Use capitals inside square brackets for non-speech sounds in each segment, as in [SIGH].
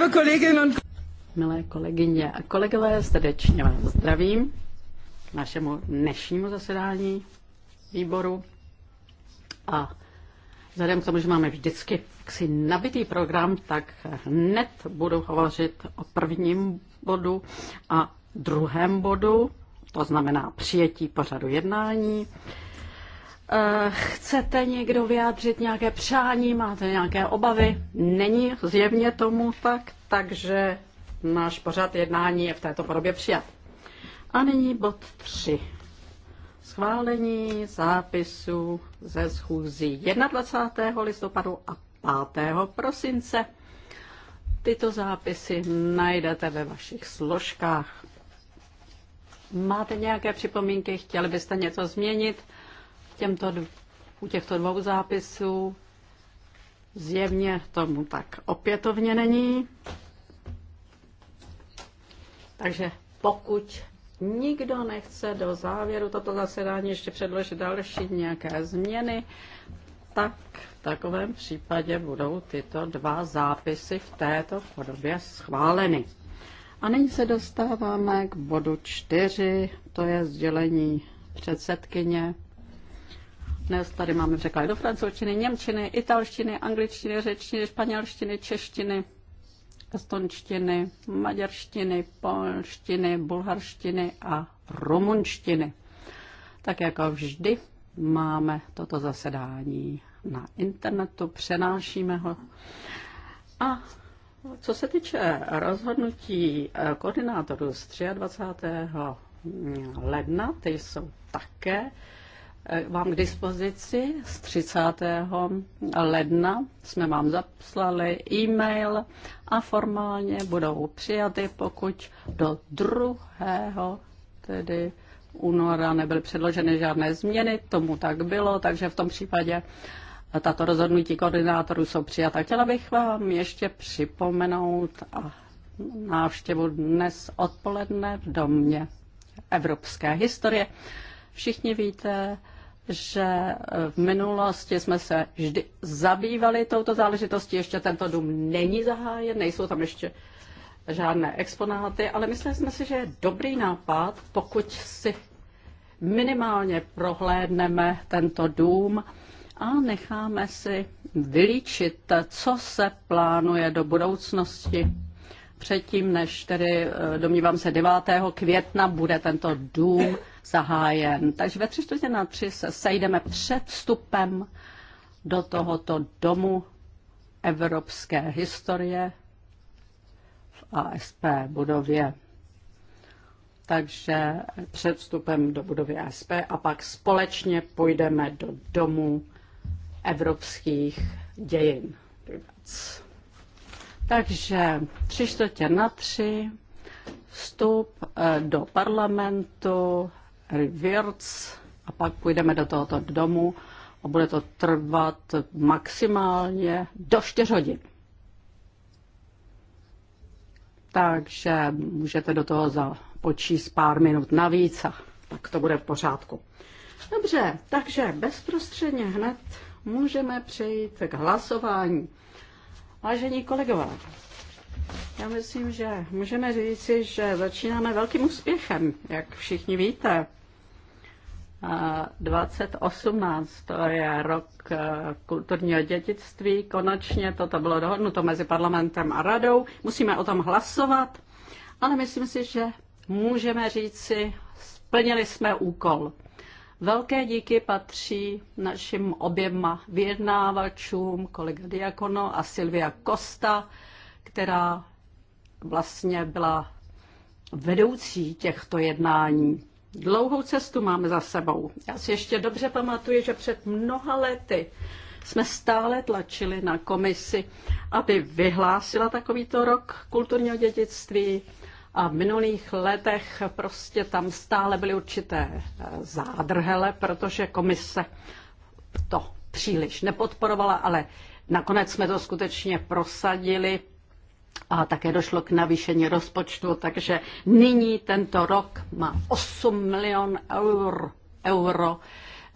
liebe Kolleginnen und Milé kolegyně a kolegové, srdečně vás zdravím k našemu dnešnímu zasedání výboru. A vzhledem k tomu, že máme vždycky si nabitý program, tak hned budu hovořit o prvním bodu a druhém bodu, to znamená přijetí pořadu jednání. Eh, chcete někdo vyjádřit nějaké přání, máte nějaké obavy? Není zjevně tomu tak, takže náš pořad jednání je v této podobě přijat. A nyní bod 3. Schválení zápisu ze schůzí 21. listopadu a 5. prosince. Tyto zápisy najdete ve vašich složkách. Máte nějaké připomínky, chtěli byste něco změnit těmto, u těchto dvou zápisů? Zjevně tomu tak opětovně není. Takže pokud nikdo nechce do závěru toto zasedání ještě předložit další nějaké změny, tak v takovém případě budou tyto dva zápisy v této podobě schváleny. A nyní se dostáváme k bodu čtyři, to je sdělení předsedkyně dnes tady máme překlady do francouzštiny, němčiny, italštiny, angličtiny, řečtiny, španělštiny, češtiny, estonštiny, maďarštiny, polštiny, bulharštiny a rumunštiny. Tak jako vždy máme toto zasedání na internetu, přenášíme ho. A co se týče rozhodnutí eh, koordinátorů z 23. Mm, ledna, ty jsou také vám eh, k dispozici z 30. ledna. Jsme vám zaslali e-mail a formálně budou přijaty, pokud do 2. tedy února nebyly předloženy žádné změny. Tomu tak bylo, takže v tom případě tato rozhodnutí koordinátorů jsou přijata. Chtěla bych vám ještě připomenout a návštěvu dnes odpoledne v domě evropské historie. Všichni víte, že v minulosti jsme se vždy zabývali touto záležitostí. Ještě tento dům není zahájen, nejsou tam ještě žádné exponáty, ale mysleli jsme si, že je dobrý nápad, pokud si minimálně prohlédneme tento dům a necháme si vylíčit, co se plánuje do budoucnosti. Předtím, než tedy, eh, domnívám se, 9. května bude tento dům zahájen. Takže ve tři čtvrtě na tři se sejdeme před vstupem do tohoto domu evropské historie v ASP budově. Takže před vstupem do budovy ASP a pak společně půjdeme do domu evropských dějin. Takže tři čtvrtě na tři vstup eh, do parlamentu Rewards a pak půjdeme do tohoto domu a bude to trvat maximálně do 4 hodin. Takže můžete do toho započíst pár minut navíc a tak to bude v pořádku. Dobře, takže bezprostředně hned můžeme přejít k hlasování. Vážení kolegové, já myslím, že můžeme říci, že začínáme velkým úspěchem, jak všichni víte. 2018, to je rok eh, kulturního dědictví, konečně toto bylo dohodnuto mezi parlamentem a radou, musíme o tom hlasovat, ale myslím si, že můžeme říci, splnili jsme úkol. Velké díky patří našim oběma vyjednávačům, kolega Diakono a Silvia Kosta, která vlastně byla vedoucí těchto jednání. Dlouhou cestu máme za sebou. Já si ještě dobře pamatuju, že před mnoha lety jsme stále tlačili na komisi, aby vyhlásila takovýto rok kulturního dědictví a v minulých letech prostě tam stále byly určité eh, zádrhele, protože komise to příliš nepodporovala, ale nakonec jsme to skutečně prosadili a také došlo k navýšení rozpočtu, takže nyní tento rok má 8 milion eur, euro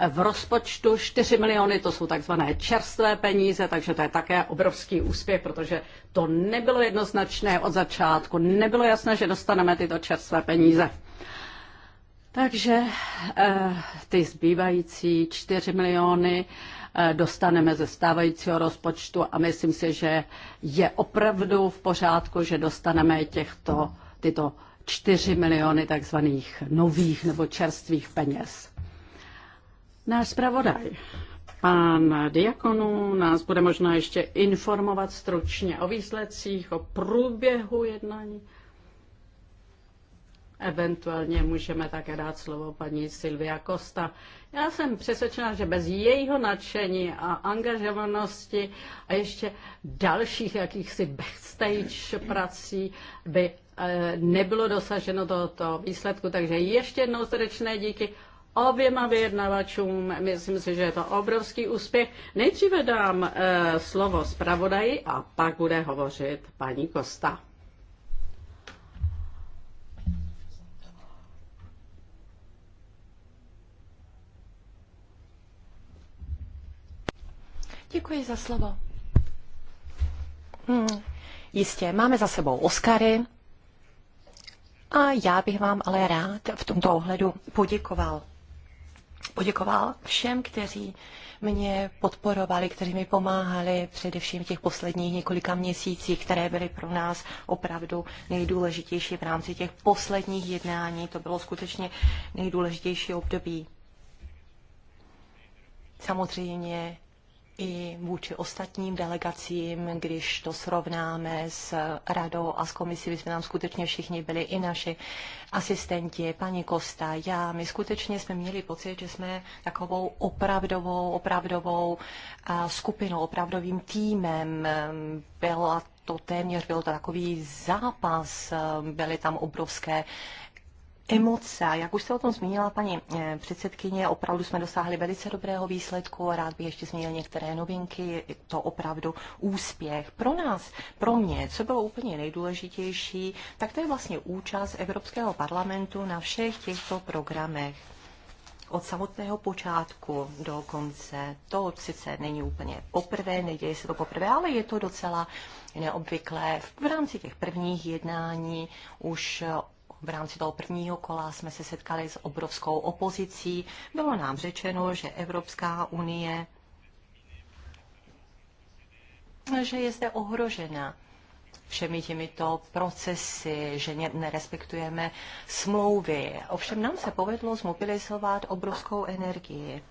v rozpočtu 4 miliony, to jsou takzvané čerstvé peníze, takže to je také obrovský úspěch, protože to nebylo jednoznačné od začátku, nebylo jasné, že dostaneme tyto čerstvé peníze. Takže eh, ty zbývající 4 miliony eh, Eh, dostaneme ze stávajícího rozpočtu a myslím si, že je opravdu v pořádku, že dostaneme těchto, tyto 4 miliony takzvaných nových nebo čerstvých peněz. Náš zpravodaj, pan Diakonu, nás bude možná ještě informovat stručně o výsledcích, o průběhu jednání. Eventuálně můžeme také dát slovo paní Silvia Costa. Já jsem přesvědčena, že bez jejího nadšení a angažovanosti a ještě dalších jakýchsi backstage prací by eh, nebylo dosaženo tohoto výsledku. Takže ještě jednou srdečné díky oběma vyjednavačům. Myslím si, že je to obrovský úspěch. Nejdříve dám e, slovo zpravodaji a pak bude hovořit paní Kosta. Děkuji za slovo. Hmm, jistě, máme za sebou Oscary. A já bych vám ale rád v tomto ohledu poděkoval. Poděkoval všem, kteří mě podporovali, kteří mi pomáhali především v těch posledních několika měsících, které byly pro nás opravdu nejdůležitější v rámci těch posledních jednání. To bylo skutečně nejdůležitější období. Samozřejmě i vůči ostatním delegacím, když to srovnáme s radou a s komisí, my jsme tam skutečně všichni byli, i naši asistenti, paní Kosta, já, my skutečně jsme měli pocit, že jsme takovou opravdovou, opravdovou eh, skupinou, opravdovým týmem. Byla to téměř byl to takový zápas, eh, byly tam obrovské Emoce, jak už se o tom zmínila paní eh, předsedkyně, opravdu jsme dosáhli velice dobrého výsledku a rád bych ještě zmínil některé novinky, je to opravdu úspěch. Pro nás, pro mě, co bylo úplně nejdůležitější, tak to je vlastně účast Evropského parlamentu na všech těchto programech od samotného počátku do konce. To sice není úplně poprvé, neděje se to poprvé, ale je to docela neobvyklé. V rámci těch prvních jednání už v rámci toho prvního kola jsme se setkali s obrovskou opozicí. Bylo nám řečeno, že Evropská unie že je zde ohrožena všemi těmito procesy, že nerespektujeme smlouvy. Ovšem nám se povedlo zmobilizovat obrovskou energii.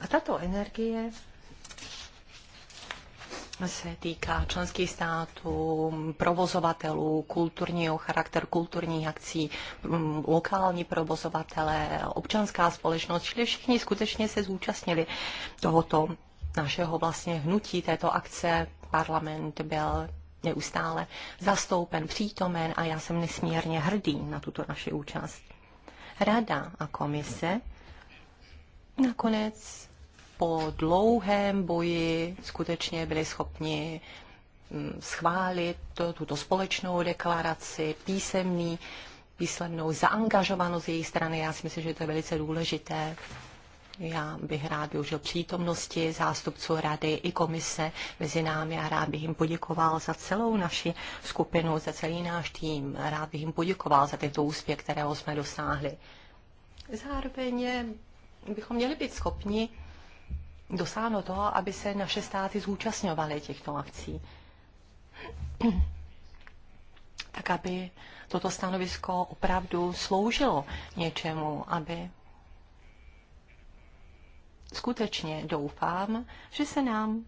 A tato energie se týká členských států, provozovatelů, kulturního charakter kulturních akcí, mm, lokální provozovatele, občanská společnost, čili všichni skutečně se zúčastnili tohoto našeho vlastně hnutí této akce. Parlament byl neustále zastoupen, přítomen a já jsem nesmírně hrdý na tuto naši účast. Rada a komise nakonec po dlouhém boji skutečně byli schopni mm, schválit tuto společnou deklaraci, písemný, písemnou zaangažovanost její strany. Já si myslím, že to je velice důležité. Já bych rád využil přítomnosti zástupců rady i komise mezi námi a rád bych jim poděkoval za celou naši skupinu, za celý náš tým. Rád bych jim poděkoval za tento úspěch, kterého jsme dosáhli. Zároveň bychom měli být schopni dosáhnout toho, aby se naše státy zúčastňovaly těchto akcí. [CLEARS THROAT] tak aby toto stanovisko opravdu sloužilo něčemu, aby skutečně doufám, že se nám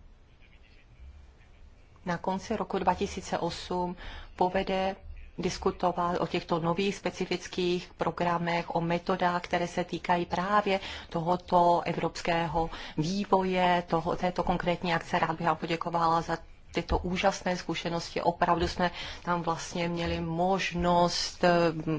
na konci roku 2008 povede diskutoval o těchto nových specifických programech, o metodách, které se týkají právě tohoto evropského vývoje, toho, této konkrétní akce. Rád bych vám poděkovala za tyto úžasné zkušenosti. Opravdu jsme tam vlastně měli možnost eh,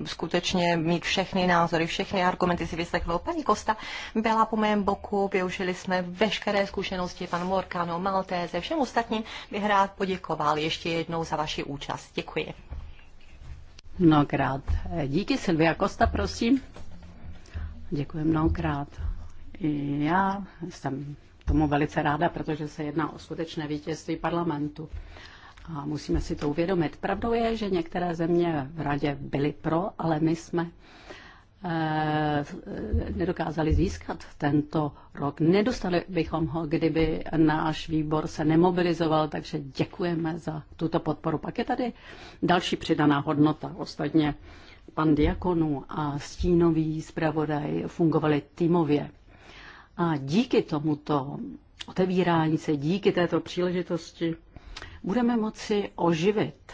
skutečně mít všechny názory, všechny argumenty si vyslechnout. Paní Kosta byla po mém boku, využili jsme veškeré zkušenosti, pan Morkano, ze všem ostatním bych rád poděkoval ještě jednou za vaši účast. Děkuji. Mnohokrát. Díky Silvia Kosta, prosím. Děkuji mnohokrát. Já jsem tomu velice ráda, protože se jedná o skutečné vítězství parlamentu. A musíme si to uvědomit. Pravdou je, že některé země v radě byly pro, ale my jsme Eh, nedokázali získat tento rok. Nedostali bychom ho, kdyby náš výbor se nemobilizoval, takže děkujeme za tuto podporu. Pak je tady další přidaná hodnota. Ostatně pan Diakonu a stínový zpravodaj fungovali týmově. A díky tomuto otevírání se, díky této příležitosti, budeme moci oživit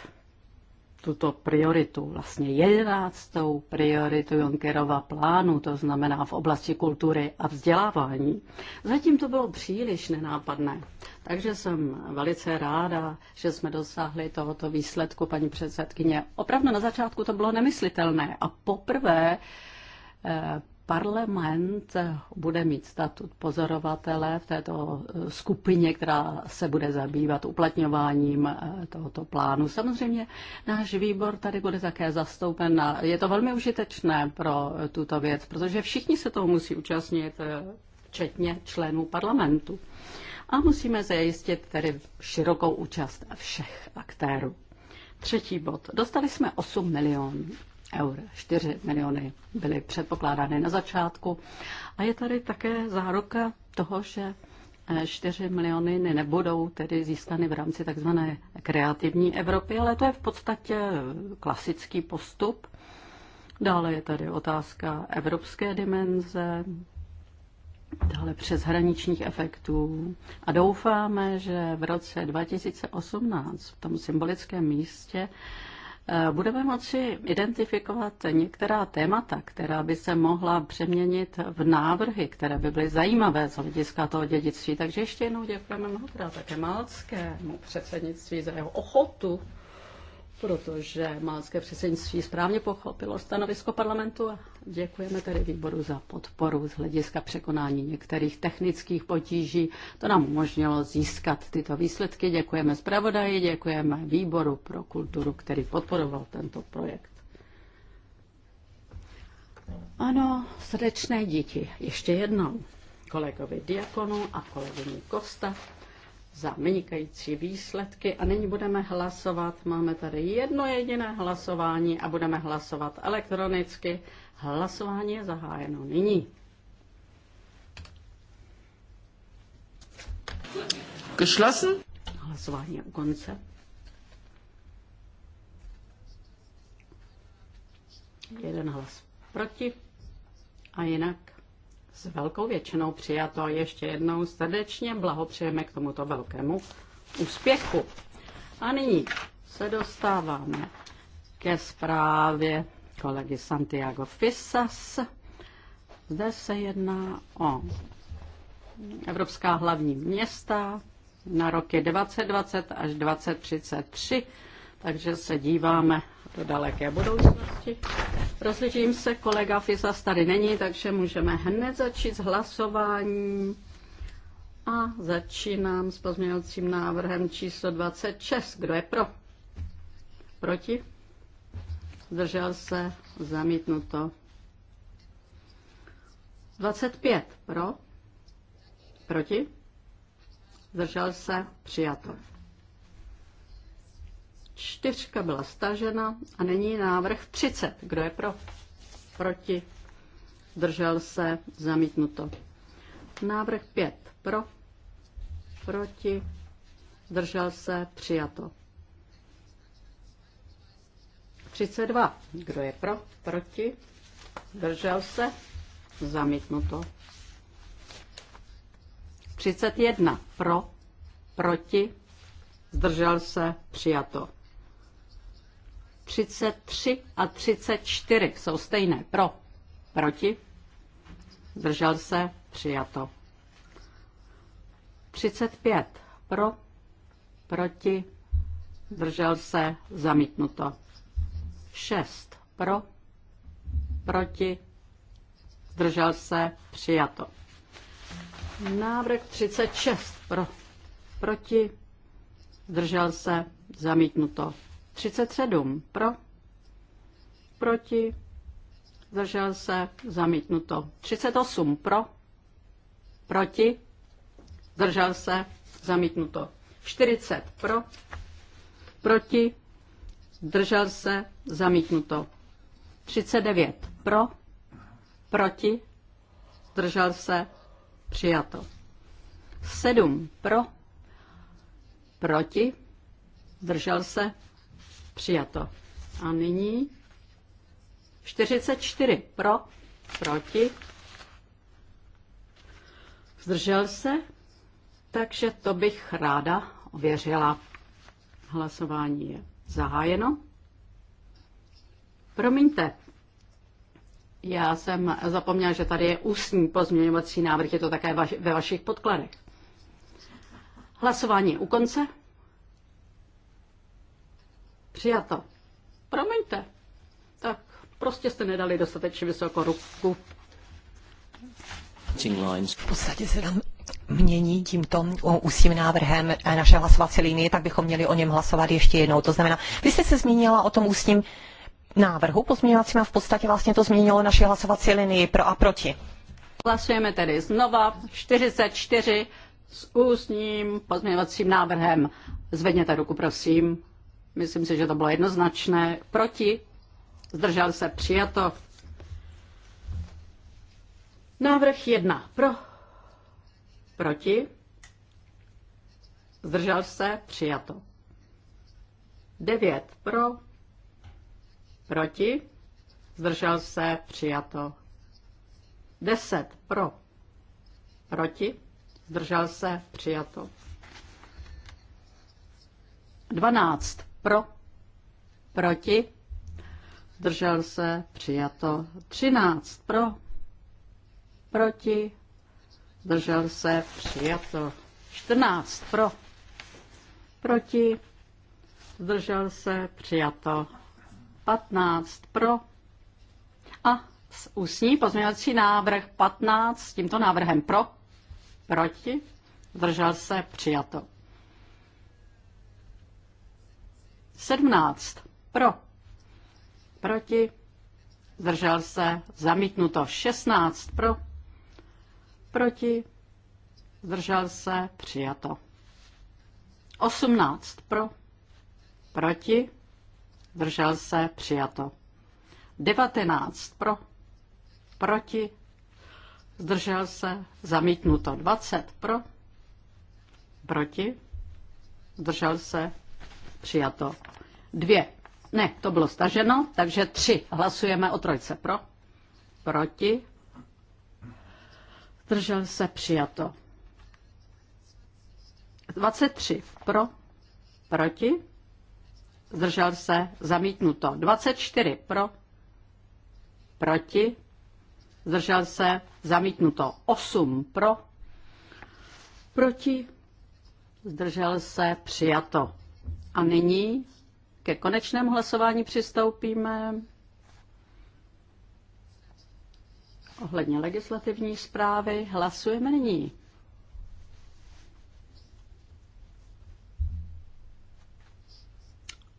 tuto prioritu, vlastně jedenáctou prioritu Junckerova plánu, to znamená v oblasti kultury a vzdělávání. Zatím to bylo příliš nenápadné, takže jsem velice ráda, že jsme dosáhli tohoto výsledku, paní předsedkyně. Opravdu na začátku to bylo nemyslitelné a poprvé eh, Parlament bude mít statut pozorovatele v této eh, skupině, která se bude zabývat uplatňováním eh, tohoto plánu. Samozřejmě náš výbor tady bude také zastoupen. A je to velmi užitečné pro eh, tuto věc, protože všichni se toho musí účastnit, včetně členů parlamentu. A musíme zajistit tedy širokou účast všech aktérů. Třetí bod. Dostali jsme 8 milionů eur. 4 miliony byly předpokládány na začátku. A je tady také záruka toho, že 4 eh, miliony nebudou tedy získány v rámci takzvané kreativní Evropy, ale to je v podstatě klasický postup. Dále je tady otázka evropské dimenze, dále přeshraničních efektů. A doufáme, že v roce 2018 v tom symbolickém místě Eh, budeme moci identifikovat některá témata, která by se mohla přeměnit v návrhy, které by byly zajímavé z hlediska toho dědictví. Takže ještě jednou děkujeme mnohokrát také malckému předsednictví za jeho ochotu protože malské předsednictví správně pochopilo stanovisko parlamentu a děkujeme tedy výboru za podporu z hlediska překonání některých technických potíží. To nám umožnilo získat tyto výsledky. Děkujeme zpravodaji, děkujeme výboru pro kulturu, který podporoval tento projekt. Ano, srdečné děti. Ještě jednou kolegovi Diakonu a kolegyni Kosta za vynikající výsledky a nyní budeme hlasovat. Máme tady jedno jediné hlasování a budeme hlasovat elektronicky. Hlasování je zahájeno nyní. Geschlossen? Hlasování je u konce. Jeden hlas proti a jinak s velkou většinou přijato. Ještě jednou srdečně blahopřejeme k tomuto velkému úspěchu. A nyní se dostáváme ke zprávě kolegy Santiago Fisas. Zde se jedná o Evropská hlavní města na roky 2020 až 2033 takže se díváme do daleké budoucnosti. Rozlížím se, kolega Fisas tady není, takže můžeme hned začít s hlasováním. A začínám s pozměňovacím návrhem číslo 26. Kdo je pro? Proti? Zdržel se? Zamítnuto. 25. Pro? Proti? Zdržel se? Přijato. Čtyřka byla stažena a není návrh 30. Kdo je pro? Proti? Držel se? Zamítnuto. Návrh 5. Pro? Proti? Držel se? Přijato. 32. Kdo je pro? Proti? Držel se? Zamítnuto. 31. Pro? Proti? Zdržel se? Přijato. 33 a 34 jsou stejné. Pro, proti, zdržel se, přijato. 35 pro, proti, zdržel se, zamítnuto. 6 pro, proti, zdržel se, přijato. Návrh 36 pro, proti, zdržel se, zamítnuto. 37 pro, proti, zdržel se, zamítnuto. 38 pro, proti, zdržel se, zamítnuto. 40 pro, proti, zdržel se, zamítnuto. 39 pro, proti, zdržel se, přijato. 7 pro, proti, zdržel se, Přijato. A nyní 44 pro, proti, zdržel se, takže to bych ráda ověřila. Hlasování je zahájeno. Promiňte, já jsem zapomněla, že tady je ústní pozměňovací návrh, je to také ve vašich podkladech. Hlasování je u konce. Přijato. Promiňte. Tak prostě jste nedali dostatečně vysokou ruku. V podstatě se tam mění tímto ústním návrhem eh, naše hlasovací linie, tak bychom měli o něm hlasovat ještě jednou. To znamená, vy jste se zmínila o tom ústním návrhu pozměňovacím a v podstatě vlastně to změnilo naše hlasovací linii pro a proti. Hlasujeme tedy znova 44 s ústním pozměňovacím návrhem. Zvedněte ruku, prosím. Myslím si, že to bylo jednoznačné. Proti? Zdržel se přijato. Návrh jedna. Pro. Proti? Zdržel se přijato. Devět. Pro. Proti? Zdržel se přijato. Deset. Pro. Proti? Zdržel se přijato. 12 pro, proti, zdržel se, přijato 13 pro, proti, zdržel se, přijato 14 pro, proti, zdržel se, přijato 15 pro a ústní pozměňovací návrh 15 s tímto návrhem pro, proti, zdržel se, přijato. 17 pro, proti, zdržel se, zamítnuto 16 pro, proti, zdržel se, přijato. 18 pro, proti, zdržel se, přijato. 19 pro, proti, zdržel se, zamítnuto 20 pro, proti, zdržel se, Přijato. Dvě. Ne, to bylo staženo, takže tři. Hlasujeme o trojce. Pro? Proti? Zdržel se přijato. 23. Pro? Proti? Zdržel se zamítnuto. 24. Pro? Proti? Zdržel se zamítnuto. 8. Pro? Proti? Zdržel se přijato. A nyní ke konečnému hlasování přistoupíme ohledně legislativní zprávy. Hlasujeme nyní.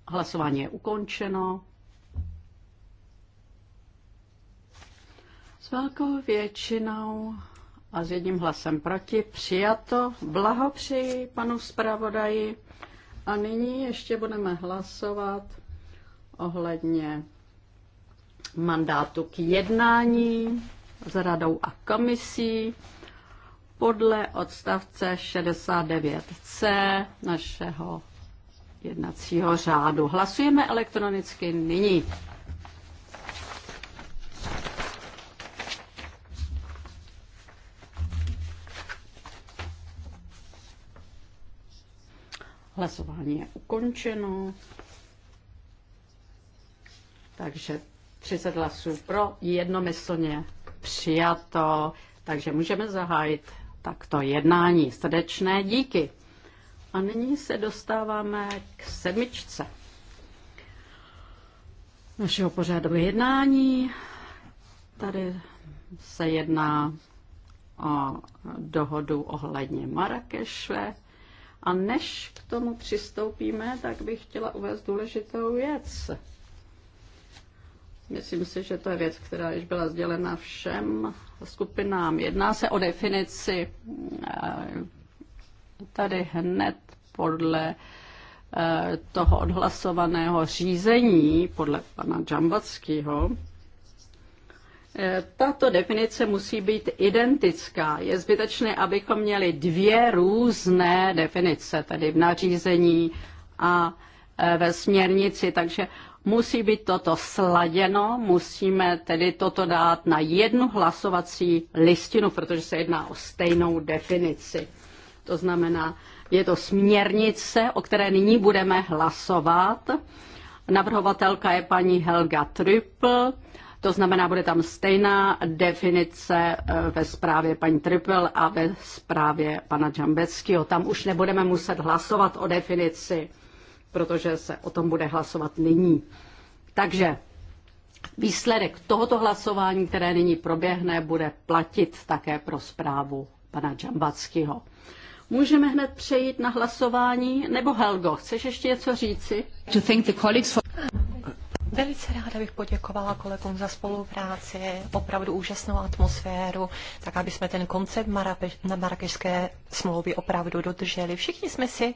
Hlasování je ukončeno. S velkou většinou a s jedním hlasem proti přijato. Blahopřeji panu zpravodaji. A nyní ještě budeme hlasovat ohledně mandátu k jednání s radou a komisí podle odstavce 69c našeho jednacího řádu. Hlasujeme elektronicky nyní. Hlasování je ukončeno. Takže 30 hlasů pro, jednomyslně přijato. Takže můžeme zahájit takto jednání. Srdečné díky. A nyní se dostáváme k sedmičce našeho pořádového jednání. Tady se jedná o dohodu ohledně Marrakeše. A než k tomu přistoupíme, tak bych chtěla uvést důležitou věc. Myslím si, že to je věc, která již byla sdělena všem skupinám. Jedná se o definici eh, tady hned podle eh, toho odhlasovaného řízení, podle pana Džambackého, Eh, tato definice musí být identická. Je zbytečné, abychom měli dvě různé definice, tedy v nařízení a eh, ve směrnici, takže musí být toto sladěno, musíme tedy toto dát na jednu hlasovací listinu, protože se jedná o stejnou definici. To znamená, je to směrnice, o které nyní budeme hlasovat. Navrhovatelka je paní Helga Trypl to znamená, bude tam stejná definice eh, ve zprávě paní Triple a ve zprávě pana Džambeckého. Tam už nebudeme muset hlasovat o definici, protože se o tom bude hlasovat nyní. Takže výsledek tohoto hlasování, které nyní proběhne, bude platit také pro zprávu pana Džambackého. Můžeme hned přejít na hlasování, nebo Helgo, chceš ještě něco říci? Velice ráda bych poděkovala kolegům za spolupráci, opravdu úžasnou atmosféru, tak aby jsme ten koncept na marakešské smlouvy opravdu dodrželi. Všichni jsme si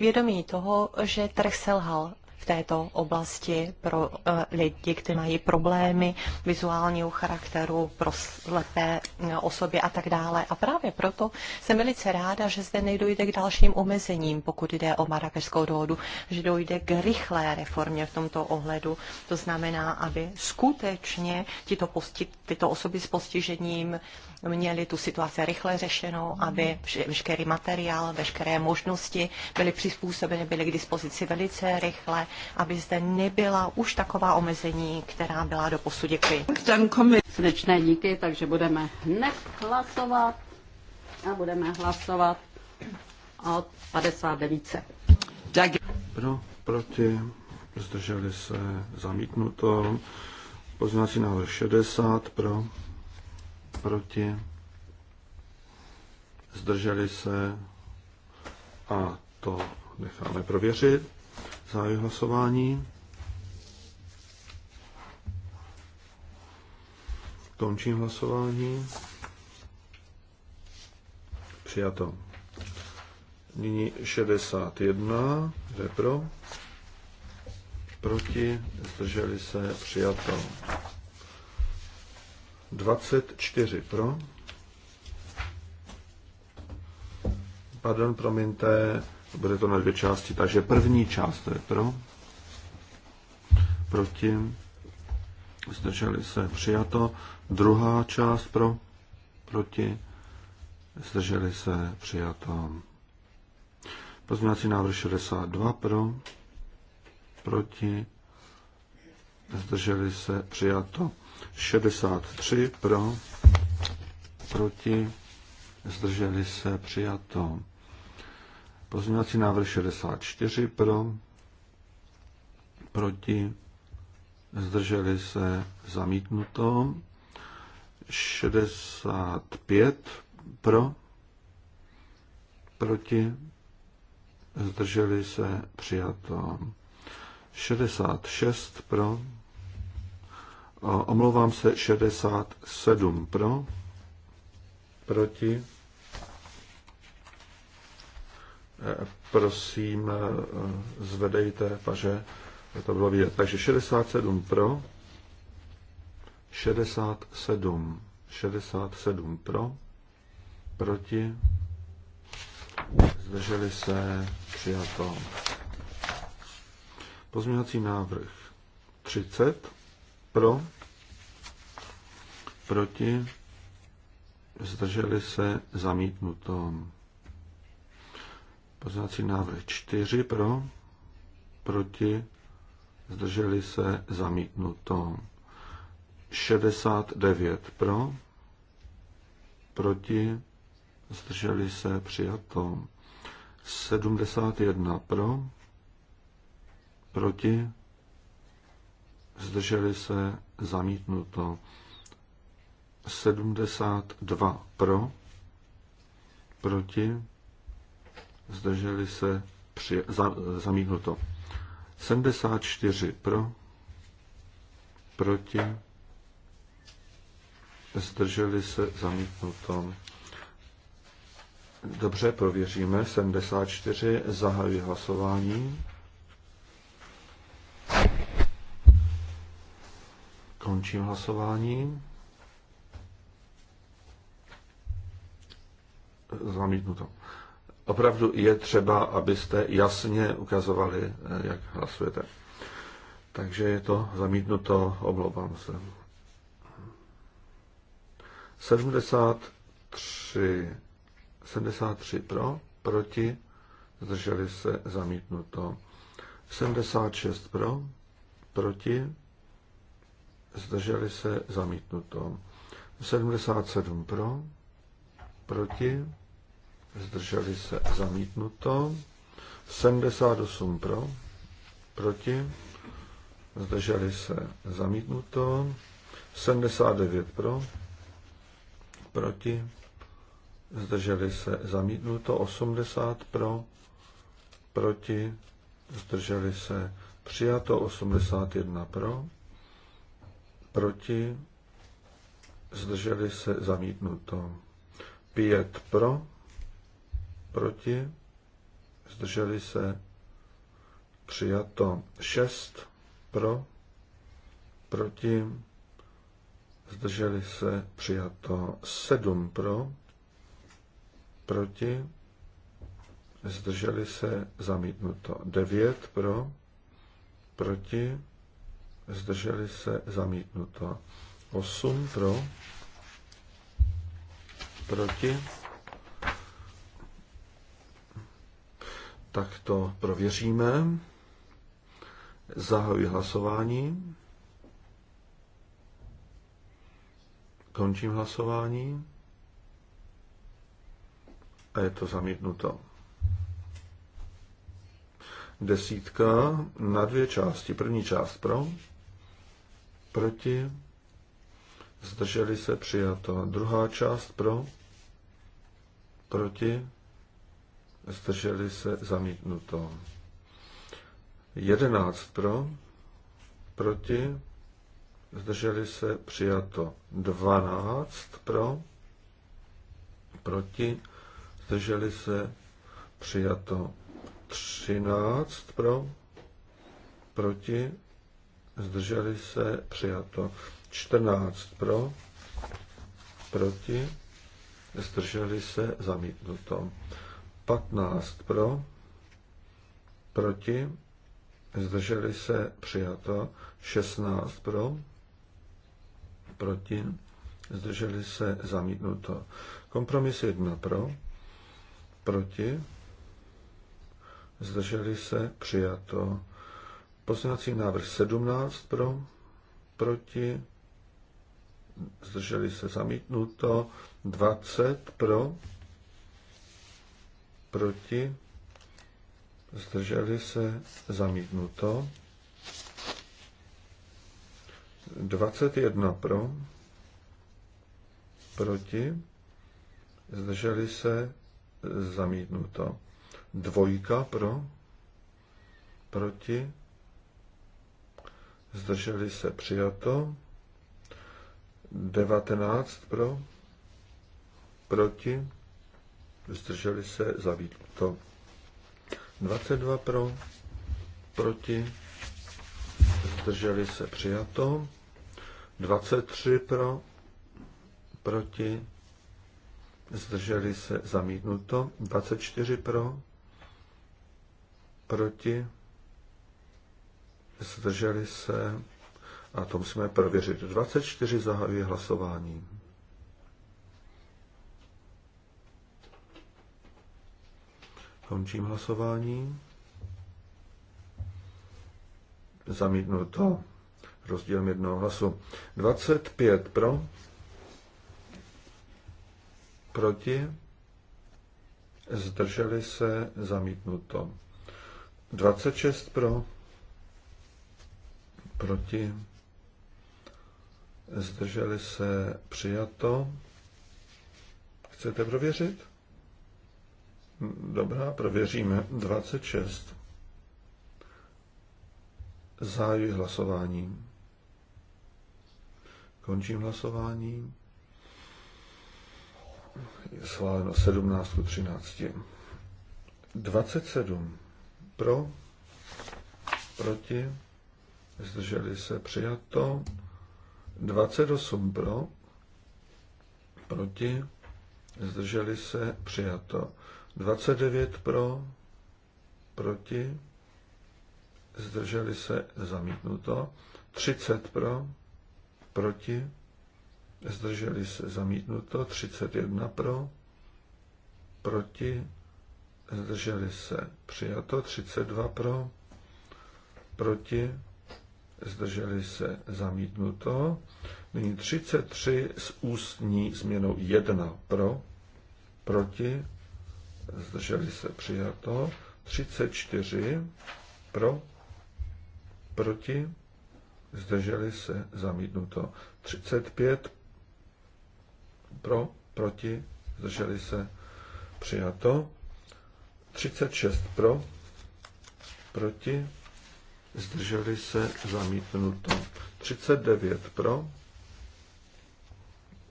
vědomí toho, že trh selhal v této oblasti pro eh, lidi, kteří mají problémy vizuálního charakteru, pro slepé eh, osoby a tak dále. A právě proto jsem velice ráda, že zde nedojde k dalším omezením, pokud jde o Marrakešskou dohodu, že dojde k rychlé reformě v tomto ohledu. To znamená, aby skutečně tyto, posti, tyto osoby s postižením měli tu situaci rychle řešenou, mhm. aby veškerý materiál, veškeré možnosti byly přizpůsobeny, byly k dispozici velice rychle, aby zde nebyla už taková omezení, která byla do posud. Děkuji. Srdečné díky, takže budeme hned hlasovat a budeme hlasovat od 59. Tak. Pro, proti, zdrželi se zamítnuto. Poznáci návrh 60 pro proti, zdrželi se a to necháme prověřit. Zahajuji hlasování. Končím hlasování. Přijato. Nyní 61, Jde pro, proti, zdrželi se, přijato. 24 pro. Pardon, promiňte, bude to na dvě části. Takže první část to je pro. Proti. Zdrželi se přijato. Druhá část pro. Proti. Zdrželi se přijato. Pozměňovací návrh 62 pro. Proti. Zdrželi se přijato. 63 pro, proti, zdrželi se, přijato. Pozměňovací návrh 64 pro, proti, zdrželi se, zamítnuto. 65 pro, proti, zdrželi se, přijato. 66 pro, Omlouvám se, 67 pro, proti. Eh, prosím, eh, zvedejte paže, to bylo vidět. Takže 67 pro, 67, 67 pro, proti, zdrželi se, přijato. Pozměňovací návrh 30 pro, proti, zdrželi se zamítnuto. Poznací návrh 4 pro, proti, zdrželi se zamítnuto. 69 pro, proti, zdrželi se přijato. 71 pro, proti, zdrželi se, zamítnuto. 72 pro, proti, zdrželi se, při, za, zamítnuto. 74 pro, proti, zdrželi se, zamítnuto. Dobře, prověříme. 74, zahajuji hlasování. Končím hlasování. Zamítnuto. Opravdu je třeba, abyste jasně ukazovali, eh, jak hlasujete. Takže je to zamítnuto, omlouvám se. 73, 73 pro, proti, zdrželi se zamítnuto. 76 pro, proti, zdrželi se, zamítnuto. 77 pro, proti, zdrželi se, zamítnuto. 78 pro, proti, zdrželi se, zamítnuto. 79 pro, proti, zdrželi se, zamítnuto. 80 pro, proti, zdrželi se, přijato. 81 pro, proti, zdrželi se zamítnuto. Pět pro, proti, zdrželi se přijato. Šest pro, proti, zdrželi se přijato. Sedm pro, proti, zdrželi se zamítnuto. Devět pro, proti, zdrželi se zamítnuto. 8 pro, proti. Tak to prověříme. Zahajuji hlasování. Končím hlasování. A je to zamítnuto. Desítka na dvě části. První část pro proti, zdrželi se přijato. Druhá část pro, proti, zdrželi se zamítnuto. Jedenáct pro, proti, zdrželi se přijato. Dvanáct pro, proti, zdrželi se přijato. Třináct pro, proti, zdrželi se, přijato. 14 pro, proti, zdrželi se, zamítnuto. 15 pro, proti, zdrželi se, přijato. 16 pro, proti, zdrželi se, zamítnuto. Kompromis 1 pro, proti, zdrželi se, přijato. Pozměňovací návrh 17 pro, proti, zdrželi se zamítnuto, 20 pro, proti, zdrželi se zamítnuto, 21 pro, proti, zdrželi se zamítnuto, dvojka pro, proti, zdrželi se přijato, 19 pro, proti, zdrželi se to 22 pro, proti, zdrželi se přijato, 23 pro, proti, zdrželi se zamítnuto, 24 pro, proti, zdrželi se, a to musíme prověřit. 24 zahajuje hlasování. Končím hlasování. Zamítnu to. rozdílem jednoho hlasu. 25 pro, proti, zdrželi se, zamítnuto. 26 pro, proti, zdrželi se, přijato. Chcete prověřit? Dobrá, prověříme. 26. Zahajuji hlasování. Končím hlasování. Je sváleno 17 13. 27. Pro, proti, zdrželi se přijato, 28 pro, proti, zdrželi se přijato, 29 pro, proti, zdrželi se zamítnuto, 30 pro, proti, zdrželi se zamítnuto, 31 pro, proti, zdrželi se přijato, 32 pro, proti, zdrželi se zamítnuto. Nyní 33 s ústní změnou 1 pro, proti, zdrželi se přijato. 34 pro, proti, zdrželi se zamítnuto. 35 pro, proti, zdrželi se přijato. 36 pro, proti, zdrželi se, zamítnuto. 39 pro,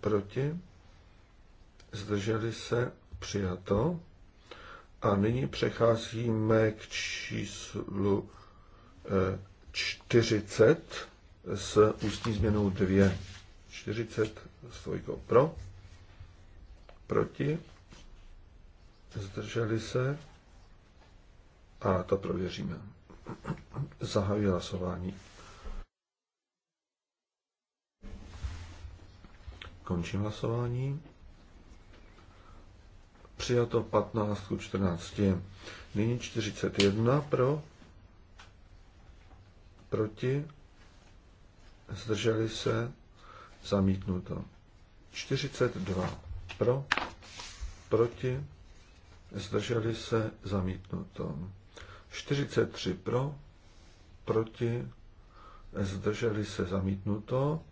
proti, zdrželi se, přijato. A nyní přecházíme k číslu 40 eh, s ústní změnou 2. 40 s dvojkou pro, proti, zdrželi se a to prověříme. Zahajuji hlasování. Končím hlasování. Přijato 15 k 14. Nyní 41 pro, proti, zdrželi se, zamítnuto. 42 pro, proti, zdrželi se, zamítnuto. 43 pro, proti, zdrželi se zamítnuto,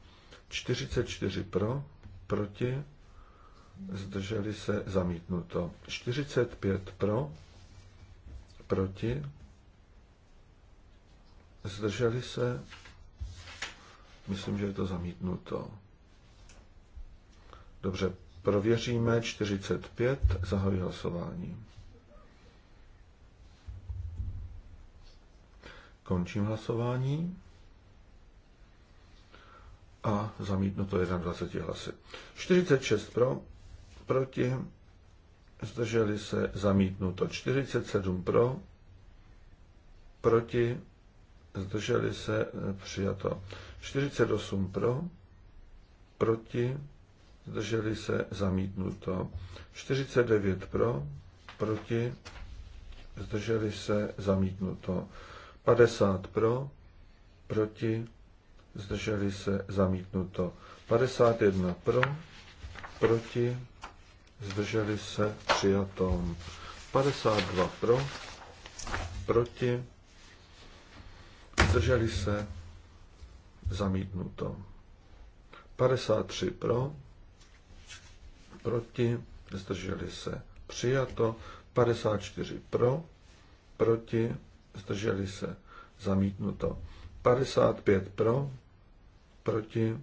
44 pro, proti, zdrželi se zamítnuto, 45 pro, proti, zdrželi se, myslím, že je to zamítnuto. Dobře, prověříme 45, zahajuji hlasování. Končím hlasování. A zamítnu to 21 hlasy. 46 pro, proti, zdrželi se zamítnu to. 47 pro, proti, zdrželi se eh, přijato. 48 pro, proti, zdrželi se zamítnu to. 49 pro, proti, zdrželi se zamítnu to. 50 pro, proti, zdrželi se, zamítnuto. 51 pro, proti, zdrželi se, přijato. 52 pro, proti, zdrželi se, zamítnuto. 53 pro, proti, zdrželi se, přijato. 54 pro, proti, zdrželi se, zamítnuto. 55 pro, proti,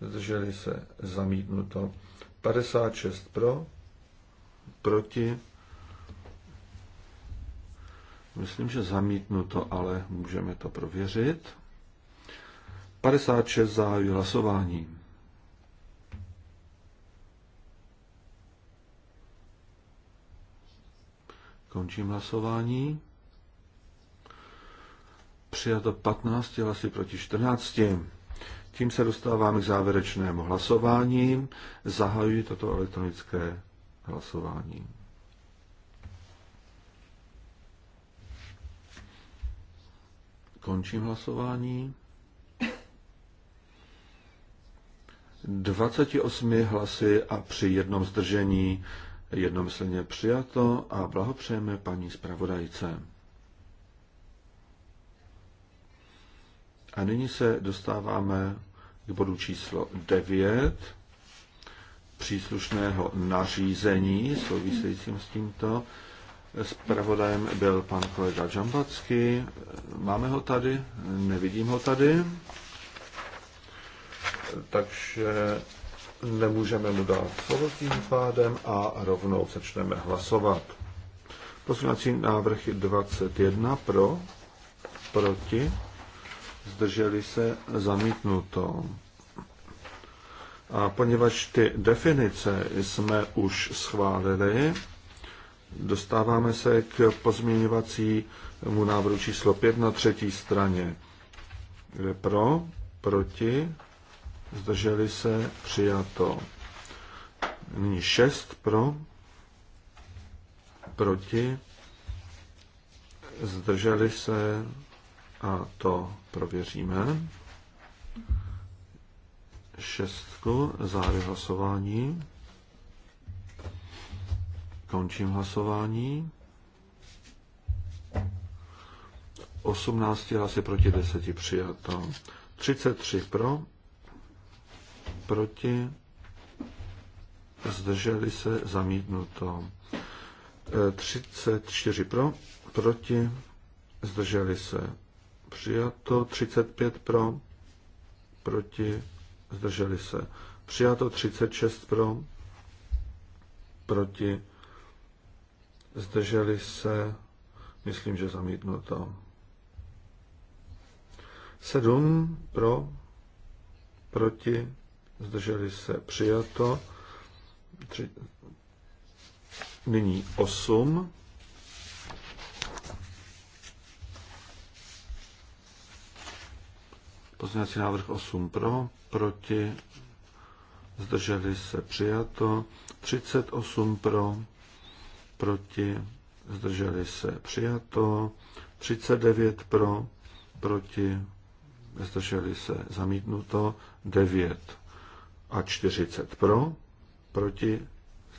zdrželi se, zamítnuto. 56 pro, proti, myslím, že zamítnuto, ale můžeme to prověřit. 56 zahájí hlasování. Končím hlasování. Přijato 15 hlasy proti 14. Tím se dostáváme k závěrečnému hlasování. Zahajuji toto elektronické hlasování. Končím hlasování. 28 hlasy a při jednom zdržení jednomyslně přijato a blahopřejeme paní zpravodajce. A nyní se dostáváme k bodu číslo 9 příslušného nařízení souvisejícím s tímto. Spravodajem byl pan kolega Džambacky. Máme ho tady? Nevidím ho tady. Takže nemůžeme mu dát slovo tím pádem a rovnou začneme hlasovat. Poslanecí návrh 21 pro, proti, zdrželi se, zamítnuto. A poněvadž ty definice jsme už schválili, dostáváme se k pozměňovacímu návrhu číslo 5 na třetí straně. Kde pro, proti, zdrželi se, přijato. Nyní 6 pro, proti, zdrželi se, a to prověříme. Šestku, závěr hlasování. Končím hlasování. 18 hlasy proti 10 přijato. 33 pro, proti, zdrželi se, zamítnuto. 34 e, pro, proti, zdrželi se, Přijato 35 pro, proti, zdrželi se. Přijato 36 pro, proti, zdrželi se, myslím, že zamítnuto. 7 pro, proti, zdrželi se, přijato. Tři, nyní 8 Pozměňovací návrh 8 pro, proti, zdrželi se přijato. 38 pro, proti, zdrželi se přijato. 39 pro, proti, zdrželi se zamítnuto. 9 a 40 pro, proti,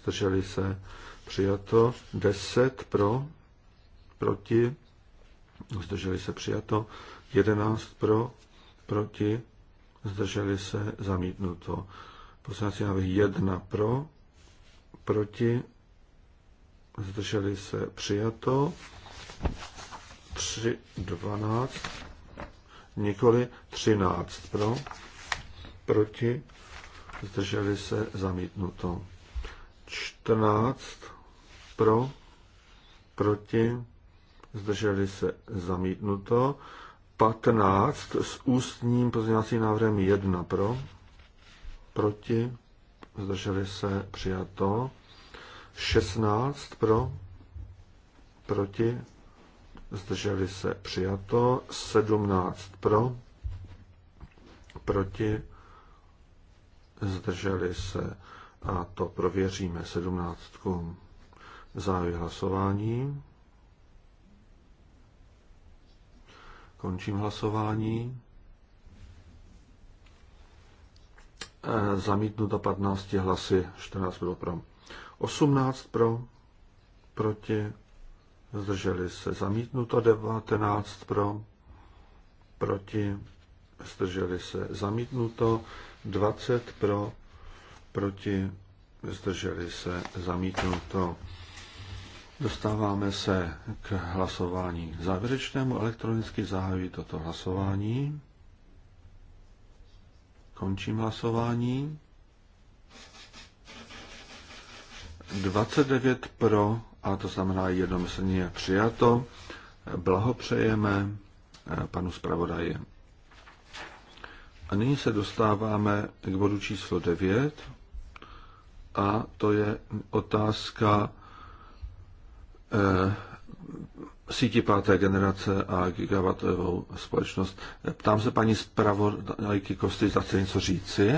zdrželi se přijato. 10 pro, proti, zdrželi se přijato. 11 pro, proti, zdrželi se, zamítnuto. Poslanecký návrh 1 pro, proti, zdrželi se, přijato. 3, 12, nikoli 13 pro, proti, zdrželi se, zamítnuto. 14 pro, proti, zdrželi se, zamítnuto. 15 s ústním pozměňovacím návrhem 1 pro, proti, zdrželi se, přijato. 16 pro, proti, zdrželi se, přijato. 17 pro, proti, zdrželi se. A to prověříme 17. Zahajuji hlasování. Končím hlasování. E, zamítnuto 15 hlasy, 14 bylo pro. 18 pro, proti, zdrželi se. Zamítnuto 19 pro, proti, zdrželi se. Zamítnuto 20 pro, proti, zdrželi se. Zamítnuto Dostáváme se k hlasování závěrečnému. Elektronicky zahajuji toto hlasování. Končím hlasování. 29 pro, a to znamená jednomyslně přijato. Blahopřejeme eh, panu zpravodaji. A nyní se dostáváme k bodu číslo 9, a to je otázka Eh, síti páté generace a gigawattovou společnost. Eh, ptám se paní zpravodajky Kosty, zda chce něco říci.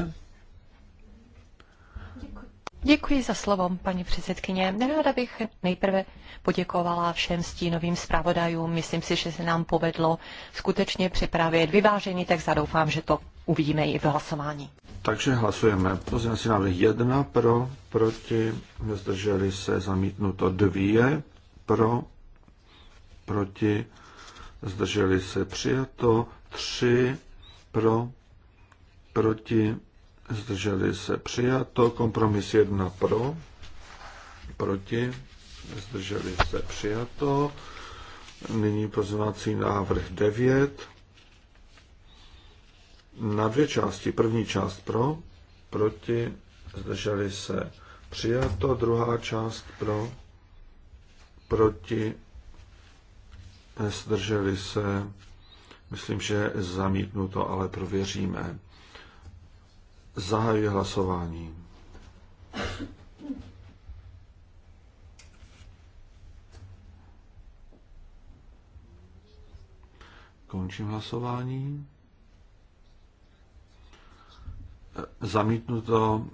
Děkuji za slovo, paní předsedkyně. Nerada bych nejprve poděkovala všem stínovým zpravodajům. Myslím si, že se nám povedlo skutečně připravit vyvážený text a doufám, že to uvidíme i v hlasování. Takže hlasujeme. si návrh jedna pro, proti, zdrželi se zamítnuto dvě pro, proti, zdrželi se přijato, 3 pro, proti, zdrželi se přijato, kompromis 1 pro, proti, zdrželi se přijato, nyní pozvací návrh 9, na dvě části, první část pro, proti, zdrželi se přijato, druhá část pro, proti, eh, zdrželi se, myslím, že zamítnu to, ale prověříme. Zahajuji hlasování. Končím hlasování. Eh, zamítnuto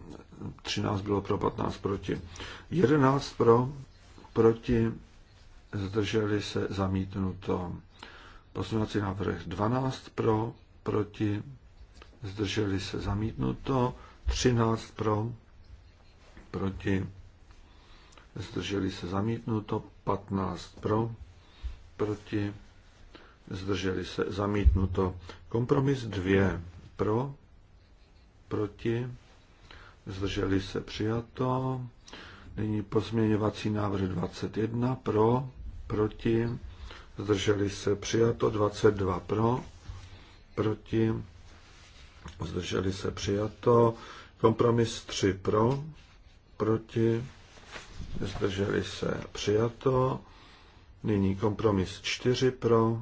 13 eh, bylo pro, 15 proti. 11 pro, proti zdrželi se zamítnuto. Pozměňovací návrh 12 pro, proti, zdrželi se zamítnuto. 13 pro, proti, zdrželi se zamítnuto. 15 pro, proti, zdrželi se zamítnuto. Kompromis 2 pro, proti, zdrželi se přijato. Nyní pozměňovací návrh 21 pro, proti, zdrželi se přijato, 22 pro, proti, zdrželi se přijato, kompromis 3 pro, proti, zdrželi se přijato, nyní kompromis 4 pro,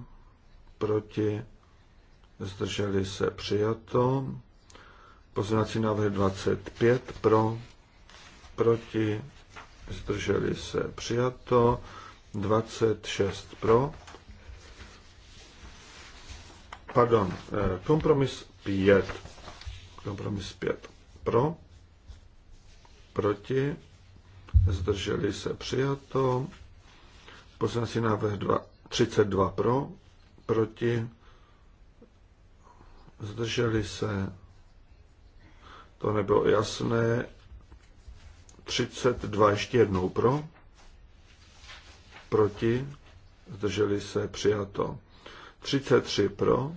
proti, zdrželi se přijato, pozvací návrh 25 pro, proti, zdrželi se přijato, 26 pro. Pardon, eh, kompromis 5. Kompromis 5 pro. Proti. Zdrželi se přijato. Poslanci návrh 2, 32 pro. Proti. Zdrželi se. To nebylo jasné. 32 ještě jednou pro proti, zdrželi se, přijato. 33 pro,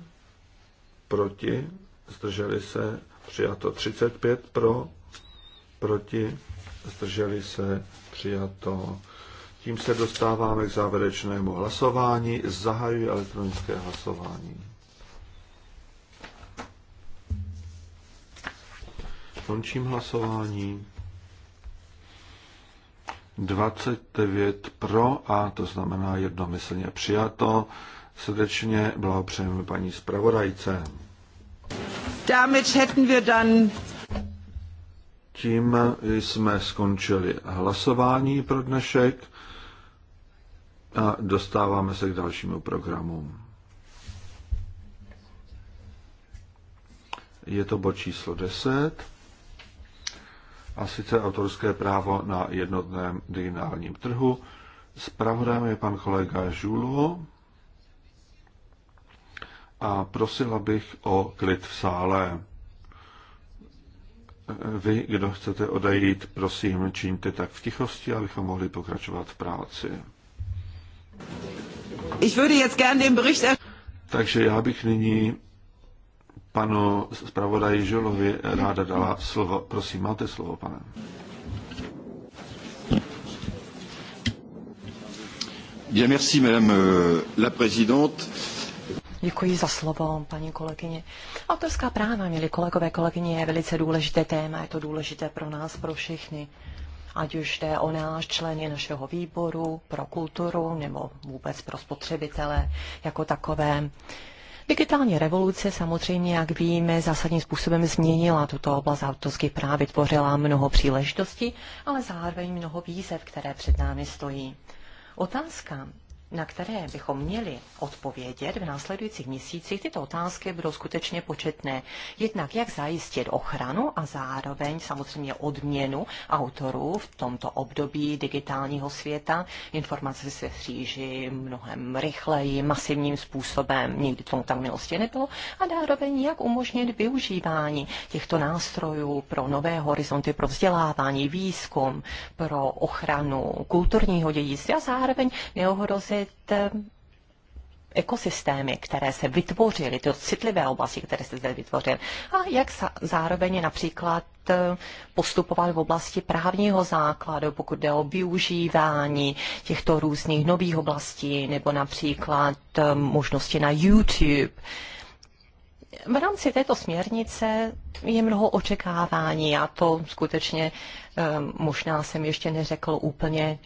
proti, zdrželi se, přijato. 35 pro, proti, zdrželi se, přijato. Tím se dostáváme k závěrečnému hlasování. Zahajuji elektronické hlasování. Končím hlasování. 29 pro a to znamená jednomyslně přijato. Srdečně blahopřejeme paní zpravodajce. Damit hätten wir dann tím jsme skončili hlasování pro dnešek a dostáváme se k dalšímu programu. Je to bod číslo 10 a sice autorské právo na jednotném digitálním trhu. Spravodajem je pan kolega Žulo a prosila bych o klid v sále. Vy, kdo chcete odejít, prosím, čiňte tak v tichosti, abychom mohli pokračovat v práci. Ich würde jetzt gern den Bericht... Takže já bych nyní panu zpravodaji Žolovi ráda dala slovo. Prosím, máte slovo, pane. Bien, merci, madame euh, la présidente. Děkuji za slovo, paní kolegyně. Autorská práva, milí kolegové, kolegyně, je velice důležité téma, je to důležité pro nás, pro všechny. Ať už jde o náš členy našeho výboru pro kulturu nebo vůbec pro spotřebitele jako takové. Uh, Digitální revoluce samozřejmě, jak víme, zásadním způsobem změnila tuto oblast autorských právě tvořila mnoho příležitostí, ale zároveň mnoho výzev, které před námi stojí. Otázka na které bychom měli odpovědět v následujících měsících, tyto otázky budou skutečně početné. Jednak jak zajistit ochranu a zároveň samozřejmě odměnu autorů v tomto období digitálního světa. Informace se stříží mnohem rychleji, masivním způsobem, nikdy tomu tam milosti nebylo. A zároveň jak umožnit využívání těchto nástrojů pro nové horizonty, pro vzdělávání, výzkum, pro ochranu kulturního dědictví a zároveň neohrozit podpořit eh, ekosystémy, které se vytvořily, ty citlivé oblasti, které se zde vytvořily, a jak zároveň například eh, postupovat v oblasti právního základu, pokud jde o využívání těchto různých nových oblastí, nebo například eh, možnosti na YouTube. V rámci této směrnice je mnoho očekávání a to skutečně možná jsem ještě neřekl úplně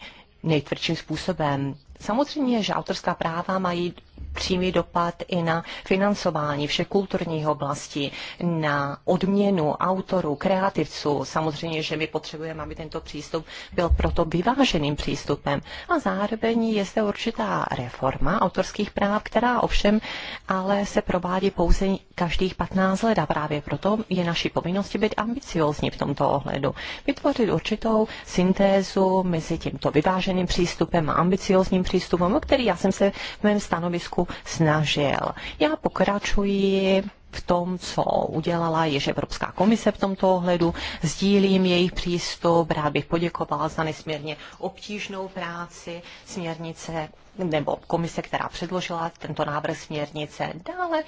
nejtvrdším způsobem. Samozřejmě, že autorská práva mají přímý dopad i na financování všech kulturních oblastí, na odměnu autorů, kreativců. Samozřejmě, že my potřebujeme, aby tento přístup byl proto vyváženým přístupem. A zároveň je zde určitá reforma autorských práv, která ovšem ale se provádí pouze každých 15 let a právě proto je naší povinnosti být ambiciózní v tomto ohledu. Vytvořit určitou syntézu mezi tímto vyváženým přístupem a ambiciózním přístupem, o který já jsem se v mém stanovisku trošku snažil. Já pokračuji v tom, co udělala již Evropská komise v tomto ohledu. Sdílím jejich přístup, rád bych poděkovala za nesmírně obtížnou práci směrnice nebo komise, která předložila tento návrh směrnice. Dále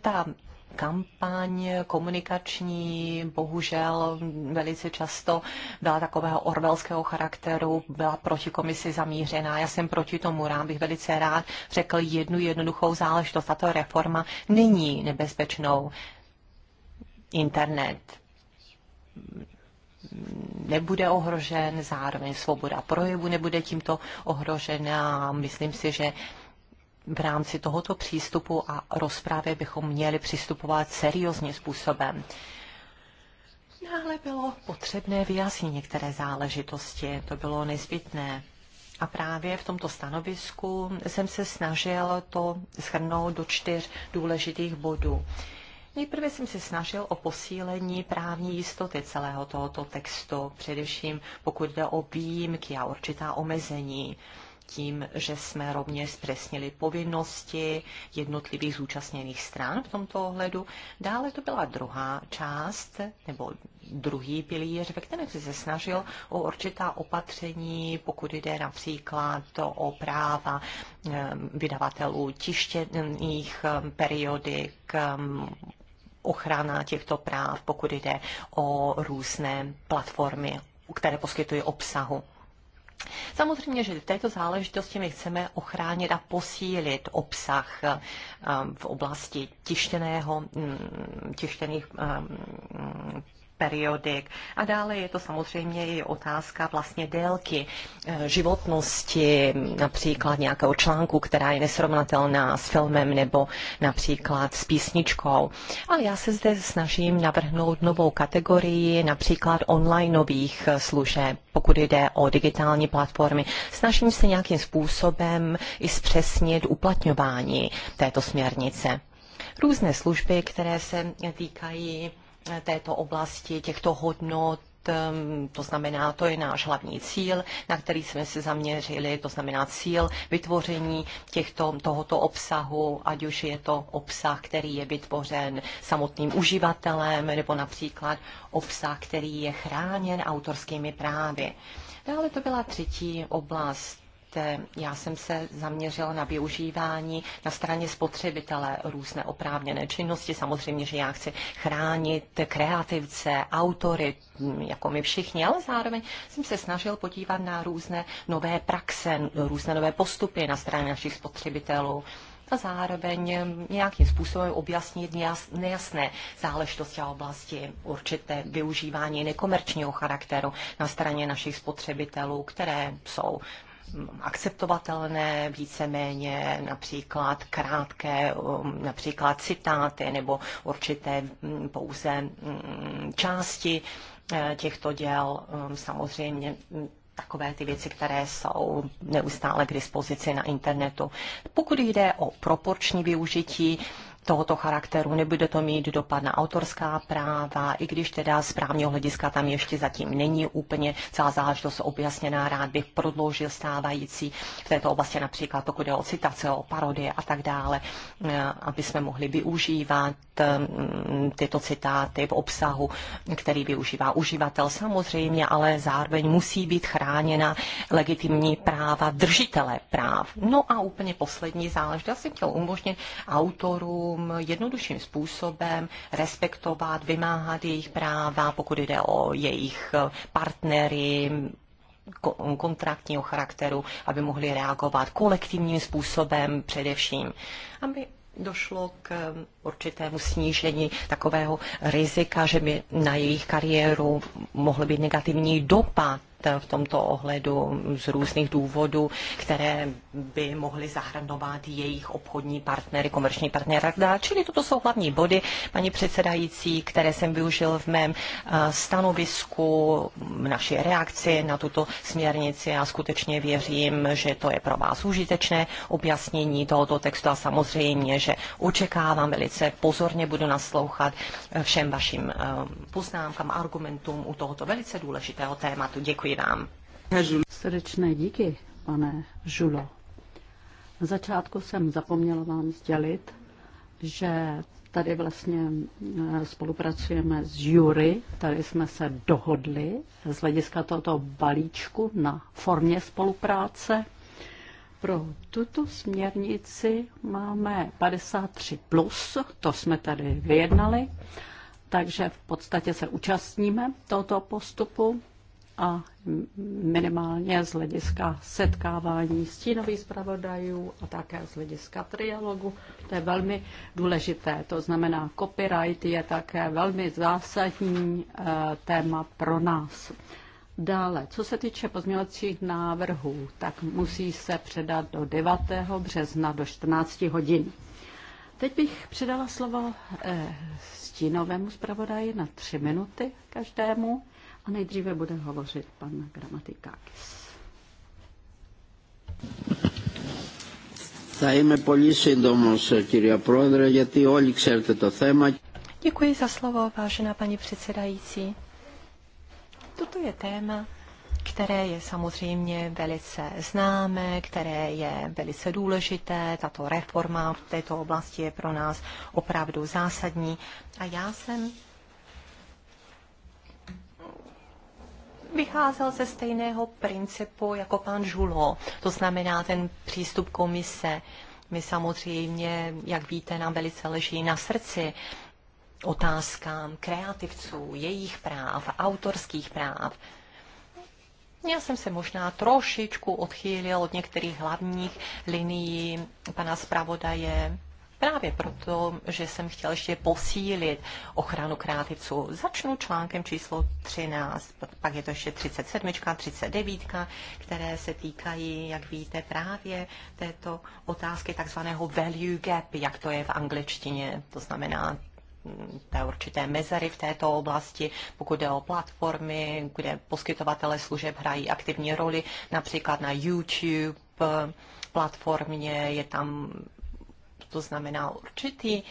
ta kampaň komunikační, bohužel velice často byla takového orvelského charakteru, byla proti komisi zamířená. Já jsem proti tomu rád, bych velice rád řekl jednu jednoduchou záležitost. Tato reforma není nebezpečnou. Internet nebude ohrožen, zároveň svoboda projevu nebude tímto ohrožena. Myslím si, že v rámci tohoto přístupu a rozprávy bychom měli přistupovat seriózně způsobem. Náhle bylo potřebné vyjasnit některé záležitosti, to bylo nezbytné. A právě v tomto stanovisku jsem se snažil to shrnout do čtyř důležitých bodů. Nejprve jsem se snažil o posílení právní jistoty celého tohoto textu, především pokud jde o výjimky a určitá omezení tím, že jsme rovněž zpřesnili povinnosti jednotlivých zúčastněných stran v tomto ohledu. Dále to byla druhá část, nebo druhý pilíř, ve kterém se snažil o určitá opatření, pokud jde například o práva eh, vydavatelů tištěných eh, periodik, eh, ochrana těchto práv, pokud jde o různé platformy, které poskytují obsahu. Samozřejmě, že v této záležitosti my chceme ochránit a posílit obsah eh, v oblasti tištěného, mm, tištěných eh, mm, periodik. A dále je to samozřejmě i otázka vlastně délky eh, životnosti, například nějakého článku, která je nesrovnatelná s filmem nebo například s písničkou. Ale já se zde snažím navrhnout novou kategorii, například online nových eh, služeb, pokud jde o digitální platformy. Snažím se nějakým způsobem i zpřesnit uplatňování této směrnice různé služby, které se týkají této oblasti, těchto hodnot, to znamená, to je náš hlavní cíl, na který jsme se zaměřili, to znamená cíl vytvoření těchto, tohoto obsahu, ať už je to obsah, který je vytvořen samotným uživatelem, nebo například obsah, který je chráněn autorskými právy. Dále to byla třetí oblast já jsem se zaměřila na využívání na straně spotřebitele různé oprávněné činnosti. Samozřejmě, že já chci chránit kreativce, autory, mm, jako my všichni, ale zároveň jsem se snažil podívat na různé nové praxe, různé nové postupy na straně našich spotřebitelů a zároveň mm, nějakým způsobem objasnit nejasné záležitosti a oblasti určité využívání nekomerčního charakteru na straně našich spotřebitelů, které jsou akceptovatelné, víceméně například krátké, um, například citáty nebo určité mm, pouze mm, části eh, těchto děl. Um, samozřejmě mm, takové ty věci, které jsou neustále k dispozici na internetu. Pokud jde o proporční využití, tohoto charakteru, nebude to mít dopad na autorská práva, i když teda z právního hlediska tam ještě zatím není úplně celá záležitost objasněná. Rád bych prodloužil stávající v této oblasti například pokud jde o citace, o parodie a tak dále, eh, aby jsme mohli využívat mm, tyto citáty v obsahu, který využívá uživatel samozřejmě, ale zároveň musí být chráněna legitimní práva držitele práv. No a úplně poslední záležitost, já jsem chtěl umožnit autorům podnikům jednodušším způsobem respektovat, vymáhat jejich práva, pokud jde o jejich eh, partnery, kontraktního charakteru, aby mohli reagovat kolektivním způsobem především, aby došlo k eh, určitému snížení takového rizika, že by na jejich kariéru mohl být negativní dopad v tomto ohledu z různých důvodů, které by mohly zahrnovat jejich obchodní partnery, komerční partnery a tak Čili toto jsou hlavní body, paní předsedající, které jsem využil v mém eh, stanovisku, naší reakci na tuto směrnici a skutečně věřím, že to je pro vás užitečné objasnění tohoto textu a samozřejmě, že očekávám velice pozorně, budu naslouchat eh, všem vašim eh, poznámkám, argumentům u tohoto velice důležitého tématu. Děkuji. Děkuji vám. Srdečné díky, pane Žulo. Na začátku jsem zapomněla vám sdělit, že tady vlastně eh, spolupracujeme s jury, tady jsme se dohodli z hlediska tohoto balíčku na formě spolupráce. Pro tuto směrnici máme 53+, plus, to jsme tady vyjednali, takže v podstatě se účastníme tohoto postupu a minimálně z hlediska setkávání stínových zpravodajů a také z hlediska trialogu. To je velmi důležité. To znamená, copyright je také velmi zásadní eh, téma pro nás. Dále, co se týče pozměňovacích návrhů, tak musí se předat do 9. března do 14 hodin. Teď bych předala slovo eh, stínovému zpravodaji na tři minuty každému. A nejdříve bude hovořit pan Gramatikakis. Θα είμαι πολύ σύντομος, κυρία Πρόεδρε, γιατί όλοι ξέρετε το θέμα. Děkuji za slovo, vážená paní předsedající. Toto je téma, které je samozřejmě velice známé, které je velice důležité. Tato reforma v této oblasti je pro nás opravdu zásadní. A já jsem vycházel ze stejného principu jako pan Žulo, to znamená ten přístup komise. My samozřejmě, jak víte, nám velice leží na srdci otázkám kreativců, jejich práv, autorských práv. Já jsem se možná trošičku odchýlil od některých hlavních linií pana zpravodaje, Právě proto, že jsem chtěl ještě posílit ochranu kreativců. Začnu článkem číslo 13, pak je to ještě 37, 39, které se týkají, jak víte, právě této otázky takzvaného value gap, jak to je v angličtině, to znamená mm, té určité mezery v této oblasti, pokud jde o platformy, kde poskytovatele služeb hrají aktivní roli, například na YouTube eh, platformě je tam to znamená určitý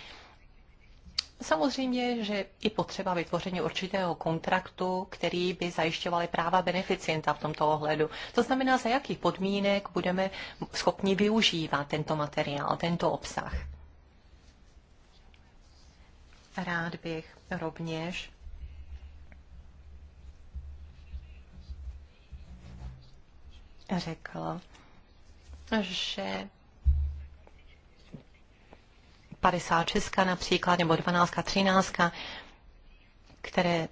Samozřejmě, že i potřeba vytvoření určitého kontraktu, který by zajišťovaly práva beneficienta v tomto ohledu. To znamená, za jakých podmínek budeme schopni využívat tento materiál, tento obsah. Rád bych rovněž řekl, že 56 například, nebo 12, 13, které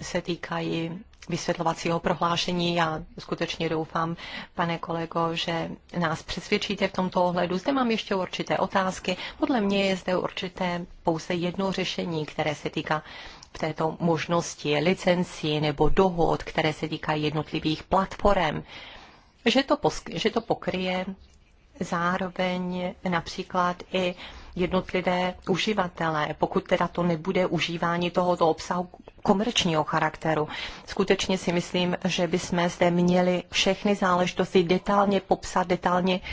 se týkají vysvětlovacího prohlášení. Já skutečně doufám, pane kolego, že nás přesvědčíte v tomto ohledu. Zde mám ještě určité otázky. Podle mě je zde určité pouze jedno řešení, které se týká v této možnosti licenci nebo dohod, které se týkají jednotlivých platform, že to, že to pokryje zároveň například i jednotlivé uživatelé, pokud teda to nebude užívání tohoto obsahu komerčního charakteru. Skutečně si myslím, že bychom zde měli všechny záležitosti detailně popsat, detailně uh,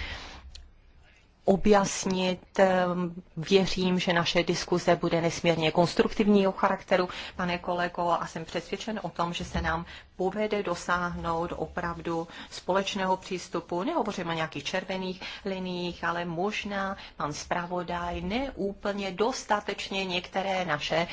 objasnit. Ehm, věřím, že naše diskuze bude nesmírně konstruktivního charakteru, pane kolego, a jsem přesvědčen o tom, že se nám povede dosáhnout opravdu společného přístupu. Nehovořím o nějakých červených liních, ale možná pan zpravodaj neúplně dostatečně některé naše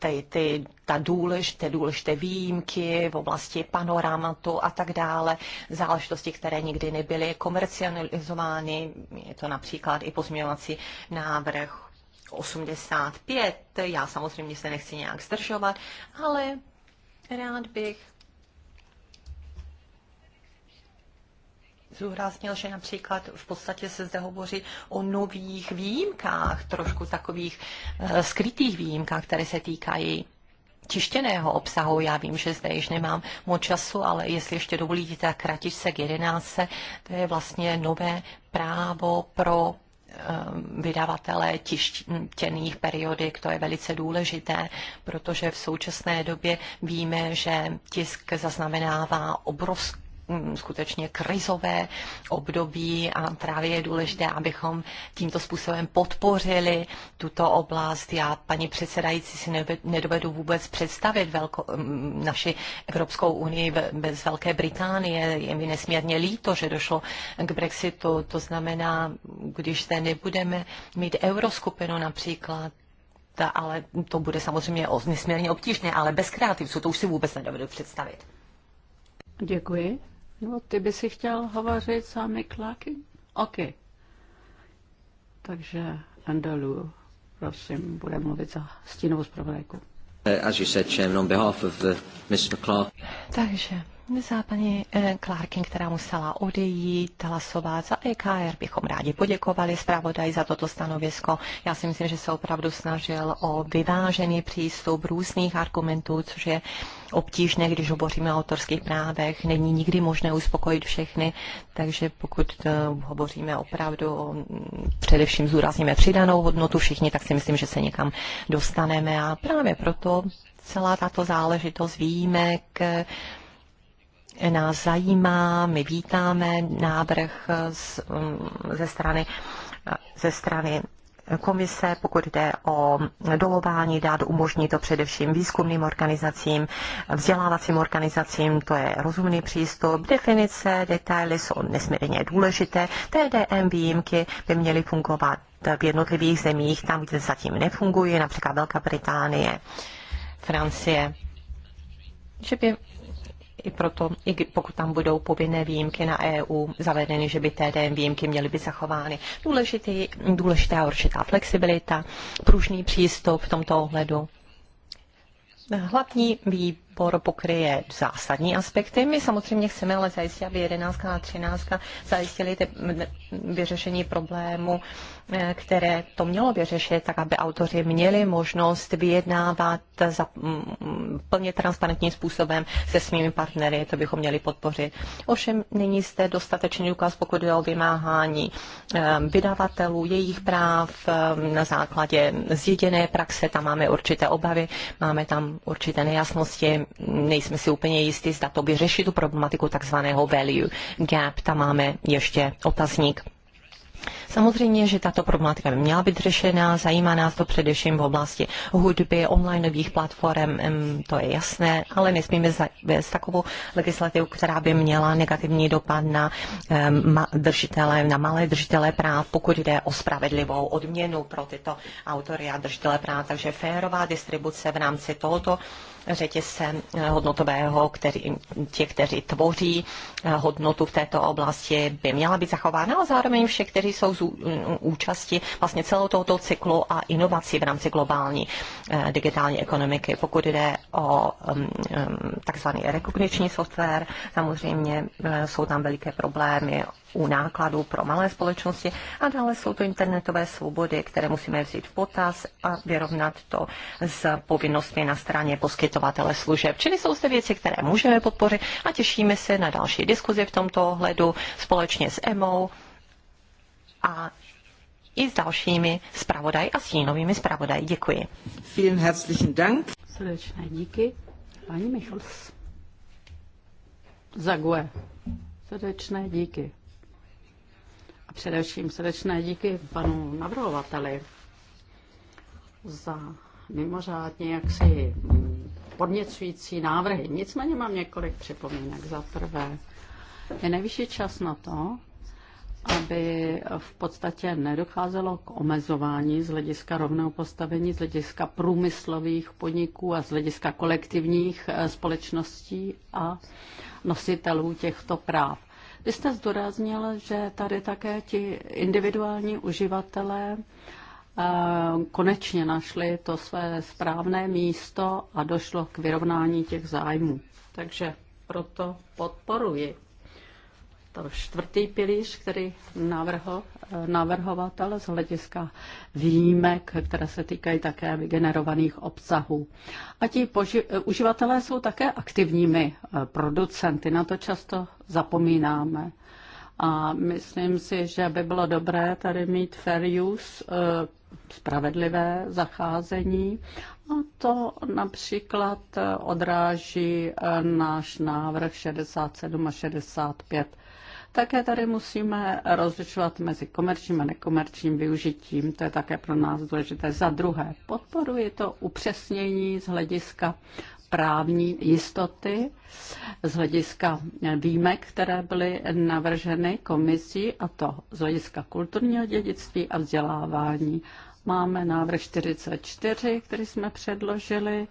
ty, ty, ta důležité, důležité výjimky v oblasti panoramatu a tak dále, záležitosti, které nikdy nebyly komercializovány, je to například i pozměňovací návrh 85, já samozřejmě se nechci nějak zdržovat, ale rád bych zúraznil, že například v podstatě se zde hovoří o nových výjimkách, trošku takových eh, skrytých výjimkách, které se týkají tištěného obsahu. Já vím, že zde již nemám moc času, ale jestli ještě dovolíte, tak se k 11. To je vlastně nové právo pro eh, vydavatele tištěných periodik. To je velice důležité, protože v současné době víme, že tisk zaznamenává obrovskou Mm, skutečně krizové období a právě je důležité, abychom tímto způsobem podpořili tuto oblast. Já, paní předsedající, si nedovedu vůbec představit velko, mm, naši Evropskou unii bez Velké Británie. Je mi nesmírně líto, že došlo k Brexitu. To znamená, když zde nebudeme mít euroskupinu například, ale to bude samozřejmě nesmírně obtížné, ale bez kreativců to už si vůbec nedovedu představit. Děkuji. Nebo ty by si chtěl hovořit vámi kláky? OK. Takže Andalu, prosím, bude mluvit za stínovou zpravodajku. Eh, as you said, Chairman, on behalf of uh, Miss McClark. Takže za paní eh, Clarkin, která musela odejít, hlasovat za EKR. Bychom rádi poděkovali zpravodaj za toto stanovisko. Já si myslím, že se opravdu snažil o vyvážený přístup různých argumentů, což je obtížné, když hovoříme o autorských právech. Není nikdy možné uspokojit všechny, takže pokud eh, hovoříme opravdu především zúrazníme přidanou hodnotu všichni, tak si myslím, že se někam dostaneme a právě proto celá tato záležitost výjimek nás zajímá. My vítáme návrh z, mm, ze strany ze strany komise, pokud jde o dolování dát, umožní to především výzkumným organizacím, vzdělávacím organizacím, to je rozumný přístup. Definice, detaily jsou nesmírně důležité. TDM výjimky by měly fungovat v jednotlivých zemích, tam, kde zatím nefungují, například Velká Británie, Francie. Že by i proto, i pokud tam budou povinné výjimky na EU zavedeny, že by TDM výjimky měly být zachovány. Důležitý, důležitá určitá flexibilita, pružný přístup v tomto ohledu. Hlavní výbor pokryje zásadní aspekty. My samozřejmě chceme ale zajistit, aby 11. a 13. zajistili ty vyřešení problému, eh, které to mělo vyřešit, tak aby autoři měli možnost vyjednávat za mm, plně transparentním způsobem se svými partnery. To bychom měli podpořit. Ovšem není zde dostatečný důkaz, pokud je o vymáhání eh, vydavatelů, jejich práv eh, na základě zjeděné praxe. Tam máme určité obavy, máme tam určité nejasnosti nejsme si úplně jistí, zda to vyřeší tu problematiku takzvaného value gap. Tam máme ještě otazník. Samozřejmě, že tato problematika by měla být řešena, zajímá nás to především v oblasti hudby, onlineových platform, to je jasné, ale nesmíme vést takovou legislativu, která by měla negativní dopad na držitele, na malé držitele práv, pokud jde o spravedlivou odměnu pro tyto autory a držitele práv. Takže férová distribuce v rámci tohoto řetězce eh, hodnotového, který, tě, kteří tvoří eh, hodnotu v této oblasti, by měla být zachována a zároveň vše, kteří jsou z účasti vlastně celou tohoto cyklu a inovací v rámci globální eh, digitální ekonomiky. Pokud jde o mm, mm, takzvaný rekogniční software, samozřejmě jsou tam veliké problémy u nákladů pro malé společnosti a dále jsou to internetové svobody, které musíme vzít v potaz a vyrovnat to s povinnostmi na straně poskytovatele služeb. Čili jsou zde věci, které můžeme podpořit a těšíme se na další diskuzi v tomto ohledu společně s EMO a i s dalšími zpravodaj a stínovými zpravodaj. Děkuji. Vielen herzlichen Dank. Srdečné díky. Pani Michals. Zague. Srdečné díky. A především srdečné díky panu navrhovateli za mimořádně jaksi podněcující návrhy. Nicméně mám několik připomínek. Za prvé, je nejvyšší čas na to, aby v podstatě nedocházelo k omezování z hlediska rovného postavení, z hlediska průmyslových podniků a z hlediska kolektivních eh, společností a nositelů těchto práv. Vy jste zdůraznil, že tady také ti individuální uživatelé eh, konečně našli to své správné místo a došlo k vyrovnání těch zájmů. Takže proto podporuji čtvrtý pilíř, který navrho, eh, navrhovatel z hlediska výjimek, které se týkají také vygenerovaných obsahů. A ti poži- eh, uživatelé jsou také aktivními eh, producenty, na to často zapomínáme. A myslím si, že by bylo dobré tady mít fair use, spravedlivé zacházení. A to například odráží náš návrh 67 a 65. Také tady musíme rozlišovat mezi komerčním a nekomerčním využitím. To je také pro nás důležité. Za druhé, podporuje to upřesnění z hlediska právní jistoty z hlediska výjimek, které byly navrženy komisí, a to z hlediska kulturního dědictví a vzdělávání. Máme návrh 44, který jsme předložili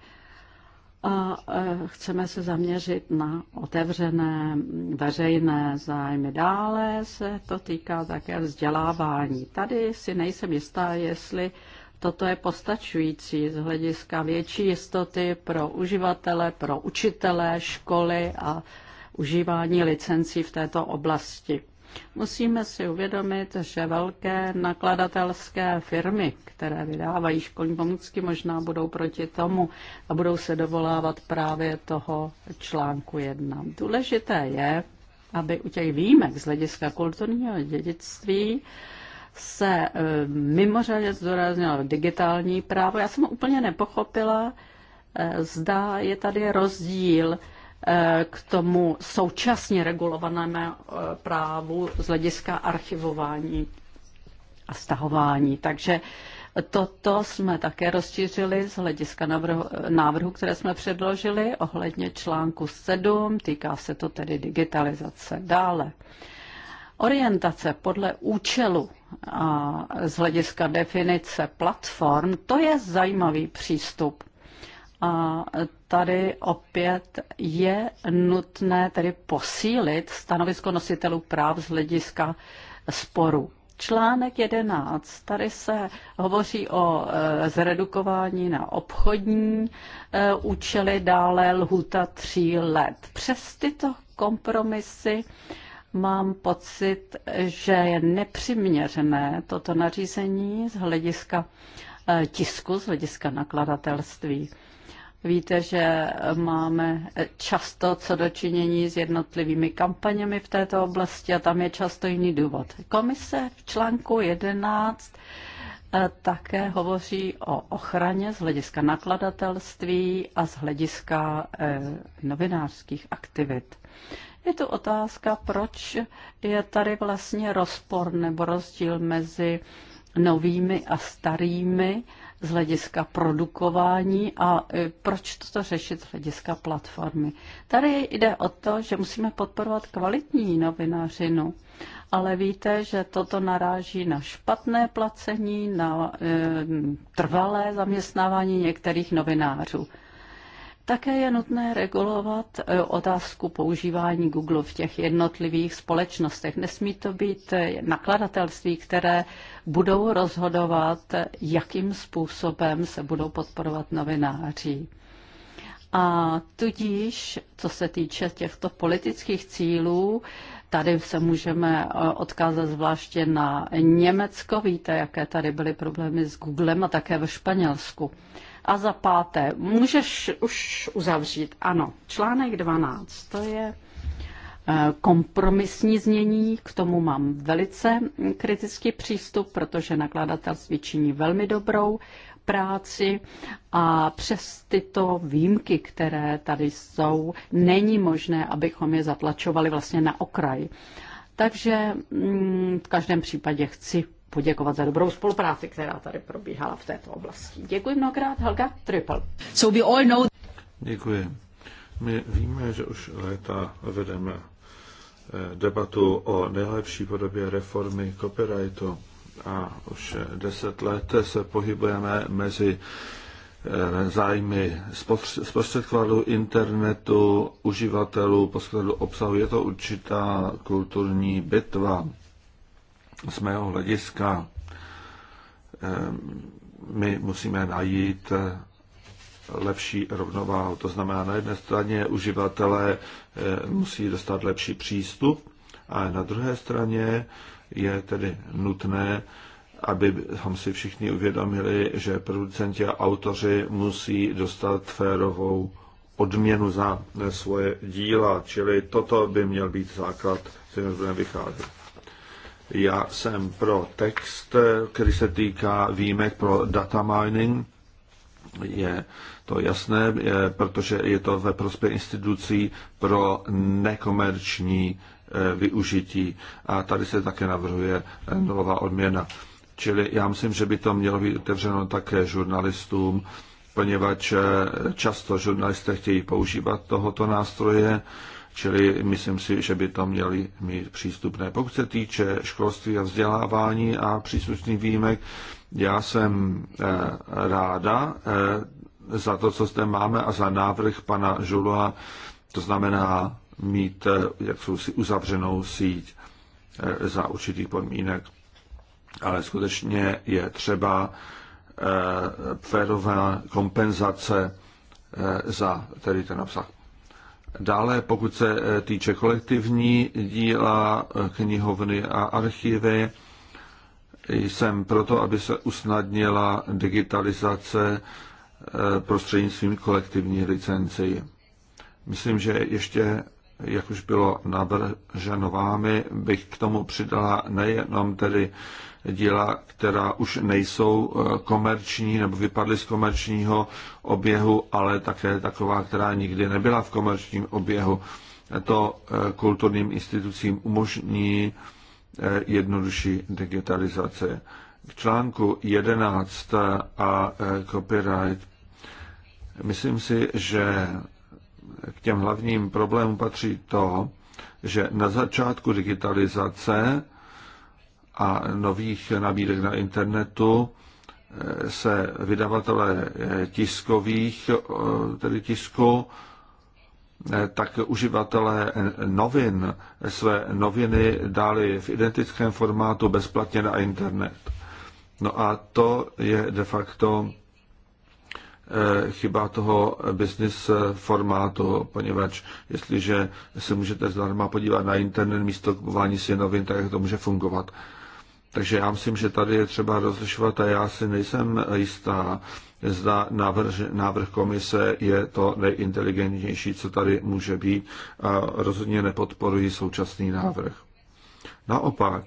a e, chceme se zaměřit na otevřené veřejné zájmy. Dále se to týká také vzdělávání. Tady si nejsem jistá, jestli toto je postačující z hlediska větší jistoty pro uživatele, pro učitele, školy a užívání licencí v této oblasti. Musíme si uvědomit, že velké nakladatelské firmy, které vydávají školní pomůcky, možná budou proti tomu a budou se dovolávat právě toho článku 1. Důležité je, aby u těch výjimek z hlediska kulturního dědictví se eh, mimořádně zdoraznilo digitální právo. Já jsem úplně nepochopila, eh, zda je tady rozdíl Eh, k tomu současně regulovanému eh, právu z hlediska archivování a stahování. Takže toto jsme také rozšířili z hlediska návrhu, návrhu, které jsme předložili ohledně článku 7, týká se to tedy digitalizace. Dále. Orientace podle účelu a z hlediska definice platform, to je zajímavý přístup. A tady opět je nutné tedy posílit stanovisko nositelů práv z hlediska sporu. Článek 11. Tady se hovoří o e, zredukování na obchodní e, účely, dále lhuta tří let. Přes tyto kompromisy mám pocit, že je nepřiměřené toto nařízení z hlediska e, tisku, z hlediska nakladatelství. Víte, že máme často co dočinění s jednotlivými kampaněmi v této oblasti a tam je často jiný důvod. Komise v článku 11 eh, také hovoří o ochraně z hlediska nakladatelství a z hlediska eh, novinářských aktivit. Je tu otázka, proč je tady vlastně rozpor nebo rozdíl mezi novými a starými z hlediska produkování a e, proč toto řešit z hlediska platformy. Tady jde o to, že musíme podporovat kvalitní novinářinu, ale víte, že toto naráží na špatné placení, na e, trvalé zaměstnávání některých novinářů. Také je nutné regulovat e, otázku používání Google v těch jednotlivých společnostech. Nesmí to být e, nakladatelství, které budou rozhodovat, e, jakým způsobem se budou podporovat novináři. A tudíž, co se týče těchto politických cílů, tady se můžeme odkázat zvláště na Německo. Víte, jaké tady byly problémy s Googlem a také ve Španělsku. A za páté, můžeš už uzavřít, ano, článek 12, to je eh, kompromisní znění, k tomu mám velice kritický přístup, protože nakladatelství činí velmi dobrou práci a přes tyto výjimky, které tady jsou, není možné, abychom je zatlačovali vlastně na okraj. Takže mm, v každém případě chci poděkovat za dobrou spolupráci, která tady probíhala v této oblasti. Děkuji mnohokrát, Helga Triple. So we all know... Děkuji. My víme, že už léta vedeme eh, debatu o nejlepší podobě reformy copyrightu a už eh, deset let se pohybujeme mezi eh, zájmy zprostředkovatelů internetu, uživatelů, poskytovatelů obsahu. Je to určitá kulturní bitva z mého hlediska eh, my musíme najít eh, lepší rovnováhu. To znamená, na jedné straně uživatelé eh, musí dostat lepší přístup, a na druhé straně je tedy nutné, abychom si všichni uvědomili, že producenti a autoři musí dostat férovou odměnu za svoje díla, čili toto by měl být základ, kterým budeme vycházet. Já jsem pro text, který se týká výjimek pro data mining. Je to jasné, protože je to ve prospěch institucí pro nekomerční eh, využití. A tady se také navrhuje eh, nová odměna. Čili já myslím, že by to mělo být otevřeno také žurnalistům, poněvadž eh, často žurnalisté chtějí používat tohoto nástroje Čili myslím si, že by to měli mít přístupné. Pokud se týče školství a vzdělávání a příslušných výjimek, já jsem eh, ráda eh, za to, co zde máme a za návrh pana Žulova, to znamená mít eh, jak jsou si uzavřenou síť za určitých podmínek. Ale skutečně je třeba férová kompenzace za tedy ten obsah. Dále, pokud se eh, týče kolektivní díla, eh, knihovny a archivy, jsem proto, aby se usnadnila digitalizace eh, prostřednictvím kolektivní licenci. Myslím, že ještě, jak už bylo navrženo vámi, bych k tomu přidala nejenom tedy díla, která už nejsou eh, komerční nebo vypadly z komerčního oběhu, ale také taková, která nikdy nebyla v komerčním oběhu. To eh, kulturním institucím umožní eh, jednodušší digitalizace. K článku 11 a copyright myslím si, že k těm hlavním problémům patří to, že na začátku digitalizace a nových nabídek na internetu eh, se vydavatelé eh, tiskových, eh, tedy tisku, tak uživatelé novin své noviny dali v identickém formátu bezplatně na internet. No a to je de facto chyba toho business formátu, poněvadž jestliže se můžete zdarma podívat na internet místo kupování si novin, tak jak to může fungovat. Takže já myslím, že tady je třeba rozlišovat a já si nejsem jistá, zda návrh, návrh komise je to nejinteligentnější, co tady může být a rozhodně nepodporuji současný návrh. Naopak,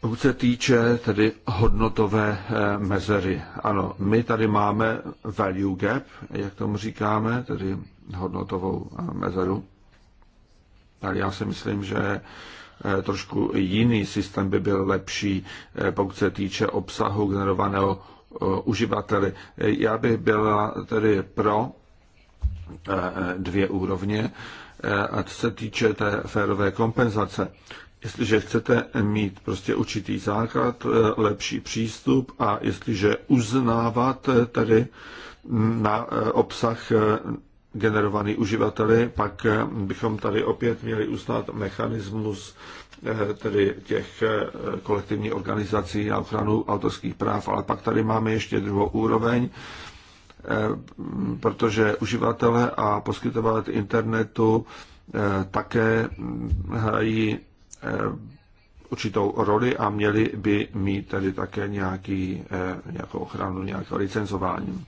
pokud se týče tedy hodnotové eh, mezery, ano, my tady máme value gap, jak tomu říkáme, tedy hodnotovou eh, mezeru. Tak já si myslím, že Eh, trošku jiný systém by byl lepší, eh, pokud se týče obsahu generovaného eh, uživateli. Já bych byla tedy pro dvě úrovně. A co se týče té férové kompenzace, jestliže chcete mít prostě určitý základ, lepší přístup a jestliže uznávat tedy mm, na obsah generovaný uživateli, pak eh, bychom tady opět měli ustát mechanismus eh, tedy těch eh, kolektivních organizací na ochranu autorských práv, ale pak tady máme ještě druhou úroveň, protože uživatelé a poskytovatelé internetu také hrají určitou roli a měli by mít tedy také nějaký, nějakou ochranu, nějaké licencování.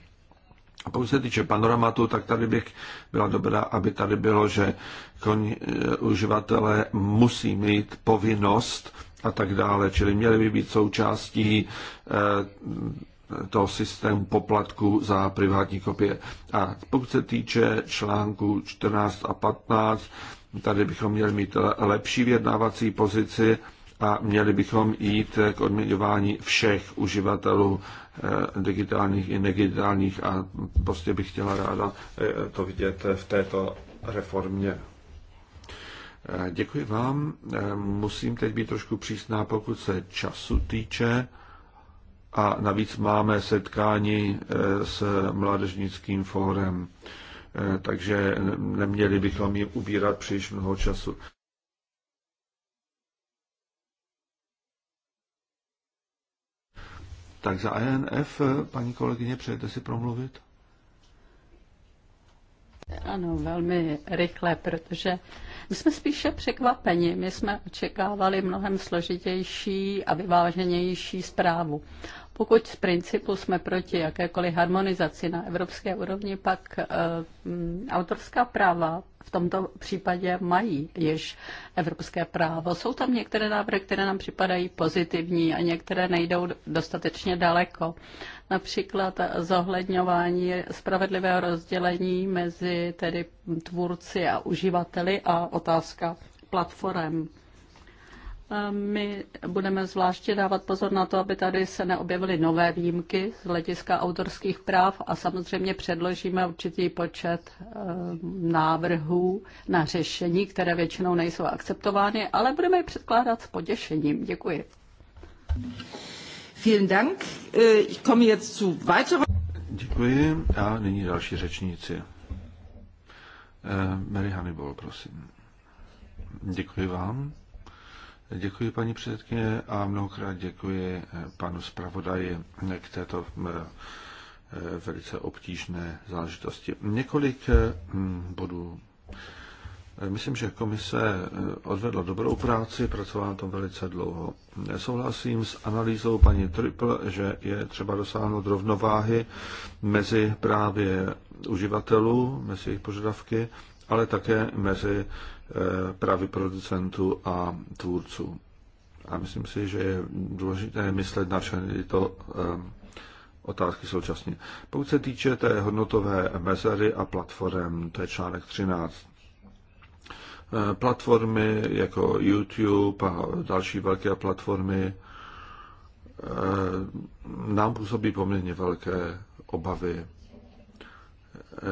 A pokud se týče panoramatu, tak tady bych byla dobrá, aby tady bylo, že kon, e, uživatelé musí mít povinnost a tak dále, čili měli by být součástí e, toho systému poplatku za privátní kopie. A pokud se týče článku 14 a 15, tady bychom měli mít lepší vyjednávací pozici a měli bychom jít k odměňování všech uživatelů eh, digitálních i negitálních a prostě bych chtěla ráda eh, to vidět v této reformě. Eh, děkuji vám. Musím teď být trošku přísná, pokud se času týče. A navíc máme setkání s mládežnickým fórem, takže neměli bychom jim ubírat příliš mnoho času. Tak za ANF, e paní kolegyně, přejete si promluvit? Ano, velmi rychle, protože my jsme spíše překvapeni. My jsme očekávali mnohem složitější a vyváženější zprávu. Pokud z principu jsme proti jakékoliv harmonizaci na evropské úrovni, pak eh, autorská práva v tomto případě mají již evropské právo. Jsou tam některé návrhy, které nám připadají pozitivní a některé nejdou dostatečně daleko. Například zohledňování spravedlivého rozdělení mezi tedy tvůrci a uživateli a otázka platform. My budeme zvláště dávat pozor na to, aby tady se neobjevily nové výjimky z hlediska autorských práv a samozřejmě předložíme určitý počet eh, návrhů na řešení, které většinou nejsou akceptovány, ale budeme je předkládat s poděšením. Děkuji. Vielen Dank. Äh, ich komme jetzt zu weiteren... Děkuji a nyní další řečníci. Äh, Mary Hannibal, prosím. Děkuji vám. Děkuji paní předsedkyně a mnohokrát děkuji eh, panu zpravodaji eh, k této eh, velice obtížné záležitosti. Několik mm, bodů. Myslím, že komise odvedla dobrou práci, pracovala na tom velice dlouho. Souhlasím s analýzou paní Triple, že je třeba dosáhnout rovnováhy mezi právě uživatelů, mezi jejich požadavky ale také mezi eh, právě producentů a tvůrců. A myslím si, že je důležité myslet na všechny tyto eh, otázky současně. Pokud se týče té hodnotové mezery a platform, to je článek 13. Eh, platformy jako YouTube a další velké platformy nám působí poměrně velké obavy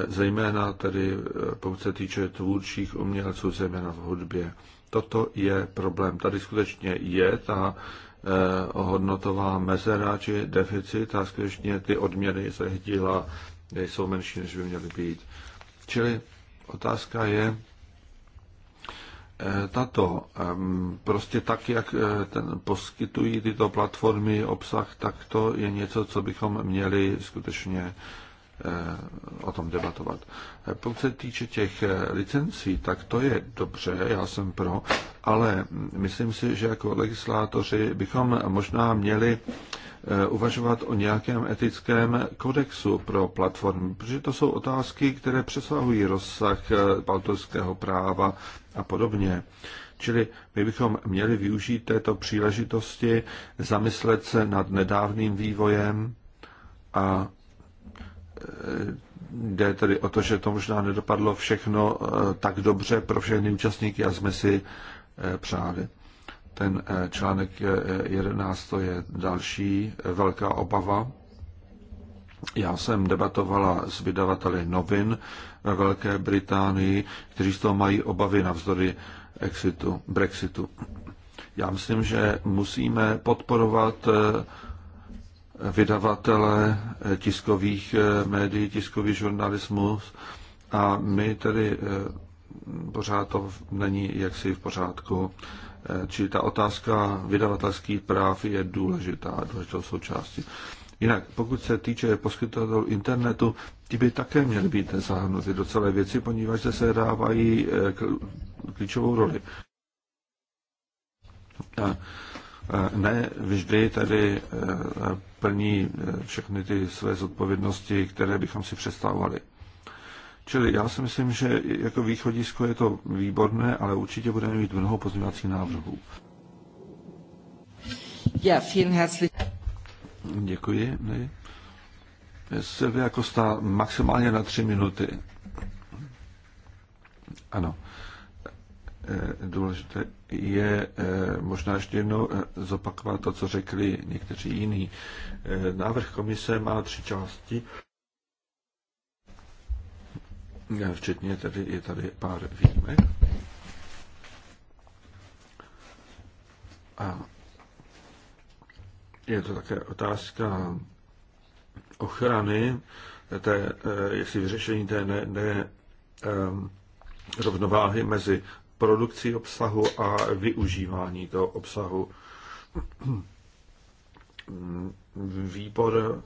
zejména tedy pokud se týče tvůrčích umělců, zejména v hudbě. Toto je problém. Tady skutečně je ta eh, hodnotová mezera či deficit a skutečně ty odměny se díla jsou menší, než by měly být. Čili otázka je, eh, tato, ehm, prostě tak, jak eh, ten, poskytují tyto platformy obsah, tak to je něco, co bychom měli skutečně Eh, o tom debatovat. Eh, pokud se týče těch eh, licencí, tak to je dobře, já jsem pro, ale myslím si, že jako legislátoři bychom možná měli uvažovat o nějakém etickém kodexu pro platformy, protože to jsou otázky, které přesahují rozsah autorského práva a podobně. Čili my bychom měli využít této příležitosti, zamyslet se nad nedávným vývojem a Eh, jde tedy o to, že to možná nedopadlo všechno eh, tak dobře pro všechny účastníky, jak jsme si eh, přáli. Ten článek 11 to je další velká obava. Já jsem debatovala s vydavateli novin ve Velké Británii, kteří z toho mají obavy navzdory exitu, Brexitu. Já myslím, že musíme podporovat vydavatele eh, tiskových eh, médií, tiskový žurnalismus a my tedy eh, pořád to není jaksi v pořádku. Čili ta otázka vydavatelských práv je důležitá, důležitou součástí. Jinak, pokud se týče poskytovatelů internetu, ti by také měli být zahrnuty do celé věci, poněvadž se dávají klíčovou roli. Ne vždy tedy plní eh, všechny ty své zodpovědnosti, které bychom si představovali. Čili já si myslím, že jako východisko je to výborné, ale určitě budeme mít mnoho pozměňovacích návrhů. Ja, vielen herzlich. Děkuji. Ne? Silvia Kosta maximálně na tři minuty. Ano. Eh, důležité je eh, možná ještě jednou eh, zopakovat to, co řekli někteří jiní. Návrh komise má tři části, včetně tedy je tady pár výjimek. A je to také otázka ochrany, té, jestli vyřešení té ne, ne um, rovnováhy mezi produkci obsahu a využívání toho obsahu. Výbor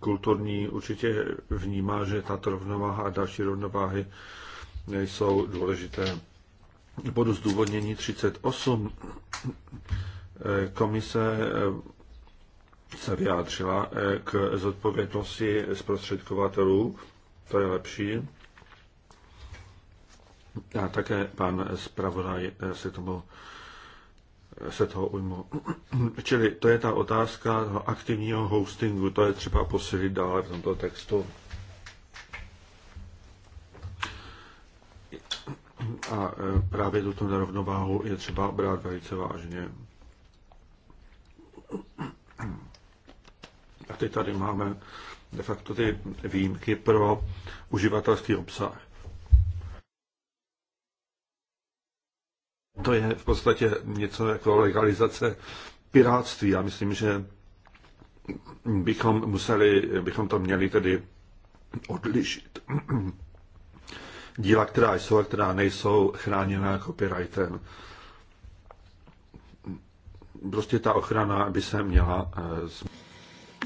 kulturní určitě vnímá, že tato rovnováha a další rovnováhy jsou důležité. Bodu zdůvodnění 38 komise se vyjádřila k zodpovědnosti zprostředkovatelů, to je lepší. Já také pan zpravodaj eh, se tomu eh, se toho ujmu. [CLEARS THROAT] Čili to je ta otázka aktivního hostingu, to je třeba posilit dále v tomto textu. A eh, právě tuto nerovnováhu je třeba brát velice vážně. A teď tady máme de facto ty výjimky pro uživatelský obsah. To je v podstatě něco jako legalizace piráctví. Já myslím, že bychom museli, bychom to měli tedy odlišit. Díla, která jsou a která nejsou chráněna copyrightem. Prostě ta ochrana by se měla... Eh,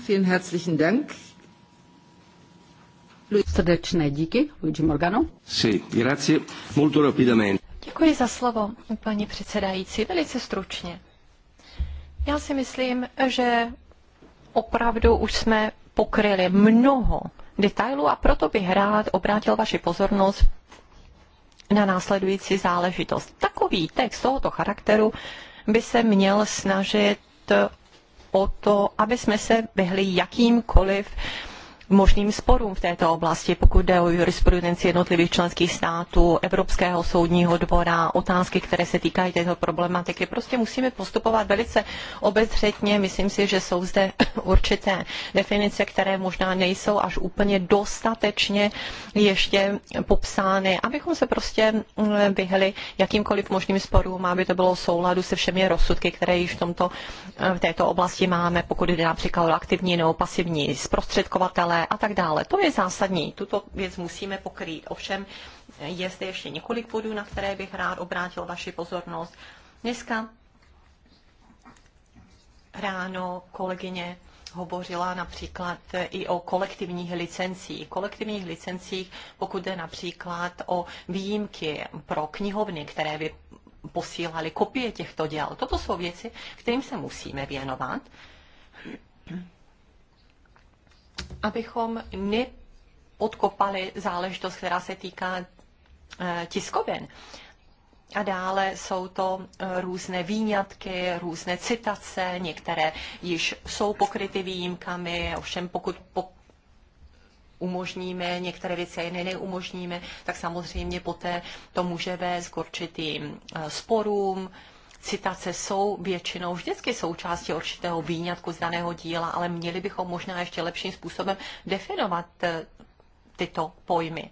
Vielen herzlichen Dank. Srdečné díky, Luigi Morgano. Sì, grazie. Molto rapidamente. Děkuji za slovo, paní předsedající. Velice stručně. Já si myslím, že opravdu už jsme pokryli mnoho detailů a proto bych rád obrátil vaši pozornost na následující záležitost. Takový text tohoto charakteru by se měl snažit o to, aby jsme se vyhli jakýmkoliv možným sporům v této oblasti, pokud jde o jurisprudenci jednotlivých členských států, Evropského soudního dvora, otázky, které se týkají této problematiky. Prostě musíme postupovat velice obezřetně. Myslím si, že jsou zde [COUGHS] určité definice, které možná nejsou až úplně dostatečně ještě popsány, abychom se prostě mm, vyhli jakýmkoliv možným sporům, aby to bylo v souladu se všemi rozsudky, které již v, tomto, eh, v této oblasti máme, pokud jde například o aktivní nebo pasivní zprostředkovatele, a tak dále. To je zásadní, tuto věc musíme pokrýt. Ovšem je zde ještě několik bodů, na které bych rád obrátil vaši pozornost. Dneska ráno kolegyně hovořila například i o kolektivních licencích. Kolektivních licencích, pokud jde například o výjimky pro knihovny, které by posílali kopie těchto děl. Toto jsou věci, kterým se musíme věnovat abychom neodkopali záležitost, která se týká eh, tiskovin. A dále jsou to eh, různé výňatky, různé citace, některé již jsou pokryty výjimkami, ovšem pokud po umožníme, některé věci a jiné neumožníme, tak samozřejmě poté to může vést k určitým eh, sporům, citace jsou většinou vždycky součástí určitého výňatku z daného díla, ale měli bychom možná ještě lepším způsobem definovat eh, tyto pojmy.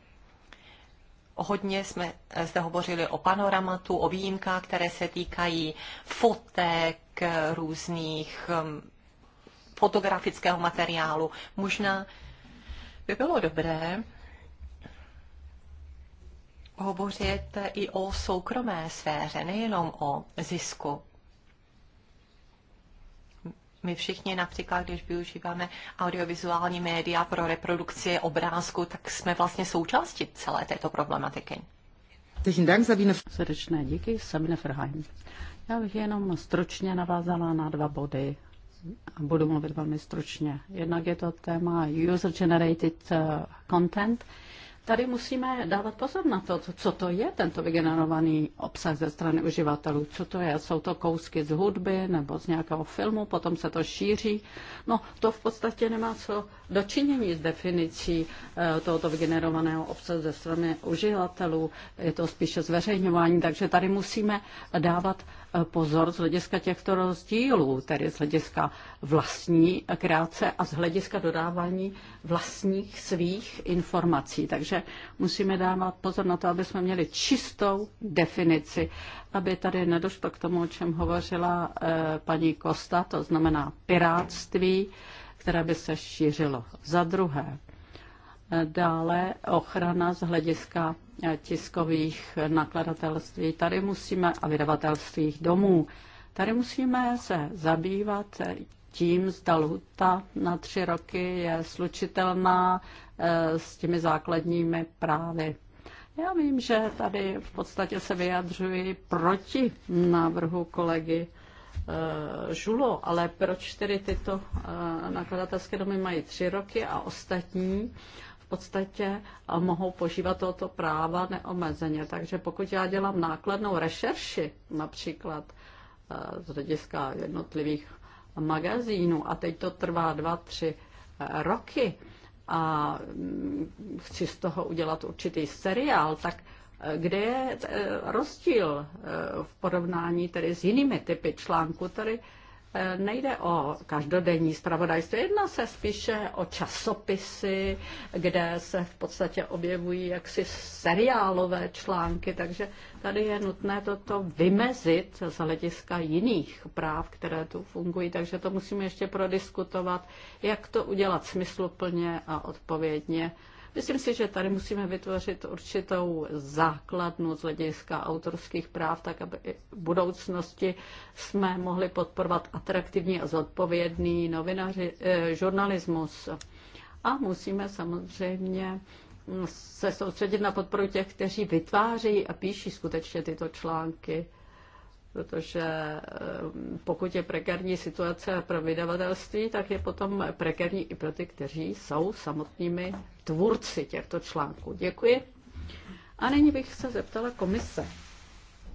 Hodně jsme eh, zde hovořili o panoramatu, o výjimkách, které se týkají fotek, eh, různých ehm, fotografického materiálu. Možná by bylo dobré hovořit i o soukromé sféře, nejenom o zisku. My všichni například, když využíváme audiovizuální média pro reprodukci obrázku, tak jsme vlastně součástí celé této problematiky. Srdečné díky, Sabine Ferheim. Já bych jenom stručně navázala na dva body a budu mluvit velmi stručně. Jednak je to téma user-generated eh, content. Tady musíme dávat pozor na to, co to je tento vygenerovaný obsah ze strany uživatelů. Co to je? Jsou to kousky z hudby nebo z nějakého filmu, potom se to šíří. No, to v podstatě nemá co dočinění s definicí eh, tohoto vygenerovaného obsahu ze strany uživatelů. Je to spíše zveřejňování, takže tady musíme dávat pozor z hlediska těchto rozdílů, tedy z hlediska vlastní kreace a z hlediska dodávání vlastních svých informací. Takže musíme dávat pozor na to, aby jsme měli čistou definici, aby tady nedošlo k tomu, o čem hovořila eh, paní Kosta, to znamená piráctví, které by se šířilo. Za druhé, dále ochrana z hlediska Eh, tiskových nakladatelství, tady musíme a vydavatelstvích domů. Tady musíme se zabývat tím, zda lhuta na tři roky je slučitelná eh, s těmi základními právy. Já vím, že tady v podstatě se vyjadřuji proti návrhu kolegy eh, Žulo, ale proč tedy tyto nakladatelské domy mají tři roky a ostatní? podstatě eh, mohou požívat tohoto práva neomezeně. Takže pokud já dělám nákladnou rešerši, například eh, z hlediska jednotlivých magazínů, a teď to trvá dva, tři eh, roky, a mm, chci z toho udělat určitý seriál, tak kde je rozdíl v porovnání tedy s jinými typy článku? tedy Eh, nejde o každodenní zpravodajství, jedná se spíše o časopisy, kde se v podstatě objevují jaksi seriálové články, takže tady je nutné toto vymezit z hlediska jiných práv, které tu fungují, takže to musíme ještě prodiskutovat, jak to udělat smysluplně a odpovědně Myslím si, že tady musíme vytvořit určitou základnu z hlediska autorských práv, tak aby v budoucnosti jsme mohli podporovat atraktivní a zodpovědný novinaři, eh, žurnalismus. A musíme samozřejmě se soustředit na podporu těch, kteří vytváří a píší skutečně tyto články protože eh, pokud je prekární situace pro vydavatelství, tak je potom prekární i pro ty, kteří jsou samotnými tvůrci těchto článků. Děkuji. A nyní bych se zeptala komise,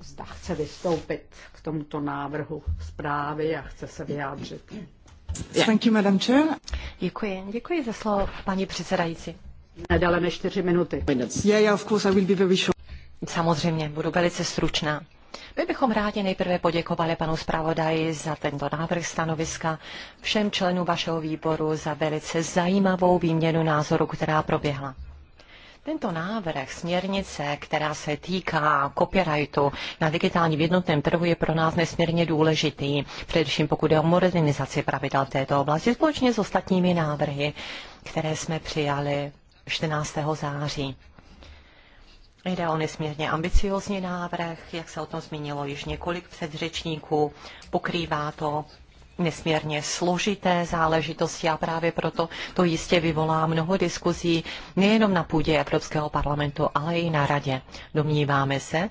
zda chce vystoupit k tomuto návrhu zprávy a chce se vyjádřit. Thank you, Madam Chair. Děkuji. Děkuji za slovo, paní předsedající. Nedále než čtyři minuty. Yeah, yeah, of course, I will be very short. Samozřejmě, budu velice stručná. My bychom rádi nejprve poděkovali panu zpravodaji za tento návrh stanoviska, všem členům vašeho výboru za velice zajímavou výměnu názoru, která proběhla. Tento návrh směrnice, která se týká copyrightu na digitálním jednotném trhu, je pro nás nesmírně důležitý, především pokud je o modernizaci pravidel této oblasti, společně s ostatními návrhy, které jsme přijali 14. září. Jde o nesmírně ambiciozní návrh, jak se o tom zmínilo již několik předřečníků. Pokrývá to nesmírně složité záležitosti a právě proto to jistě vyvolá mnoho diskuzí nejenom na půdě Evropského parlamentu, ale i na radě. Domníváme se,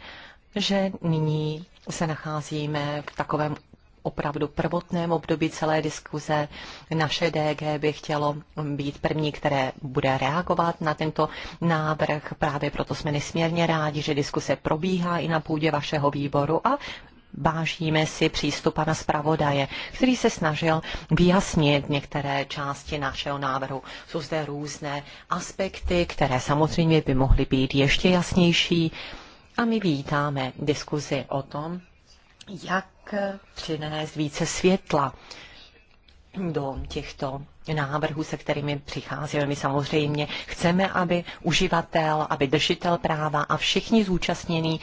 že nyní se nacházíme v takovém opravdu prvotném období celé diskuze. Naše DG by chtělo být první, které bude reagovat na tento návrh. Právě proto jsme nesmírně rádi, že diskuse probíhá i na půdě vašeho výboru a vážíme si přístup pana zpravodaje, který se snažil vyjasnit některé části našeho návrhu. Jsou zde různé aspekty, které samozřejmě by mohly být ještě jasnější. A my vítáme diskuzi o tom, jak přinést více světla do těchto návrhů, se kterými přicházíme. My samozřejmě chceme, aby uživatel, aby držitel práva a všichni zúčastnění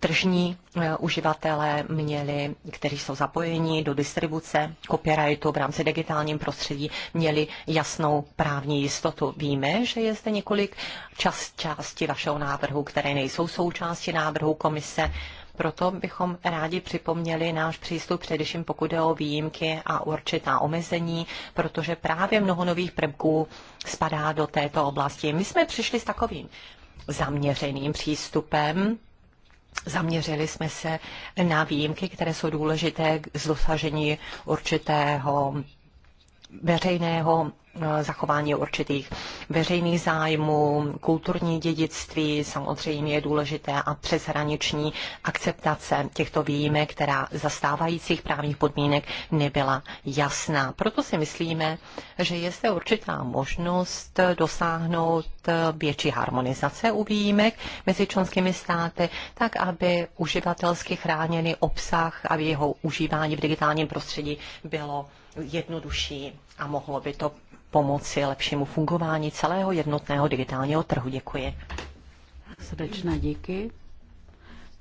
tržní eh, uživatelé měli, kteří jsou zapojeni do distribuce copyrightu v rámci digitálním prostředí, měli jasnou právní jistotu. Víme, že je zde několik čas, části vašeho návrhu, které nejsou součástí návrhu komise. Proto bychom rádi připomněli náš přístup především pokud jde o výjimky a určitá omezení, protože právě mnoho nových prvků spadá do této oblasti. My jsme přišli s takovým zaměřeným přístupem, Zaměřili jsme se na výjimky, které jsou důležité k dosažení určitého veřejného Eh, zachování určitých veřejných zájmů, kulturní dědictví, samozřejmě je důležité a přeshraniční akceptace těchto výjimek, která za stávajících právních podmínek nebyla jasná. Proto si myslíme, že je zde určitá možnost dosáhnout větší harmonizace u výjimek mezi členskými státy, tak aby uživatelsky chráněný obsah a jeho užívání v digitálním prostředí bylo jednodušší a mohlo by to pomoci lepšímu fungování celého jednotného digitálního trhu. Děkuji. Srdečné díky.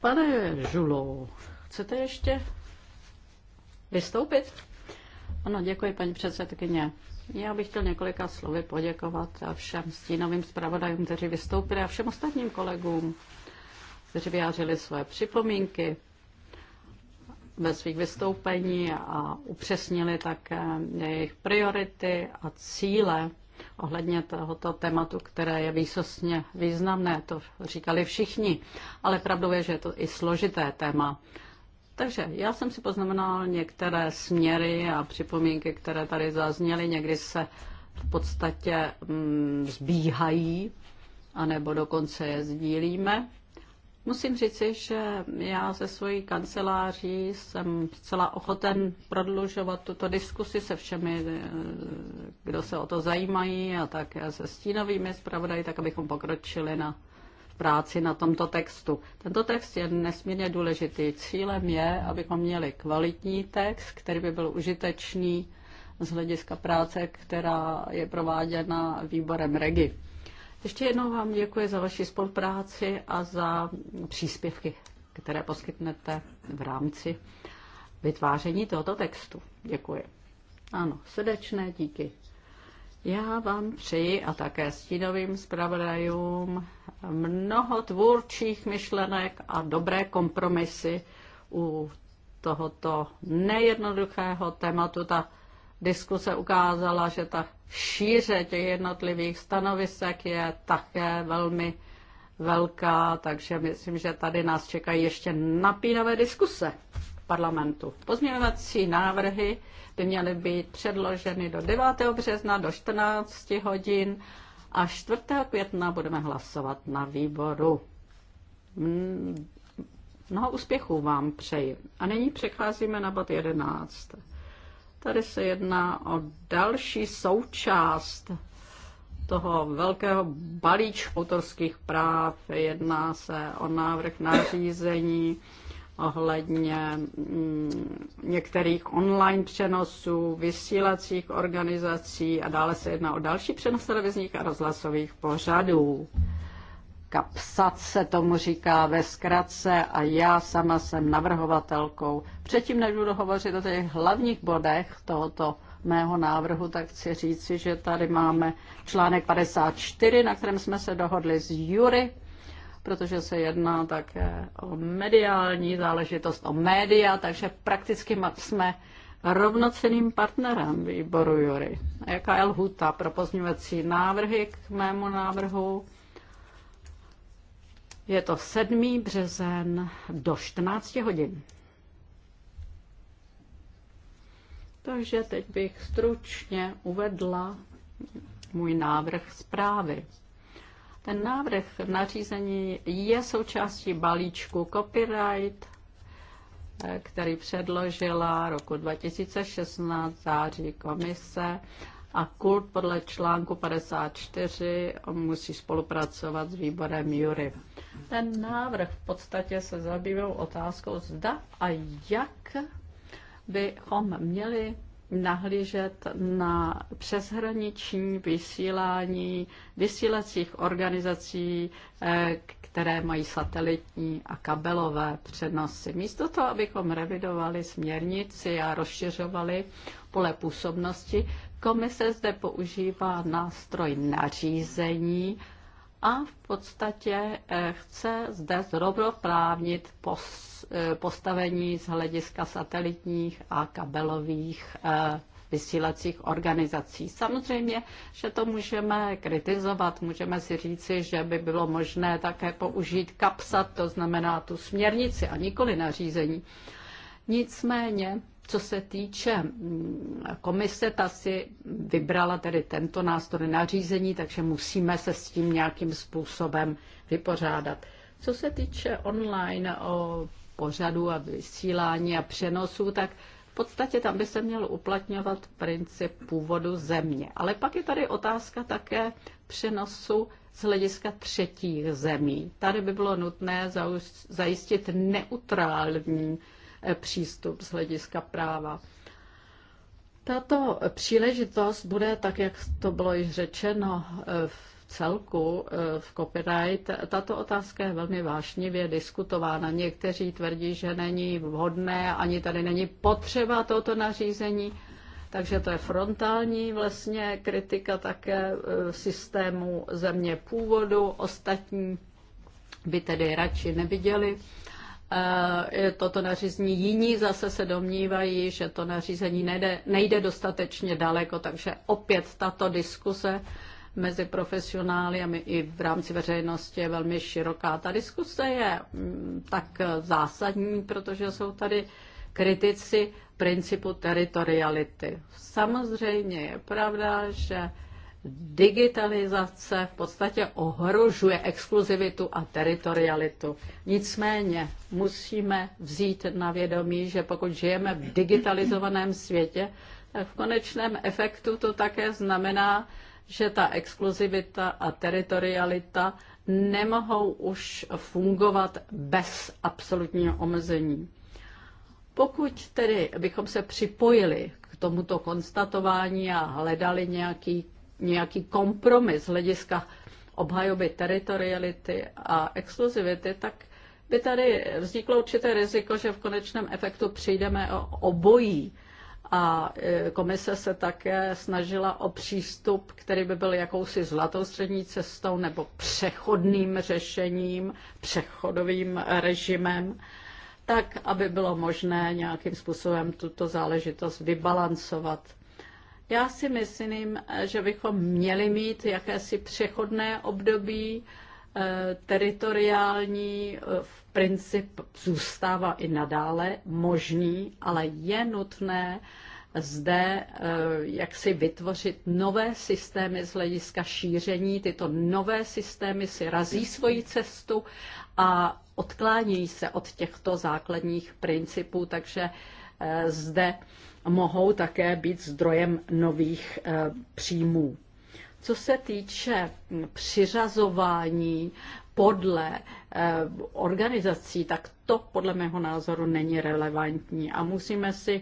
Pane Žulo, chcete ještě vystoupit? Ano, děkuji, paní předsedkyně. Já bych chtěl několika slovy poděkovat všem stínovým zpravodajům, kteří vystoupili a všem ostatním kolegům, kteří vyjádřili své připomínky ve svých vystoupení a upřesnili také jejich priority a cíle ohledně tohoto tématu, které je výsostně významné, to říkali všichni, ale pravdou je, že je to i složité téma. Takže já jsem si poznamenal některé směry a připomínky, které tady zazněly, někdy se v podstatě mm, zbíhají, anebo dokonce je sdílíme. Musím říci, že já ze svojí kanceláří jsem zcela ochoten prodlužovat tuto diskusi se všemi, eh, kdo se o to zajímají a také se stínovými zpravodaji, tak abychom pokročili na práci na tomto textu. Tento text je nesmírně důležitý. Cílem je, abychom měli kvalitní text, který by byl užitečný z hlediska práce, která je prováděna výborem REGI. Ještě jednou vám děkuji za vaši spolupráci a za příspěvky, které poskytnete v rámci vytváření tohoto textu. Děkuji. Ano, srdečné díky. Já vám přeji a také stínovým zpravodajům mnoho tvůrčích myšlenek a dobré kompromisy u tohoto nejednoduchého tématu. Ta Diskuse ukázala, že ta šíře těch jednotlivých stanovisek je také velmi velká, takže myslím, že tady nás čekají ještě napínavé diskuse v parlamentu. Pozměňovací návrhy by měly být předloženy do 9. března do 14 hodin a 4. května budeme hlasovat na výboru. Mnoho úspěchů vám přeji. A nyní přecházíme na bod 11. Tady se jedná o další součást toho velkého balíčku autorských práv. Jedná se o návrh nařízení ohledně mm, některých online přenosů, vysílacích organizací a dále se jedná o další přenos televizních a rozhlasových pořadů. Zkrátka PSAT se tomu říká ve zkratce a já sama jsem navrhovatelkou. Předtím, než budu hovořit o těch hlavních bodech tohoto mého návrhu, tak chci říci, že tady máme článek 54, na kterém jsme se dohodli s Jury, protože se jedná také o mediální záležitost, o média, takže prakticky jsme rovnoceným partnerem výboru Jury. A jaká je lhuta pro pozměňovací návrhy k mému návrhu? Je to 7. březen do 14 hodin. Takže teď bych stručně uvedla můj návrh zprávy. Ten návrh nařízení je součástí balíčku copyright, eh, který předložila roku 2016 září komise a kult podle článku 54 musí spolupracovat s výborem Jury. Ten návrh v podstatě se zabýval otázkou, zda a jak bychom měli nahlížet na přeshraniční vysílání vysílacích organizací, eh, které mají satelitní a kabelové přenosy. Místo toho, abychom revidovali směrnici a rozšiřovali pole působnosti, Komise zde používá nástroj nařízení a v podstatě eh, chce zde zrovnoprávnit eh, postavení z hlediska satelitních a kabelových eh, vysílacích organizací. Samozřejmě, že to můžeme kritizovat, můžeme si říci, že by bylo možné také použít kapsat, to znamená tu směrnici a nikoli nařízení. Nicméně co se týče mm, komise, ta si vybrala tedy tento nástroj nařízení, takže musíme se s tím nějakým způsobem vypořádat. Co se týče online o eh, pořadu a vysílání a přenosu, tak v podstatě tam by se měl uplatňovat princip původu země. Ale pak je tady otázka také přenosu z hlediska třetích zemí. Tady by bylo nutné zajistit neutrální přístup z hlediska práva. Tato příležitost bude, tak jak to bylo již řečeno, e, v celku e, v copyright. Tato otázka je velmi vášnivě diskutována. Někteří tvrdí, že není vhodné, ani tady není potřeba tohoto nařízení, takže to je frontální vlastně kritika také e, systému země původu. Ostatní by tedy radši neviděli toto nařízení. Jiní zase se domnívají, že to nařízení nejde, nejde dostatečně daleko, takže opět tato diskuse mezi profesionály a my i v rámci veřejnosti je velmi široká. Ta diskuse je mm, tak zásadní, protože jsou tady kritici principu teritoriality. Samozřejmě je pravda, že digitalizace v podstatě ohrožuje exkluzivitu a teritorialitu. Nicméně musíme vzít na vědomí, že pokud žijeme v digitalizovaném světě, tak v konečném efektu to také znamená, že ta exkluzivita a teritorialita nemohou už fungovat bez absolutního omezení. Pokud tedy bychom se připojili k tomuto konstatování a hledali nějaký nějaký kompromis z hlediska obhajoby teritoriality a exkluzivity, tak by tady vzniklo určité riziko, že v konečném efektu přijdeme o obojí. A e, komise se také snažila o přístup, který by byl jakousi zlatou střední cestou nebo přechodným řešením, přechodovým režimem, tak, aby bylo možné nějakým způsobem tuto záležitost vybalancovat. Já si myslím, že bychom měli mít jakési přechodné období, eh, teritoriální eh, v princip zůstává i nadále možný, ale je nutné zde eh, jak si vytvořit nové systémy z hlediska šíření. Tyto nové systémy si razí svoji cestu a odklánějí se od těchto základních principů, takže Eh, zde mohou také být zdrojem nových eh, příjmů. Co se týče hm, přiřazování podle eh, organizací, tak to podle mého názoru není relevantní a musíme si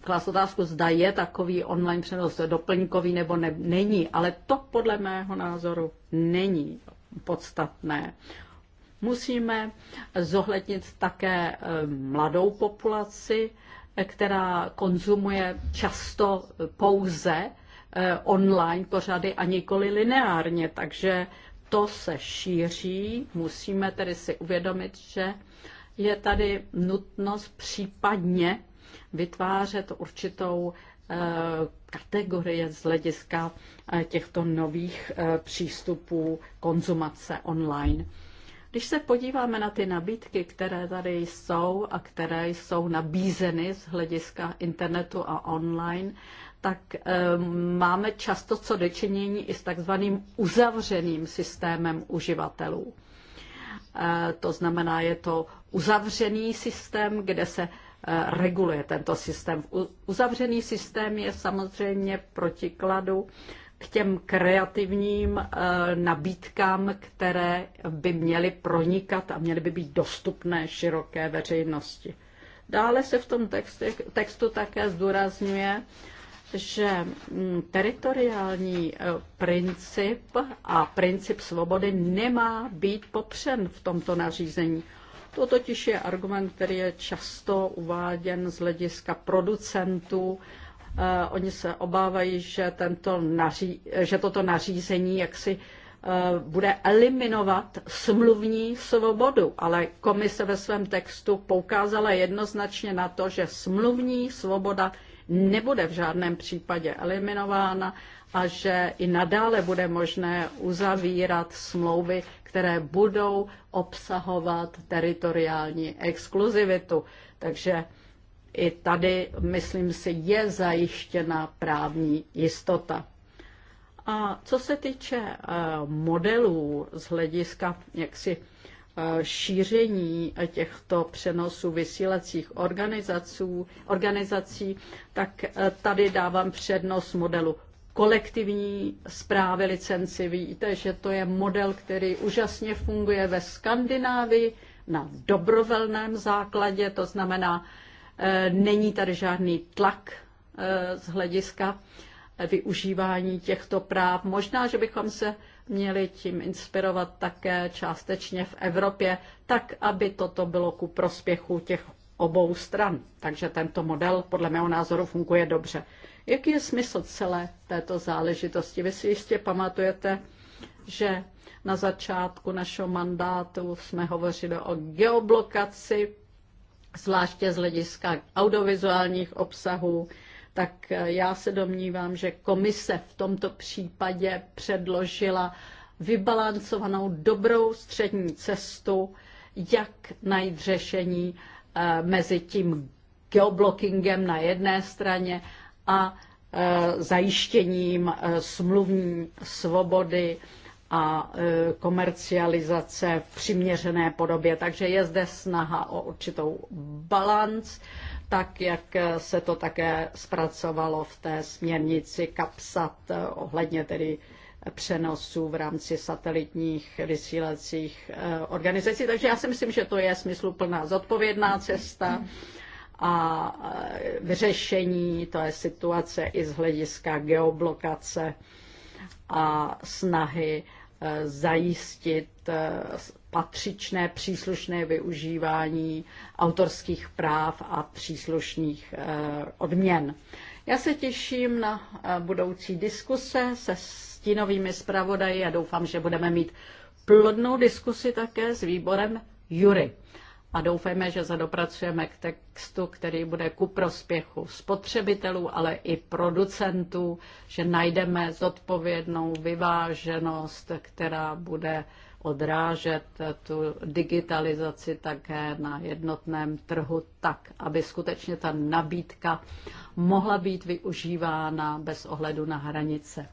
klást otázku, zda je takový online přenos doplňkový nebo ne, není, ale to podle mého názoru není podstatné. Musíme zohlednit také eh, mladou populaci, eh, která konzumuje často pouze eh, online pořady a nikoli lineárně, takže to se šíří. Musíme tedy si uvědomit, že je tady nutnost případně vytvářet určitou kategorie z hlediska těchto nových přístupů konzumace online. Když se podíváme na ty nabídky, které tady jsou a které jsou nabízeny z hlediska internetu a online, tak ehm, máme často co dočinění i s takzvaným uzavřeným systémem uživatelů. Eh, to znamená, je to uzavřený systém, kde se eh, reguluje tento systém. Uzavřený systém je samozřejmě protikladu k těm kreativním eh, nabídkám, které by měly pronikat a měly by být dostupné široké veřejnosti. Dále se v tom textu, textu také zdůrazňuje, že mm, teritoriální eh, princip a princip svobody nemá být popřen v tomto nařízení. To totiž je argument, který je často uváděn z hlediska producentů Eh, oni se obávají, že, tento naří, že toto nařízení jaksi eh, bude eliminovat smluvní svobodu, ale komise ve svém textu poukázala jednoznačně na to, že smluvní svoboda nebude v žádném případě eliminována a že i nadále bude možné uzavírat smlouvy, které budou obsahovat teritoriální exkluzivitu. Takže i tady, myslím si, je zajištěna právní jistota. A co se týče eh, modelů z hlediska jaksi eh, šíření těchto přenosů vysílacích organizací, organizací, tak eh, tady dávám přednost modelu kolektivní zprávy licenci. Víte, že to je model, který úžasně funguje ve Skandinávii na dobrovolném základě, to znamená, Eh, není tady žádný tlak eh, z hlediska využívání těchto práv. Možná, že bychom se měli tím inspirovat také částečně v Evropě, tak aby toto bylo ku prospěchu těch obou stran. Takže tento model podle mého názoru funguje dobře. Jaký je smysl celé této záležitosti? Vy si jistě pamatujete, že na začátku našeho mandátu jsme hovořili o geoblokaci zvláště z hlediska audiovizuálních obsahů, tak eh, já se domnívám, že komise v tomto případě předložila vybalancovanou dobrou střední cestu, jak najít řešení eh, mezi tím geoblockingem na jedné straně a eh, zajištěním smluvní svobody a e, komercializace v přiměřené podobě. Takže je zde snaha o určitou balanc, tak jak e, se to také zpracovalo v té směrnici kapsat e, ohledně tedy přenosů v rámci satelitních vysílacích organizací. Takže já si myslím, že to je smysluplná zodpovědná cesta a vyřešení to je situace i z hlediska geoblokace a snahy zajistit eh, patřičné příslušné využívání autorských práv a příslušných eh, odměn. Já se těším na eh, budoucí diskuse se stínovými zpravodaji a doufám, že budeme mít plodnou diskusi také s výborem Jury a doufejme, že se dopracujeme k textu, který bude ku prospěchu spotřebitelů, ale i producentů, že najdeme zodpovědnou vyváženost, která bude odrážet tu digitalizaci také na jednotném trhu tak, aby skutečně ta nabídka mohla být využívána bez ohledu na hranice.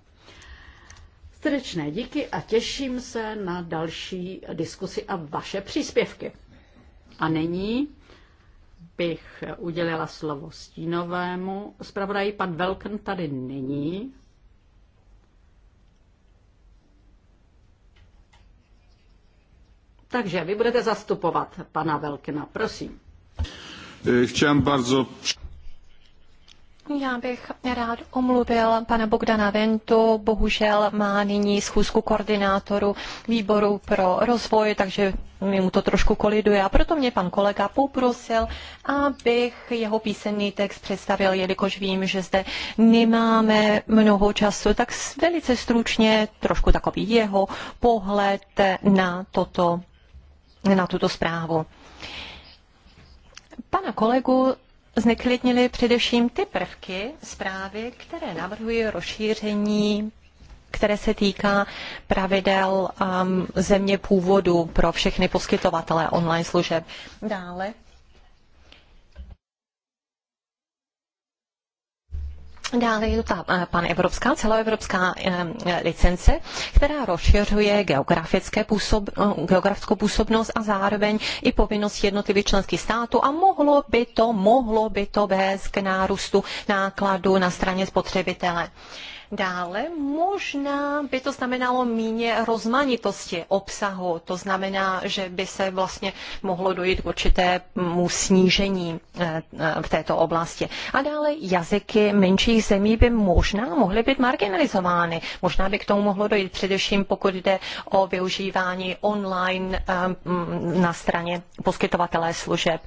Srdečné díky a těším se na další diskusy a vaše příspěvky. A nyní bych udělila slovo stínovému. Zpravodají pan Velken tady není. Takže vy budete zastupovat pana Velkena, prosím. Chciałem bardzo... Já bych rád omluvil pana Bogdana Ventu. Bohužel má nyní schůzku koordinátoru výboru pro rozvoj, takže mi mu to trošku koliduje. A proto mě pan kolega poprosil, abych jeho písemný text představil, jelikož vím, že zde nemáme mnoho času, tak velice stručně trošku takový jeho pohled na, toto, na tuto zprávu. Pana kolegu zneklidnily především ty prvky zprávy, které navrhují rozšíření které se týká pravidel um, země původu pro všechny poskytovatele online služeb. Dále Dále je to ta eh, panevropská, celoevropská eh, eh, licence, která rozšiřuje geografické působ, geografickou působnost a zároveň i povinnost jednotlivých členských států a mohlo by to, mohlo by to vést k nárůstu nákladu na straně spotřebitele. Dále možná by to znamenalo míně rozmanitosti obsahu, to znamená, že by se vlastně mohlo dojít k určitému snížení eh, eh, v této oblasti. A dále jazyky menších zemí by možná mohly být marginalizovány. Možná by k tomu mohlo dojít především, pokud jde o využívání online eh, na straně poskytovatelé služeb.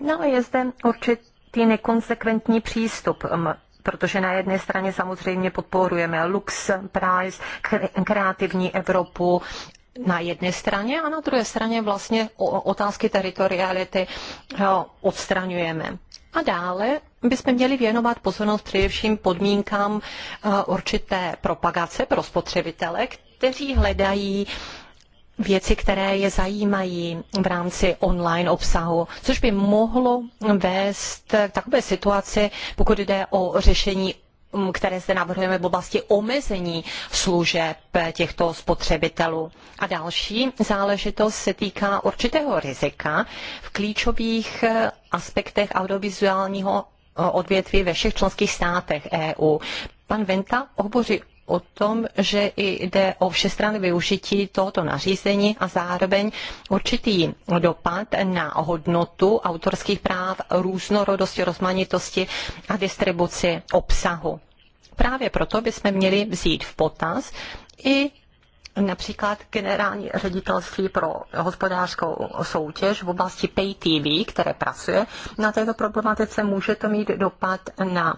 No a je zde určitý nekonsekventní přístup protože na jedné straně samozřejmě podporujeme Lux Prize, kreativní Evropu, na jedné straně a na druhé straně vlastně otázky teritoriality eh, odstraňujeme. A dále bychom měli věnovat pozornost především podmínkám eh, určité propagace pro spotřebitele, kteří hledají věci, které je zajímají v rámci online obsahu, což by mohlo vést k takové situaci, pokud jde o řešení mm, které zde navrhujeme v oblasti omezení služeb těchto spotřebitelů. A další záležitost se týká určitého rizika v klíčových eh, aspektech audiovizuálního eh, odvětví ve všech členských státech EU. Pan Venta hovoří o tom, že jde o všestranné využití tohoto nařízení a zároveň určitý dopad na hodnotu autorských práv, různorodosti, rozmanitosti a distribuci obsahu. Právě proto bychom měli vzít v potaz i například generální ředitelství pro hospodářskou soutěž v oblasti Pay TV, které pracuje na této problematice, může to mít dopad na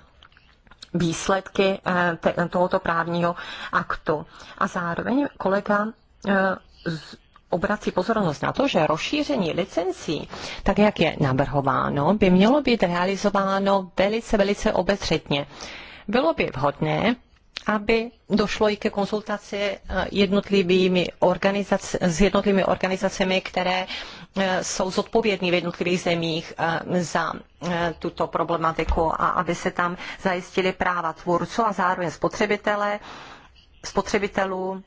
výsledky eh, tohoto právního aktu. A zároveň kolega eh, obrací pozornost na to, že rozšíření licencí, tak jak je navrhováno, by mělo být realizováno velice, velice obezřetně. Bylo by vhodné, aby došlo i ke konzultaci eh, jednotlivými organizac- s jednotlivými organizacemi, které Eh, jsou zodpovědní v jednotlivých zemích eh, za eh, tuto problematiku a aby se tam zajistili práva tvůrců a zároveň spotřebitele, spotřebitelů,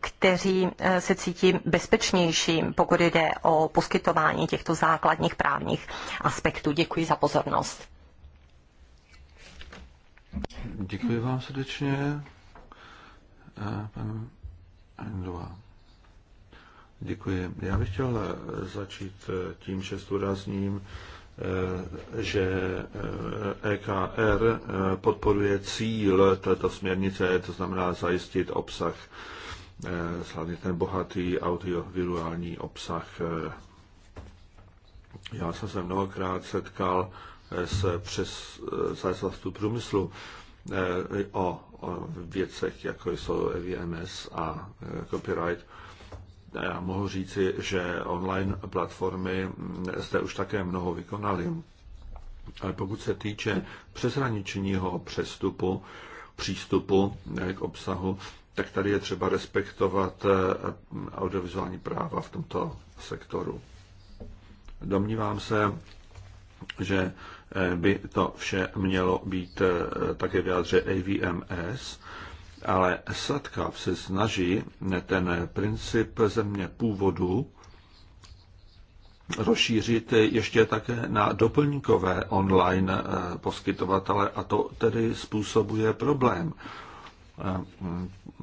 kteří se cítí bezpečnější, pokud jde o poskytování těchto základních právních aspektů. Děkuji za pozornost. Děkuji vám srdečně. Pan Endová. Děkuji. Já bych chtěl eh, začít eh, tím, že zdůrazním, eh, že EKR e podporuje cíl této směrnice, to znamená zajistit obsah, hlavně ten bohatý audiovizuální obsah. Já jsem se mnohokrát setkal s přes zástupců průmyslu o, o věcech, jako jsou e VMS a copyright já mohu říci, že online platformy zde už také mnoho vykonaly. Ale pokud se týče přeshraničního přestupu, přístupu k obsahu, tak tady je třeba respektovat eh, audiovizuální práva v tomto sektoru. Domnívám se, že eh, by to vše mělo být eh, také vyjádře AVMS, ale Sadkap se snaží ten princip země původu rozšířit ještě také na doplňkové online eh, poskytovatele a to tedy způsobuje problém. Eh,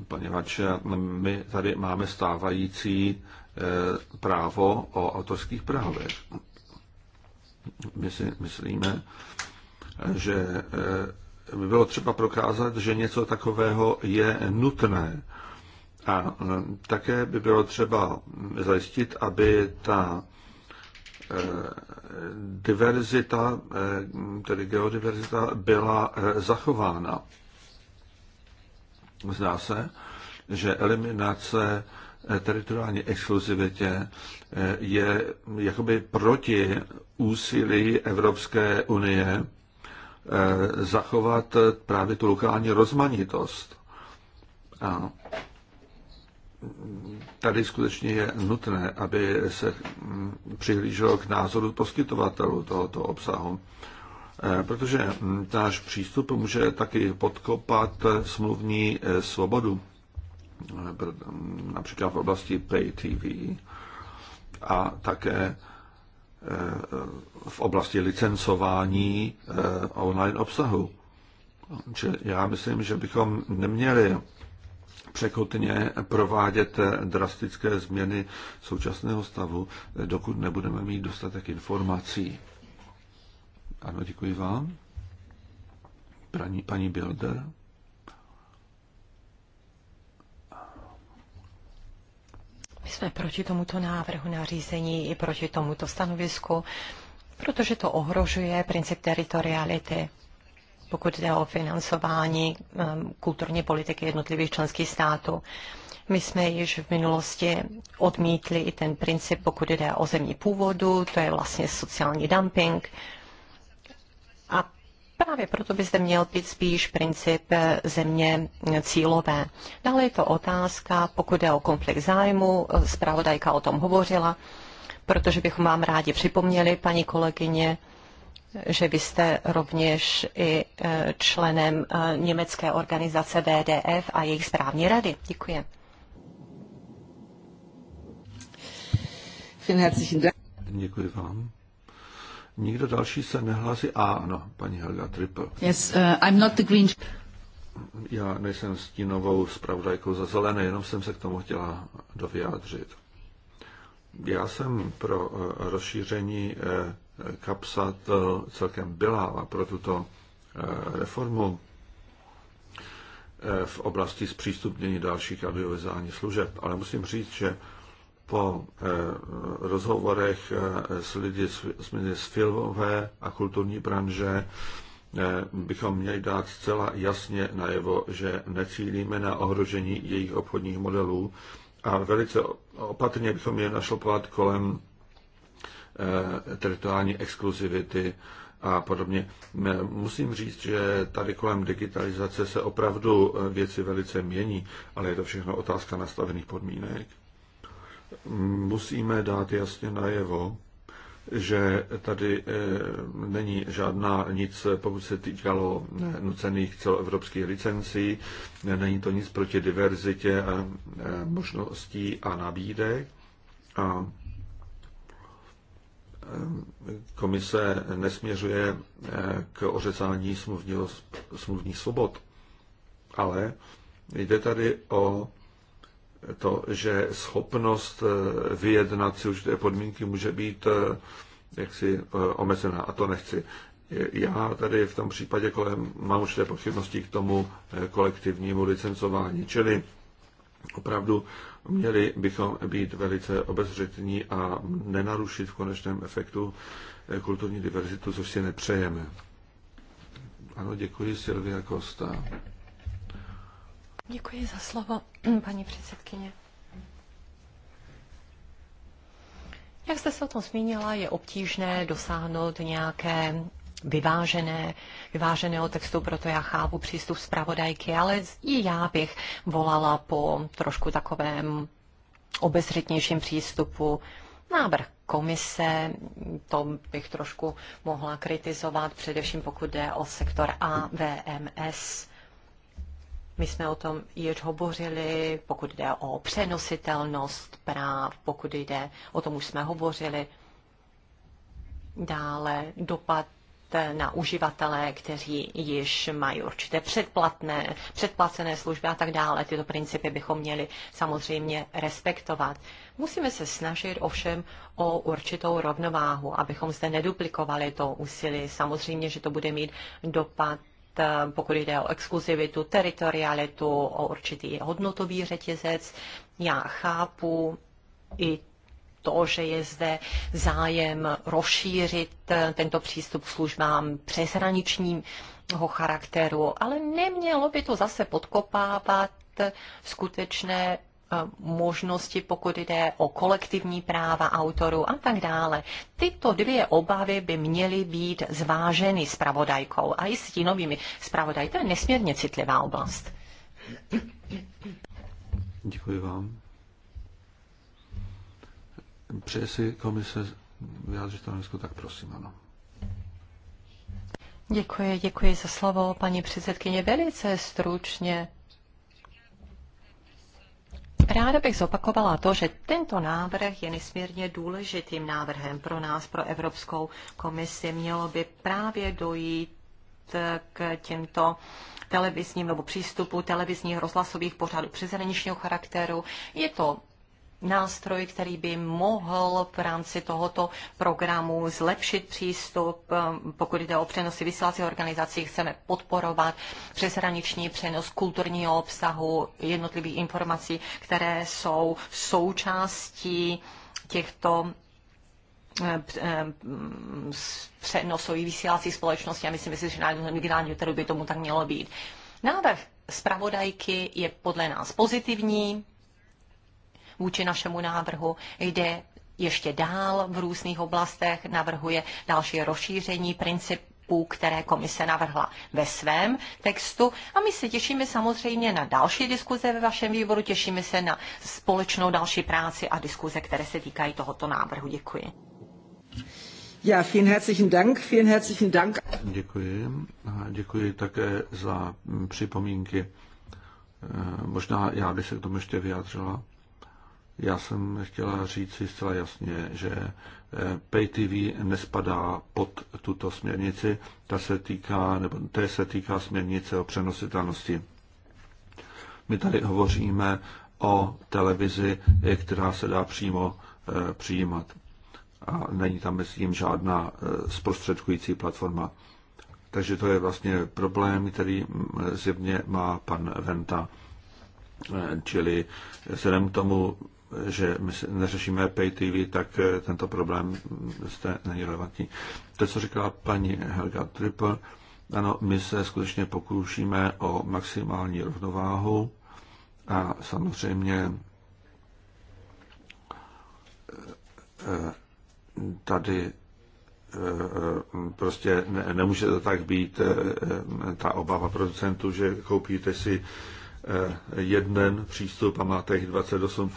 poněvadž eh, my tady máme stávající právo o autorských právech. My si myslíme, že by bylo třeba prokázat, že něco takového je nutné. A e, také by bylo třeba zajistit, aby ta e, diverzita, e, tedy geodiverzita, byla zachována. Zdá se, že eliminace teritoriální exkluzivitě je jakoby proti úsilí Evropské unie Eh, zachovat eh, právě tu lokální rozmanitost. A tady skutečně je nutné, aby se mm, přihlíželo k názoru poskytovatelů tohoto obsahu, eh, protože mm, náš přístup může taky podkopat smluvní svobodu, mm, například v oblasti Pay TV a také Eh, v oblasti licencování eh, online obsahu. Čili já myslím, že bychom neměli překotně provádět drastické změny současného stavu, eh, dokud nebudeme mít dostatek informací. Ano, děkuji vám. Paní, paní Bilder. My jsme proti tomuto návrhu nařízení i proti tomuto stanovisku, protože to ohrožuje princip teritoriality pokud jde o financování ehm, kulturní politiky jednotlivých členských států. My jsme již v minulosti odmítli i ten princip, pokud jde o zemní původu, to je vlastně sociální dumping. Právě proto by zde měl být spíš princip eh, země eh, cílové. Dále je to otázka, pokud je o konflikt zájmu, eh, zpravodajka o tom hovořila, protože bychom vám rádi připomněli, paní kolegyně, že vy jste rovněž i členem německé organizace VDF a jejich správní rady. Děkuji. Děkuji vám. Nikdo další se nehlasí. A ano, paní Helga Trippel. Yes, uh, I'm not the green... Já nejsem stínovou zpravodajkou za zelené, jenom jsem se k tomu chtěla dovyjádřit. Já jsem pro uh, rozšíření uh, kapsat celkem byla a pro tuto uh, reformu v oblasti zpřístupnění dalších audiovizuálních služeb. Ale musím říct, že po eh, rozhovorech eh, s lidi z filmové a kulturní branže eh, bychom měli dát zcela jasně najevo, že necílíme na ohrožení jejich obchodních modelů a velice opatrně bychom je našlopovat kolem teritoriální exkluzivity a podobně. Musím říct, že tady kolem digitalizace se opravdu věci velice mění, ale je to všechno otázka nastavených podmínek musíme dát jasně najevo, že tady eh, není žádná nic, pokud se týkalo eh, nucených celoevropských licencí, není to nic proti diverzitě a eh, možností a nabídek. A komise nesměřuje k ořezání smluvních svobod, ale jde tady o to, že schopnost eh, vyjednat si určité podmínky může být eh, jaksi eh, omezená a to nechci. Já tady v tom případě kolem mám určité pochybnosti k tomu kolektivnímu licencování, čili opravdu měli bychom být velice obezřetní a nenarušit v konečném efektu kulturní diverzitu, což si nepřejeme. Ano, děkuji Silvia Kosta. Děkuji za slovo, [CLEARS THROAT] paní předsedkyně. Jak jste se o tom zmínila, je obtížné dosáhnout nějaké vyvážené, vyváženého textu, proto já chápu přístup zpravodajky, ale i já bych volala po trošku takovém obezřetnějším přístupu. Návrh komise, to bych trošku mohla kritizovat, především pokud jde o sektor AVMS. My jsme o tom již hovořili, pokud jde o přenositelnost práv, pokud jde, o tom už jsme hovořili, dále dopad na uživatele, kteří již mají určité předplatné, předplacené služby a tak dále. Tyto principy bychom měli samozřejmě respektovat. Musíme se snažit ovšem o určitou rovnováhu, abychom zde neduplikovali to úsilí. Samozřejmě, že to bude mít dopad Eh, pokud jde o exkluzivitu, teritorialitu, o určitý hodnotový řetězec. Já chápu i to, že je zde zájem rozšířit eh, tento přístup k službám přeshraničního charakteru, ale nemělo by to zase podkopávat skutečné možnosti, pokud jde o kolektivní práva autorů a tak dále. Tyto dvě obavy by měly být zváženy spravodajkou a i stínovými spravodaj. To je nesmírně citlivá oblast. Děkuji vám. Přeje si komise vyjádřit stanovisko, tak prosím, ano. Děkuji, děkuji za slovo, paní předsedkyně. Velice stručně Ráda bych zopakovala to, že tento návrh je nesmírně důležitým návrhem pro nás, pro Evropskou komisi. Mělo by právě dojít k těmto televizním nebo přístupu televizních rozhlasových pořadů přeshraničního charakteru. Je to nástroj, který by mohl v rámci tohoto programu zlepšit přístup. Um, pokud jde o přenosy vysílacích organizací, chceme podporovat přeshraniční přenos kulturního obsahu, jednotlivých informací, které jsou součástí těchto um, um, přenosových vysílacích společností a myslím si, že na digitálním trhu by tomu tak mělo být. Návrh zpravodajky je podle nás pozitivní, vůči našemu návrhu, jde ještě dál v různých oblastech, navrhuje další rozšíření princip které komise navrhla ve svém textu. A my se těšíme samozřejmě na další diskuze ve vašem výboru, těšíme se na společnou další práci a diskuze, které se týkají tohoto návrhu. Děkuji. Ja, vielen herzlichen Dank, vielen herzlichen Dank. Děkuji. A děkuji také za připomínky. Eh, možná já bych se k tomu ještě vyjádřila. Já jsem chtěla říct si zcela jasně, že eh, Pay TV nespadá pod tuto směrnici, ta se týká, nebo té se týká směrnice o přenositelnosti. My tady hovoříme o televizi, eh, která se dá přímo eh, přijímat. A není tam, myslím, žádná zprostředkující platforma. Takže to je vlastně problém, který mm, zjevně má pan Venta. Čili vzhledem k tomu, že my neřešíme pay TV, tak eh, tento problém jste není relevantní. To, co říkala paní Helga Triple, ano, my se skutečně pokoušíme o maximální rovnováhu a samozřejmě eh, tady eh, prostě nemůže to tak být ta obava producentů, že koupíte si jeden přístup a máte jich 28.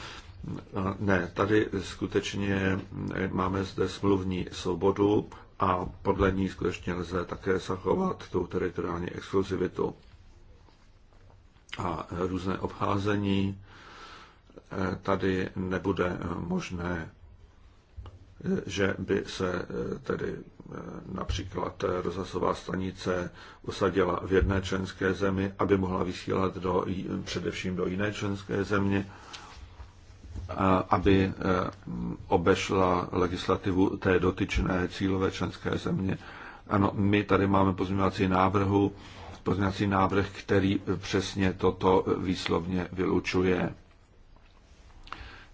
Ne, tady skutečně máme zde smluvní svobodu a podle ní skutečně lze také zachovat tu teritoriální exkluzivitu a různé obcházení eh, tady nebude možné, eh, že by se eh, tedy například rozhlasová stanice usadila v jedné členské zemi, aby mohla vysílat do, především do jiné členské země aby eh, obešla legislativu té dotyčné cílové členské země. Ano, my tady máme pozměňovací návrhu, pozměňovací návrh, který přesně toto výslovně vylučuje.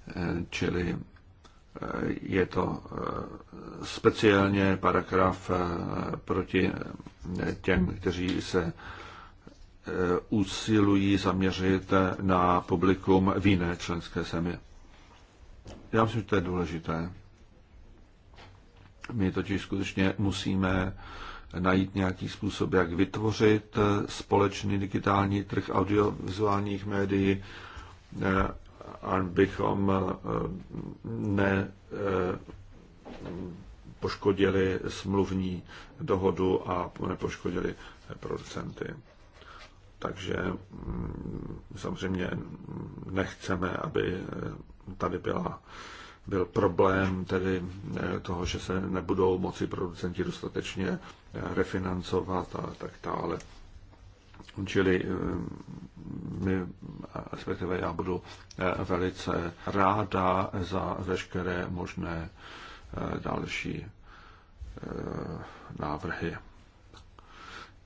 Eh, čili eh, je to speciálně paragraf proti těm, kteří se usilují zaměřit na publikum v jiné členské země. Já myslím, že to je důležité. My totiž skutečně musíme najít nějaký způsob, jak vytvořit eh, společný digitální trh audiovizuálních médií, eh, abychom eh, ne poškodili smluvní dohodu a nepoškodili producenty. Takže mm, samozřejmě nechceme, aby tady byla, byl problém tedy eh, toho, že se nebudou moci producenti dostatečně eh, refinancovat a tak dále. Čili eh, my, respektive já budu velice ráda za veškeré možné další návrhy.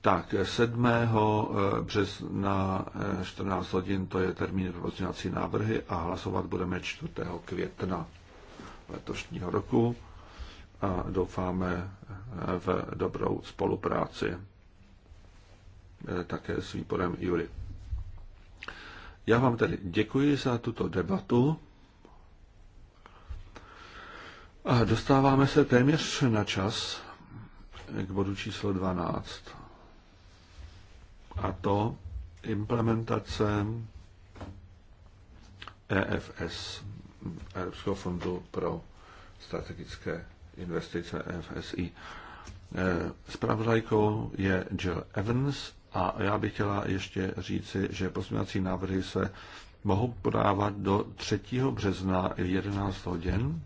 Tak, 7. Eh, března 14 eh, hodin, to je termín pro pozměňovací návrhy a hlasovat budeme 4. května letošního roku a doufáme eh, v dobrou spolupráci také s výborem Jury. Já vám tedy děkuji za tuto debatu. A dostáváme se téměř na čas k bodu číslo 12 a to implementace EFS, Evropského fondu pro strategické investice EFSI. Spravodajkou e, je Jill Evans a já bych chtěla ještě říci, že pozměňovací návrhy se mohou podávat do 3. března 11 hodin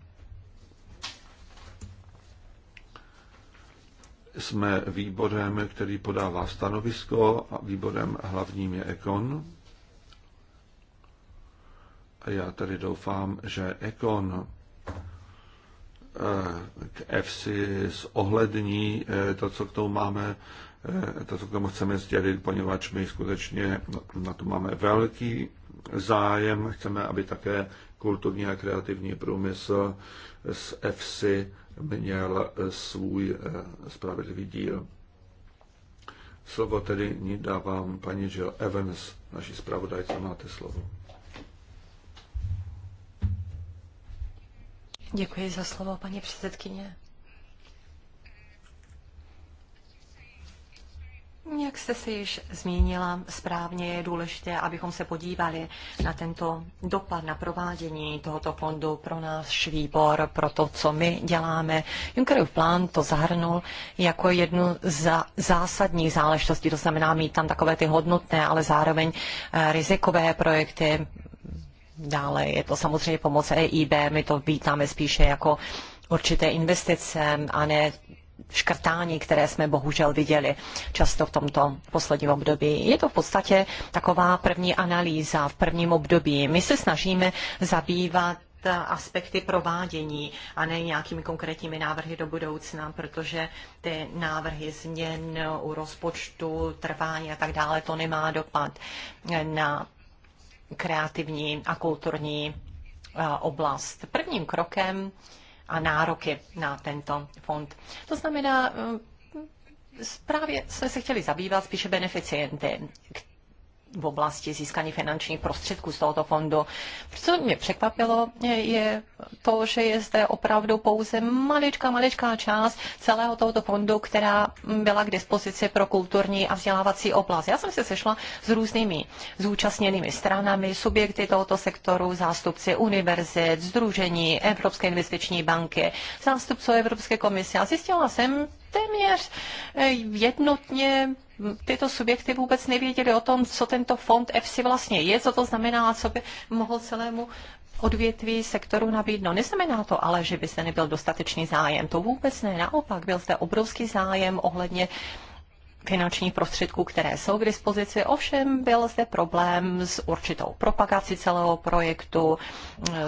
jsme výborem, který podává stanovisko a výborem hlavním je Ekon. A já tady doufám, že Ekon eh, k EFSI zohlední eh, to, co k tomu máme, eh, to, co k tomu chceme sdělit, poněvadž my skutečně na to máme velký zájem. Chceme, aby také kulturní a kreativní průmysl z EFSI měl svůj eh, spravedlivý díl. Slovo tedy ní dávám paní Jill Evans, naší zpravodajce, máte slovo. Děkuji za slovo, paní předsedkyně. Jak jste se již zmínila, správně je důležité, abychom se podívali na tento dopad na provádění tohoto fondu pro náš výbor, pro to, co my děláme. Junckerův plán to zahrnul jako jednu z zásadních záležitostí, to znamená mít tam takové ty hodnotné, ale zároveň eh, rizikové projekty. Dále je to samozřejmě pomoc EIB, my to vítáme spíše jako určité investice a ne škrtání, které jsme bohužel viděli často v tomto posledním období. Je to v podstatě taková první analýza v prvním období. My se snažíme zabývat aspekty provádění a ne nějakými konkrétními návrhy do budoucna, protože ty návrhy změn u rozpočtu, trvání a tak dále, to nemá dopad na kreativní a kulturní eh, oblast. Prvním krokem a nároky na tento fond. To znamená, eh, právě jsme se chtěli zabývat spíše beneficienty, v oblasti získání finančních prostředků z tohoto fondu. Co mě překvapilo, je to, že je zde opravdu pouze maličká, maličká část celého tohoto fondu, která byla k dispozici pro kulturní a vzdělávací oblast. Já jsem se sešla s různými zúčastněnými stranami, subjekty tohoto sektoru, zástupci univerzit, združení Evropské investiční banky, zástupců Evropské komise a zjistila jsem, téměř eh, jednotně tyto subjekty vůbec nevěděly o tom, co tento fond EFSI vlastně je, co to znamená, co by mohl celému odvětví sektoru nabídnout. Neznamená to ale, že by se nebyl dostatečný zájem. To vůbec ne. Naopak byl zde obrovský zájem ohledně uh, finančních prostředků, které jsou k dispozici. Ovšem byl zde problém s určitou propagací celého projektu,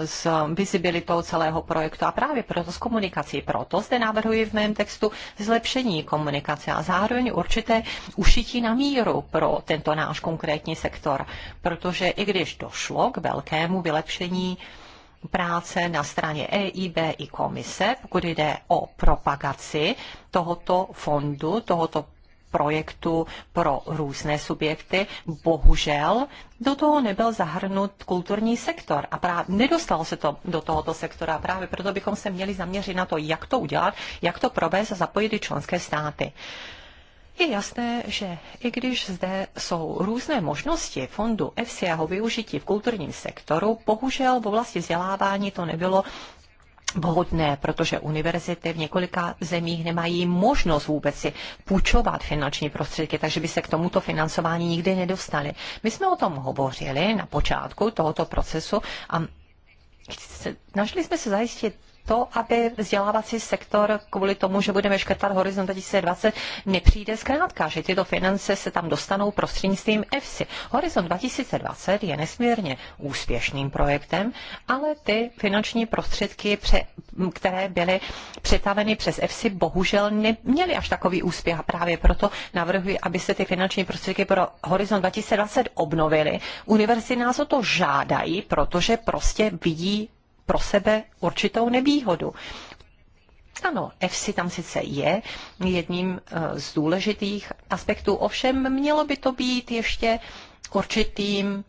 s vizibilitou celého projektu a právě proto s komunikací. Proto zde navrhuji v mém textu zlepšení komunikace a zároveň určité ušití na míru pro tento náš konkrétní sektor, protože i když došlo k velkému vylepšení práce na straně EIB i komise, pokud jde o propagaci tohoto fondu, tohoto projektů pro různé subjekty. Bohužel do toho nebyl zahrnut kulturní sektor a právě nedostal se to do tohoto sektora. Právě proto bychom se měli zaměřit na to, jak to udělat, jak to provést a zapojit i členské státy. Je jasné, že i když zde jsou různé možnosti fondu EFSI a jeho využití v kulturním sektoru, bohužel v oblasti vzdělávání to nebylo vhodné, protože univerzity v několika zemích nemají možnost vůbec si půjčovat finanční prostředky, takže by se k tomuto financování nikdy nedostali. My jsme o tom hovořili na počátku tohoto procesu a Našli jsme se zajistit to, aby vzdělávací sektor kvůli tomu, že budeme škrtat Horizont 2020, nepřijde zkrátka, že tyto finance se tam dostanou prostřednictvím EFSI. Horizont 2020 je nesmírně úspěšným projektem, ale ty finanční prostředky, které byly přetaveny přes EFSI, bohužel neměly až takový úspěch. A právě proto navrhuji, aby se ty finanční prostředky pro Horizont 2020 obnovily. Univerzity nás o to žádají, protože prostě vidí pro sebe určitou nevýhodu. Ano, EFSI tam sice je jedním eh, z důležitých aspektů, ovšem mělo by to být ještě určitým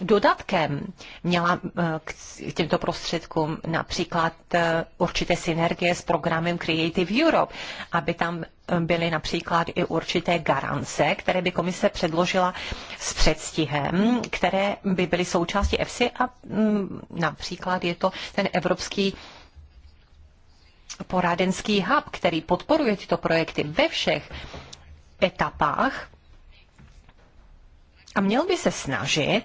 dodatkem měla eh, k těmto prostředkům například eh, určité synergie s programem Creative Europe, aby tam byly například i určité garance, které by komise předložila s předstihem, které by byly součástí EFSI a mm, například je to ten evropský poradenský hub, který podporuje tyto projekty ve všech etapách a měl by se snažit,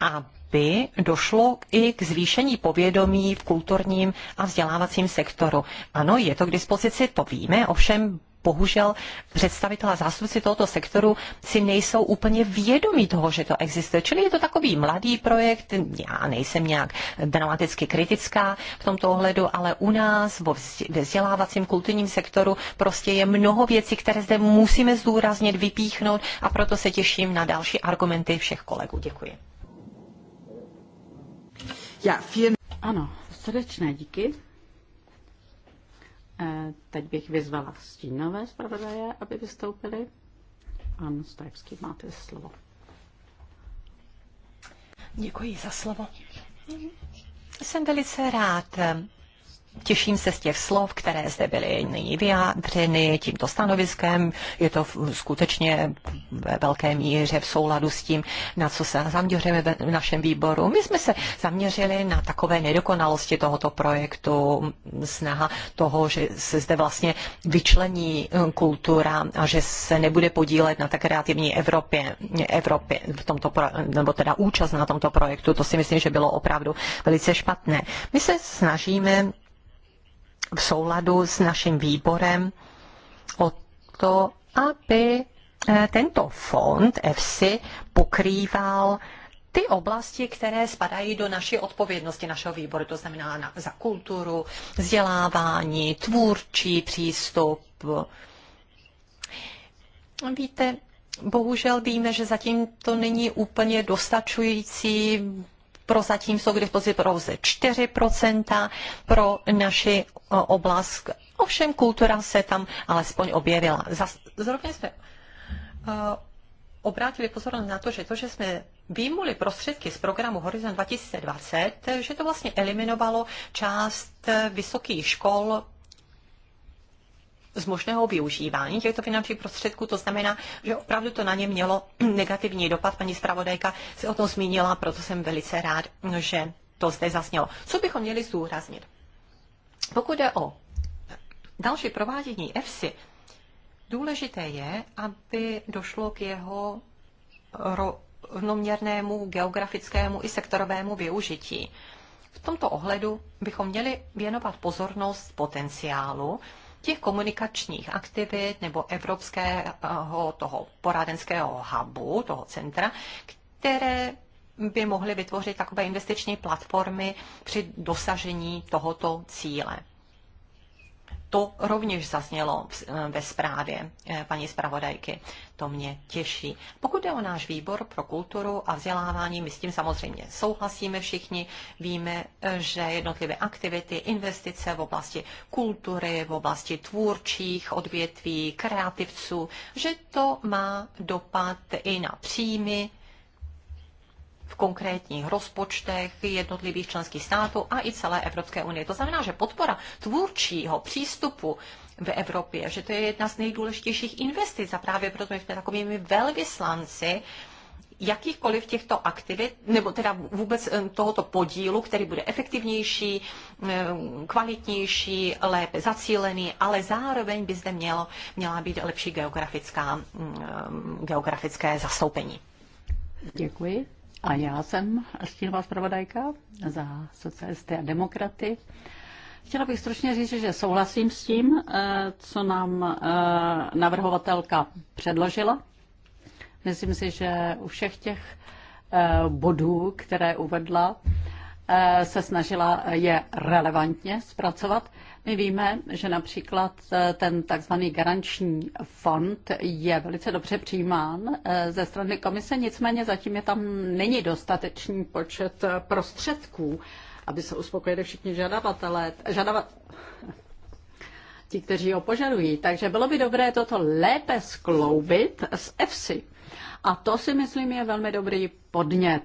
aby došlo i k zvýšení povědomí v kulturním a vzdělávacím sektoru. Ano, je to k dispozici, to víme, ovšem bohužel představitelé zástupci tohoto sektoru si nejsou úplně vědomí toho, že to existuje. Čili je to takový mladý projekt, já nejsem nějak dramaticky kritická v tomto ohledu, ale u nás ve vzdělávacím kulturním sektoru prostě je mnoho věcí, které zde musíme zdůraznit, vypíchnout a proto se těším na další argumenty všech kolegů. Děkuji. ano, srdečné díky. Eh, teď bych vyzvala stínové zpravodaje, aby vystoupili. Pan Stajevský, máte slovo. Děkuji za slovo. Jsem velice rád, Těším se z těch slov, které zde byly nyní vyjádřeny tímto stanoviskem. Je to skutečně ve velké míře v souladu s tím, na co se zaměřujeme v našem výboru. My jsme se zaměřili na takové nedokonalosti tohoto projektu, snaha toho, že se zde vlastně vyčlení eh, kultura a že se nebude podílet na tak kreativní Evropě, Evropě v tomto pro, nebo teda účast na tomto projektu. To si myslím, že bylo opravdu velice špatné. My se snažíme v souladu s naším výborem o to, aby eh, tento fond EFSI pokrýval ty oblasti, které spadají do naší odpovědnosti našeho výboru, to znamená na, za kulturu, vzdělávání, tvůrčí přístup. Víte, bohužel víme, že zatím to není úplně dostačující prozatím jsou k dispozici pouze 4% pro naši eh, oblast. Ovšem kultura se tam alespoň objevila. zrovna jsme eh, obrátili pozornost na to, že to, že jsme výmuli prostředky z programu Horizon 2020, že to vlastně eliminovalo část eh, vysokých škol z možného využívání těchto finančních prostředků. To znamená, že opravdu to na ně mělo [CLEARS THROAT] negativní dopad. Paní zpravodajka se o tom zmínila, proto jsem velice rád, že to zde zasnělo. Co bychom měli zdůraznit? Pokud jde o další provádění EFSI, důležité je, aby došlo k jeho rovnoměrnému geografickému i sektorovému využití. V tomto ohledu bychom měli věnovat pozornost potenciálu, těch komunikačních aktivit nebo evropského toho poradenského hubu, toho centra, které by mohly vytvořit takové investiční platformy při dosažení tohoto cíle to rovněž zaznělo eh, ve zprávě eh, paní zpravodajky. To mě těší. Pokud je o náš výbor pro kulturu a vzdělávání, my s tím samozřejmě souhlasíme všichni. Víme, eh, že jednotlivé aktivity, investice v oblasti kultury, v oblasti tvůrčích odvětví, kreativců, že to má dopad i na příjmy v konkrétních rozpočtech jednotlivých členských států a i celé Evropské unie. To znamená, že podpora tvůrčího přístupu v Evropě, že to je jedna z nejdůležitějších investic a právě proto my jsme takovými velvyslanci jakýchkoliv těchto aktivit, nebo teda vůbec eh, tohoto podílu, který bude efektivnější, eh, kvalitnější, lépe zacílený, ale zároveň by zde mělo, měla být lepší geografická, mm, eh, geografické zastoupení. Děkuji. A já jsem stínová zpravodajka za socialisty a demokraty. Chtěla bych stručně říct, že souhlasím s tím, eh, co nám eh, navrhovatelka předložila. Myslím si, že u všech těch eh, bodů, které uvedla, se snažila je relevantně zpracovat. My víme, že například eh, ten takzvaný garanční fond je velice dobře přijímán eh, ze strany komise, nicméně zatím je tam není dostatečný počet eh, prostředků, aby se uspokojili všichni žadavatelé, žadavat, [LAUGHS] ti, kteří ho požadují. Takže bylo by dobré toto lépe skloubit s EFSI. A to si myslím je velmi dobrý podnět.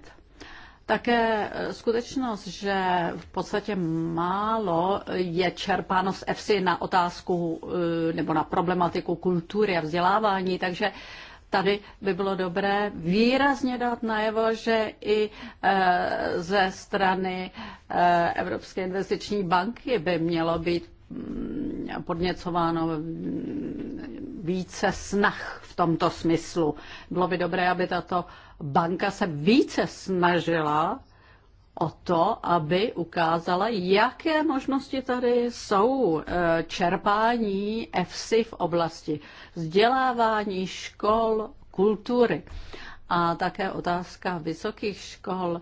Také eh, skutečnost, že v podstatě málo je čerpáno z EFSI na otázku eh, nebo na problematiku kultury a vzdělávání, takže tady by bylo dobré výrazně dát najevo, že i eh, ze strany Evropské investiční banky by mělo být Mm, podněcováno více snah v tomto smyslu. Bylo by dobré, aby tato banka se více snažila o to, aby ukázala, jaké možnosti tady jsou eh, čerpání EFSI v oblasti vzdělávání, škol, kultury. A také otázka vysokých škol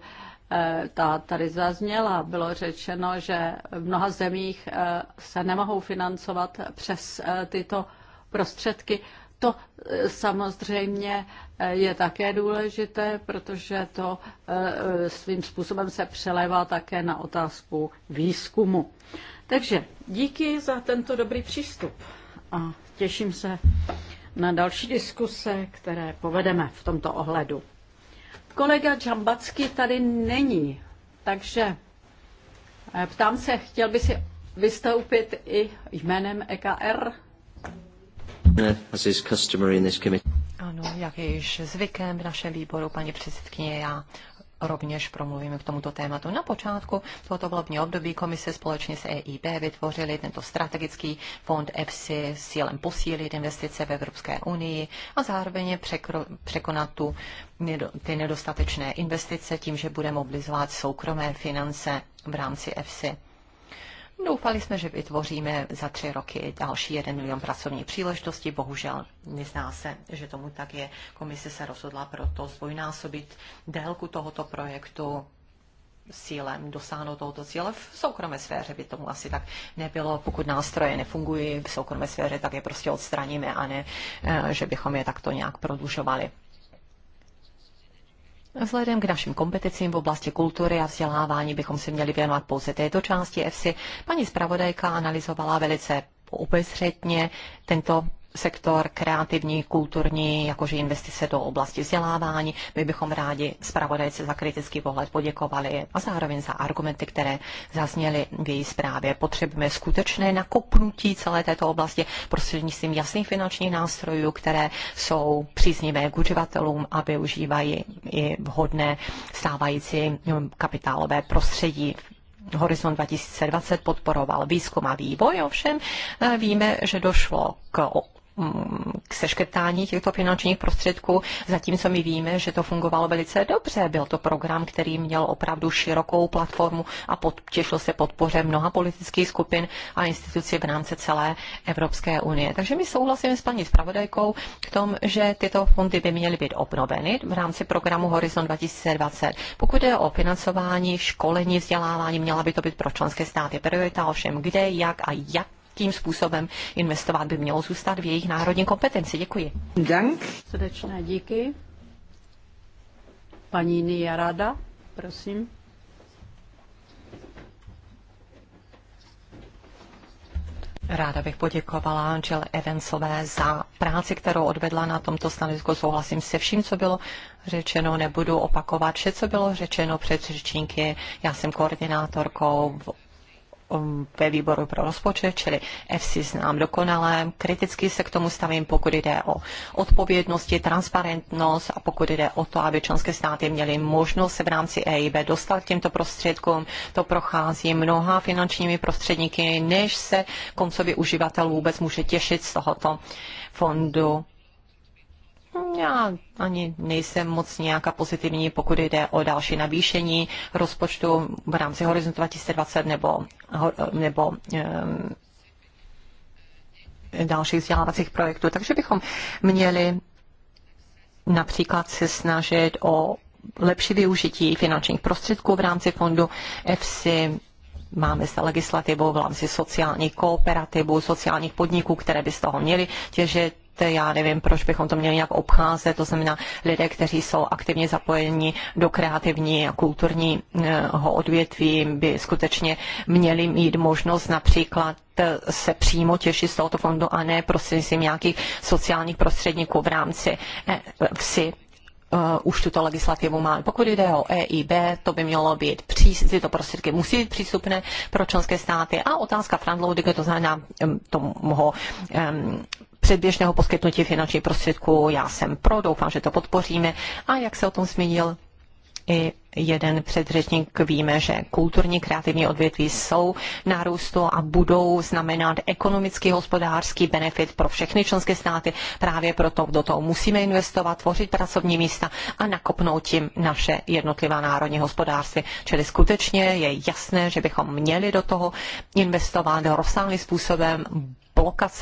Eh, ta tady zazněla. Bylo řečeno, že v mnoha zemích eh, se nemohou financovat přes eh, tyto prostředky. To samozřejmě je také důležité, protože to svým způsobem se přelévá také na otázku výzkumu. Takže díky za tento dobrý přístup a těším se na další diskuse, které povedeme v tomto ohledu. Kolega Čambacky tady není, takže eh, ptám se, chtěl by si vystoupit i jménem EKR? Ano, jak je již zvykem v našem výboru, paní předsedkyně, já rovněž promluvíme k tomuto tématu. Na počátku tohoto volebního období komise společně s EIB vytvořili tento strategický fond EPSI s cílem posílit investice v Evropské unii a zároveň překro, překonat tu, ty nedostatečné investice tím, že bude mobilizovat soukromé finance v rámci EPSI. Doufali jsme, že vytvoříme za tři roky další jeden milion pracovní příležitosti. Bohužel nezná se, že tomu tak je. Komise se rozhodla proto zdvojnásobit délku tohoto projektu cílem dosáhnout tohoto cíle. V soukromé sféře by tomu asi tak nebylo. Pokud nástroje nefungují v soukromé sféře, tak je prostě odstraníme a ne, eh, že bychom je takto nějak prodlužovali. Vzhledem k našim kompeticím v oblasti kultury a vzdělávání bychom si měli věnovat pouze této části EFSI. Paní zpravodajka analyzovala velice obezřetně tento sektor kreativní, kulturní, jakože investice do oblasti vzdělávání. My bychom rádi zpravodajce za kritický pohled poděkovali a zároveň za argumenty, které zazněly v její zprávě. Potřebujeme skutečné nakopnutí celé této oblasti prostřednictvím jasných finančních nástrojů, které jsou příznivé k uživatelům a využívají i vhodné stávající kapitálové prostředí Horizont 2020 podporoval výzkum a vývoj, ovšem eh, víme, že došlo k k seškrtání těchto finančních prostředků, zatímco my víme, že to fungovalo velice dobře. Byl to program, který měl opravdu širokou platformu a pod, těšil se podpoře mnoha politických skupin a institucí v rámci celé Evropské unie. Takže my souhlasíme s paní zpravodajkou v tom, že tyto fondy by měly být obnoveny v rámci programu Horizon 2020. Pokud je o financování, školení, vzdělávání, měla by to být pro členské státy priorita, ovšem kde, jak a jak tím způsobem investovat by mělo zůstat v jejich národní kompetenci. Děkuji. Dank. Srdečné díky. Paní Rada, prosím. Ráda bych poděkovala Angel Evansové za práci, kterou odvedla na tomto stanovisku. Souhlasím se vším, co bylo řečeno. Nebudu opakovat vše, co bylo řečeno před řečníky. Já jsem koordinátorkou v ve výboru pro rozpočet, čili FC znám dokonale. Kriticky se k tomu stavím, pokud jde o odpovědnosti, transparentnost a pokud jde o to, aby členské státy měly možnost se v rámci EIB dostat k těmto prostředkům. To prochází mnoha finančními prostředníky, než se koncový uživatel vůbec může těšit z tohoto fondu já ani nejsem moc nějaká pozitivní, pokud jde o další navýšení rozpočtu v rámci Horizontu 2020 nebo, nebo e, dalších vzdělávacích projektů. Takže bychom měli například se snažit o lepší využití finančních prostředků v rámci fondu EFSI, máme se legislativou v rámci sociálních kooperativů, sociálních podniků, které by z toho měly těžit. Já nevím, proč bychom to měli nějak obcházet. To znamená lidé, kteří jsou aktivně zapojeni do kreativní a kulturního odvětví, by skutečně měli mít možnost například se přímo těšit z tohoto fondu a ne prostřednictvím nějakých sociálních prostředníků v rámci eh, vsi uh, už tuto legislativu máme. Pokud jde o EIB, to by mělo být, přístupné tyto prostředky musí být přístupné pro členské státy a otázka frontloadingu, to znamená um, toho um, předběžného poskytnutí finančních prostředků, já jsem pro, doufám, že to podpoříme a jak se o tom zmínil i jeden předřečník víme, že kulturní kreativní odvětví jsou nárůstu a budou znamenat ekonomický, hospodářský benefit pro všechny členské státy. Právě proto do toho musíme investovat, tvořit pracovní místa a nakopnout tím naše jednotlivá národní hospodářství. Čili skutečně je jasné, že bychom měli do toho investovat rozsáhlým způsobem,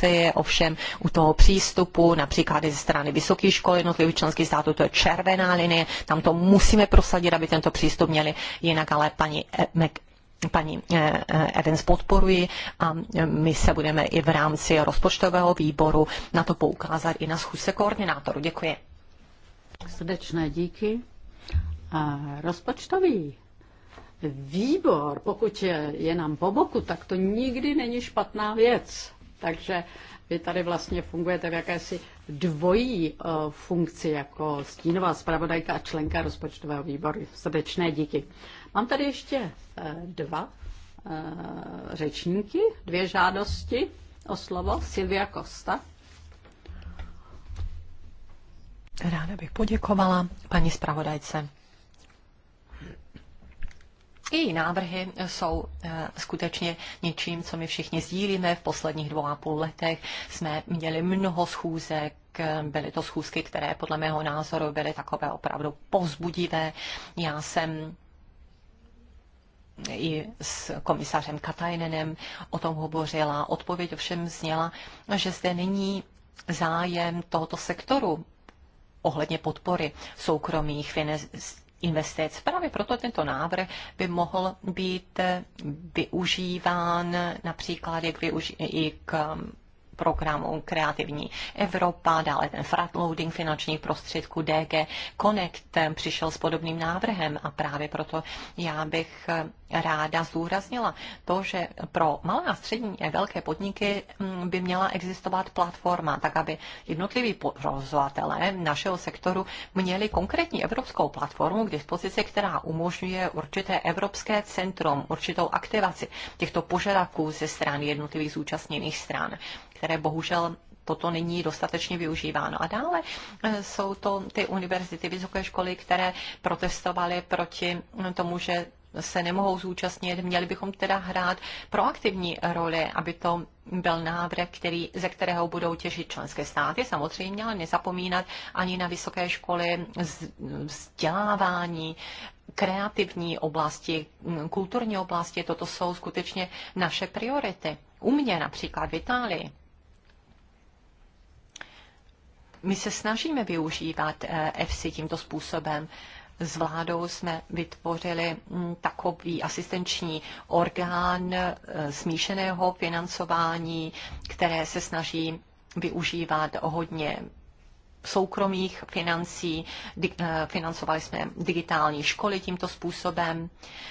je ovšem u toho přístupu, například ze strany vysokých škol jednotlivých členských států, to je červená linie, tam to musíme prosadit, aby tento přístup měli jinak, ale paní eh, Mac paní eh, eh, Evans podporuji a my se budeme i v rámci rozpočtového výboru na to poukázat i na schůzce koordinátoru. Děkuji. Srdečné díky. A rozpočtový výbor, pokud je, je nám po boku, tak to nikdy není špatná věc. Takže vy tady vlastně fungujete v jakési dvojí uh, funkci jako stínová zpravodajka a členka rozpočtového výboru. Srdečné díky. Mám tady ještě uh, dva eh, řečníky, dvě žádosti o slovo. Silvia Costa. Ráda bych poděkovala paní zpravodajce její návrhy jsou eh, skutečně něčím, co my všichni sdílíme. V posledních dvou a půl letech jsme měli mnoho schůzek byly to schůzky, které podle mého názoru byly takové opravdu pozbudivé. Já jsem i s komisařem Katajnenem o tom hovořila. Odpověď ovšem zněla, že zde není zájem tohoto sektoru ohledně podpory soukromých investic. Právě proto tento návrh by mohl být využíván například jak využi- i k programu Kreativní Evropa, dále ten fratloading finančních prostředků DG Connect eh, přišel s podobným návrhem a právě proto já bych eh, ráda zdůraznila to, že pro malé a střední a velké podniky mm, by měla existovat platforma, tak aby jednotliví provozovatelé našeho sektoru měli konkrétní evropskou platformu k dispozici, která umožňuje určité evropské centrum, určitou aktivaci těchto požadavků ze strany jednotlivých zúčastněných stran které bohužel toto není dostatečně využíváno. A dále eh, jsou to ty univerzity, vysoké školy, které protestovaly proti hm, tomu, že se nemohou zúčastnit. Měli bychom teda hrát proaktivní roli, aby to byl návrh, který, ze kterého budou těžit členské státy, samozřejmě, ale nezapomínat ani na vysoké školy, vzdělávání, kreativní oblasti, hm, kulturní oblasti. Toto jsou skutečně naše priority. U mě například v Itálii my se snažíme využívat EFSI eh, tímto způsobem. S vládou jsme vytvořili mm, takový asistenční orgán eh, smíšeného financování, které se snaží využívat hodně soukromých financí, eh, financovali jsme digitální školy tímto způsobem.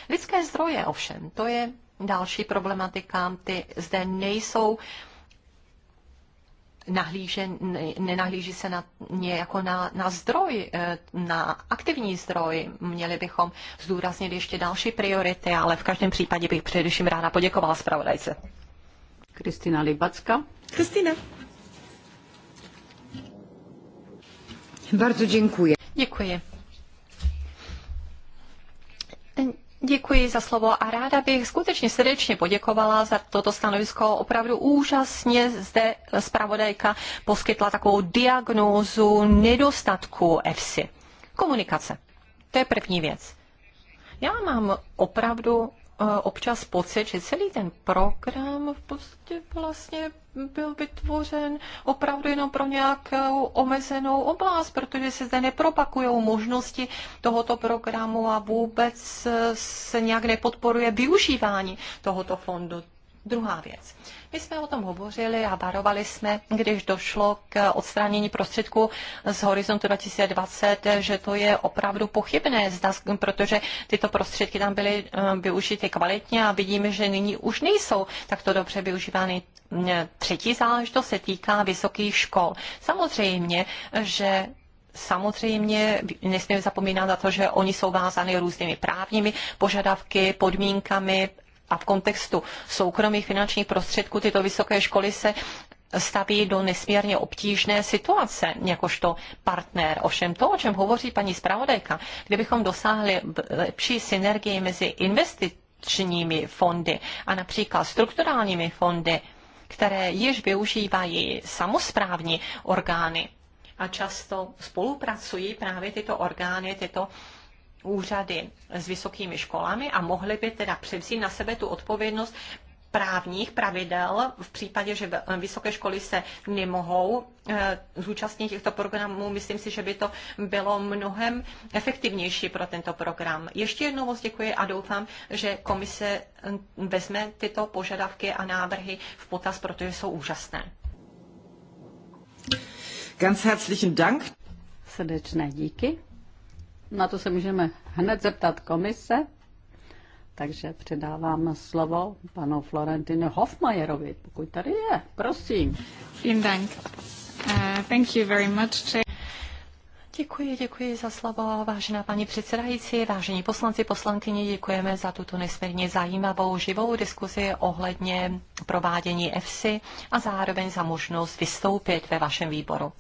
Lidské zdroje ovšem, to je další problematika, ty zde nejsou nahlíže, nenahlíží se na ně jako na, na zdroj, eh, na aktivní zdroj. Měli bychom zdůraznit ještě další priority, ale v každém případě bych především ráda poděkovala zpravodajce. Kristina Libacka. Kristina. Bardzo děkuji. Děkuji. Děkuji za slovo a ráda bych skutečně srdečně poděkovala za toto stanovisko. Opravdu úžasně zde zpravodajka poskytla takovou diagnózu nedostatku EFSI. Komunikace. To je první věc. Já mám opravdu občas pocit, že celý ten program v podstatě vlastně byl vytvořen opravdu jenom pro nějakou omezenou oblast, protože se zde nepropakují možnosti tohoto programu a vůbec e, se nějak nepodporuje využívání tohoto fondu. Druhá věc. My jsme o tom hovořili a varovali jsme, když došlo k odstranění prostředků z horizontu 2020, že to je opravdu pochybné, protože tyto prostředky tam byly eh, využity kvalitně a vidíme, že nyní už nejsou takto dobře využívány. Třetí záležitost se týká vysokých škol. Samozřejmě, že samozřejmě nesmíme zapomínat na to, že oni jsou vázány různými právními požadavky, podmínkami, a v kontextu soukromých finančních prostředků tyto vysoké školy se staví do nesmírně obtížné situace, jakožto partner. Ovšem to, o čem hovoří paní zpravodajka, kdybychom dosáhli lepší synergii mezi investičními fondy a například strukturálními fondy, které již využívají samozprávní orgány a často spolupracují právě tyto orgány, tyto úřady s vysokými školami a mohly by teda převzít na sebe tu odpovědnost právních pravidel v případě, že vysoké školy se nemohou eh, zúčastnit těchto programů. Myslím si, že by to bylo mnohem efektivnější pro tento program. Ještě jednou moc děkuji a doufám, že komise hm, vezme tyto požadavky a návrhy v potaz, protože jsou úžasné. Ganz herzlichen Dank. Srdečné díky. Na to se můžeme hned zeptat komise. Takže předávám slovo panu Florentinu Hofmajerovi, pokud tady je. Prosím. Vielen Dank. Uh, thank you very much. Děkuji, děkuji za slovo, vážená paní předsedající, vážení poslanci, poslankyně, děkujeme za tuto nesmírně zajímavou živou diskuzi ohledně provádění EFSI a zároveň za možnost vystoupit ve vašem výboru.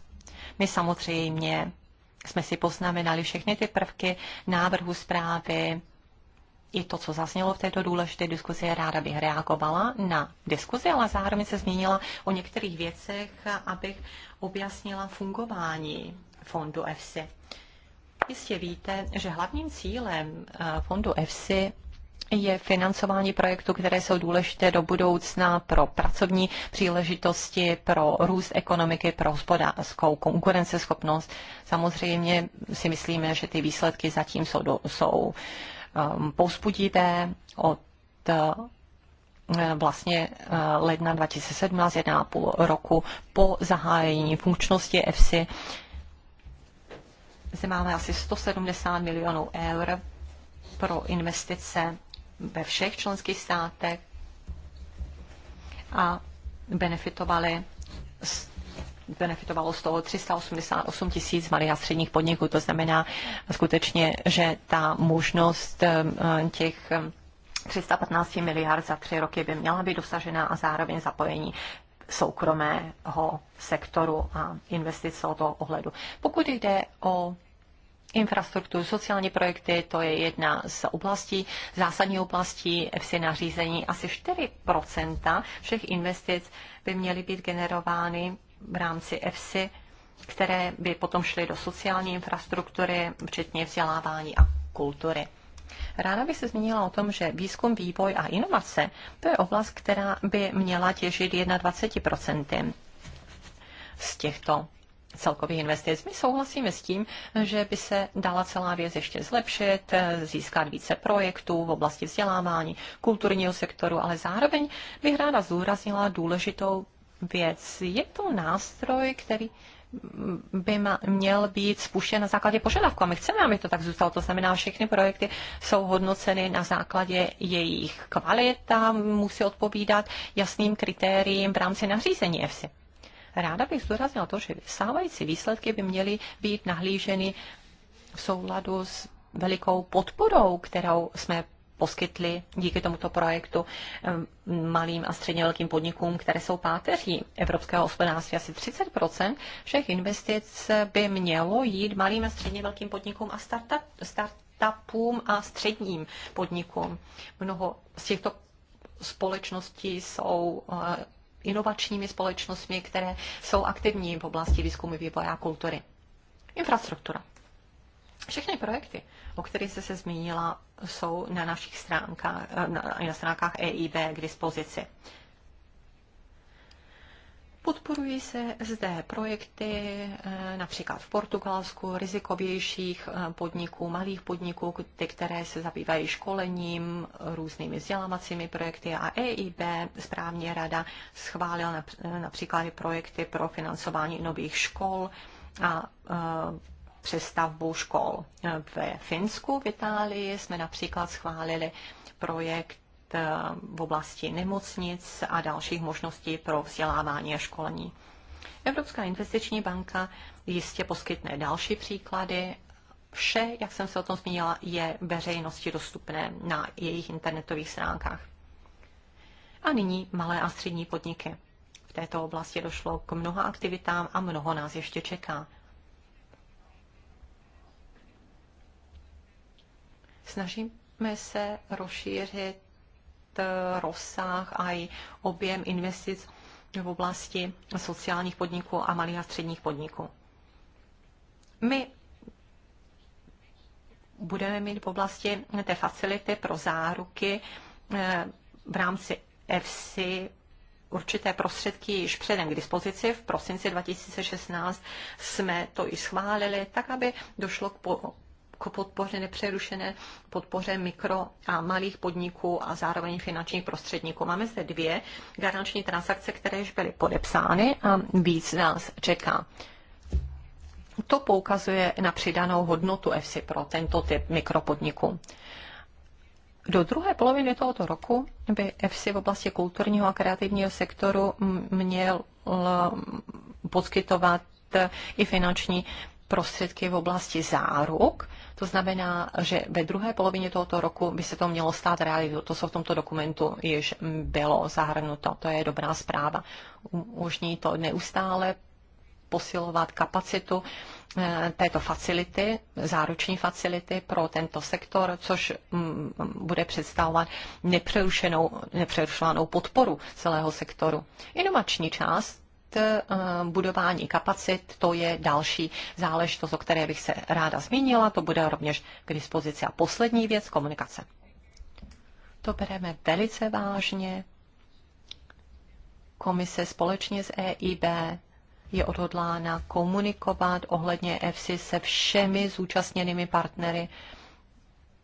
My samozřejmě jsme si poznamenali všechny ty prvky návrhu zprávy, i to, co zaznělo v této důležité diskuzi, ráda bych reagovala na diskuzi, ale zároveň se zmínila o některých věcech, abych objasnila fungování fondu EFSI. Jistě víte, že hlavním cílem eh, fondu EFSI je financování projektů, které jsou důležité do budoucna pro pracovní příležitosti, pro růst ekonomiky, pro hospodářskou konkurenceschopnost. Samozřejmě si myslíme, že ty výsledky zatím jsou, do, jsou um, pouspudivé od uh, vlastně uh, ledna 2017, 1,5 roku po zahájení funkčnosti EFSI. Zde máme asi 170 milionů eur pro investice ve všech členských státech a benefitovali z benefitovalo z toho 388 tisíc malých a středních podniků. To znamená skutečně, že ta možnost um, eh, těch 315 um, miliard za tři roky by měla být dosažena a zároveň zapojení soukromého sektoru a investic toho ohledu. Pokud jde o infrastrukturu, sociální projekty, to je jedna z oblastí, zásadní oblastí EFSI nařízení. Asi 4 všech investic by měly být generovány v rámci EFSI, které by potom šly do sociální infrastruktury, včetně vzdělávání a kultury. Ráda bych se zmínila o tom, že výzkum, vývoj a inovace to je oblast, která by měla těžit 21% z těchto celkových investic. My souhlasíme s tím, že by se dala celá věc ještě zlepšit, získat více projektů v oblasti vzdělávání, kulturního sektoru, ale zároveň bych ráda zúraznila důležitou věc. Je to nástroj, který by měl být spuštěn na základě požadavku. A my chceme, aby to tak zůstalo. To znamená, všechny projekty jsou hodnoceny na základě jejich kvalita, musí odpovídat jasným kritériím v rámci nařízení EFSI. Ráda bych zdůraznila to, že stávající výsledky by měly být nahlíženy v souladu s velikou podporou, kterou jsme poskytli díky tomuto projektu ehm, malým a středně velkým podnikům, které jsou páteří evropského hospodářství. Asi 30 všech investic by mělo jít malým a středně velkým podnikům a startupům a středním podnikům. Mnoho z těchto společností jsou eh, inovačními společnostmi, které jsou aktivní v oblasti výzkumu, vývoje a kultury. Infrastruktura. Všechny projekty, o kterých jste se zmínila, jsou na našich stránkách, na, na stránkách EIB k dispozici. Podporují se zde projekty eh, například v Portugalsku rizikovějších eh, podniků, malých podniků, ty, které se zabývají školením, různými vzdělávacími projekty a EIB, správně rada, schválil eh, například projekty pro financování nových škol a přestavbu škol. V Finsku, v Itálii jsme například schválili projekt v oblasti nemocnic a dalších možností pro vzdělávání a školení. Evropská investiční banka jistě poskytne další příklady. Vše, jak jsem se o tom zmínila, je veřejnosti dostupné na jejich internetových stránkách. A nyní malé a střední podniky. V této oblasti došlo k mnoha aktivitám a mnoho nás ještě čeká. Snažíme se rozšířit Eh, rozsah a i objem investic v oblasti sociálních podniků a malých a středních podniků. My budeme mít v oblasti té facility pro záruky eh, v rámci EFSI určité prostředky již předem k dispozici. V prosinci 2016 jsme to i schválili, tak aby došlo k k podpoře nepřerušené podpoře mikro a malých podniků a zároveň finančních prostředníků. Máme zde dvě garanční transakce, které již byly podepsány a víc nás čeká. To poukazuje na přidanou hodnotu EFSI pro tento typ mikropodniků. Do druhé poloviny tohoto roku by EFSI v oblasti kulturního a kreativního sektoru měl poskytovat i finanční prostředky v oblasti záruk to znamená, že ve druhé polovině tohoto roku by se to mělo stát realitou. To, co v tomto dokumentu již bylo zahrnuto, to je dobrá zpráva. Umožní to neustále posilovat kapacitu eh, této facility, záruční facility pro tento sektor, což mm, bude představovat nepřerušenou, nepřerušovanou podporu celého sektoru. Inovační část Eh, budování kapacit, to je další záležitost, o které bych se ráda zmínila, to bude rovněž k dispozici. A poslední věc, komunikace. To bereme velice vážně. Komise společně s EIB je odhodlána komunikovat ohledně EFSI se všemi zúčastněnými partnery,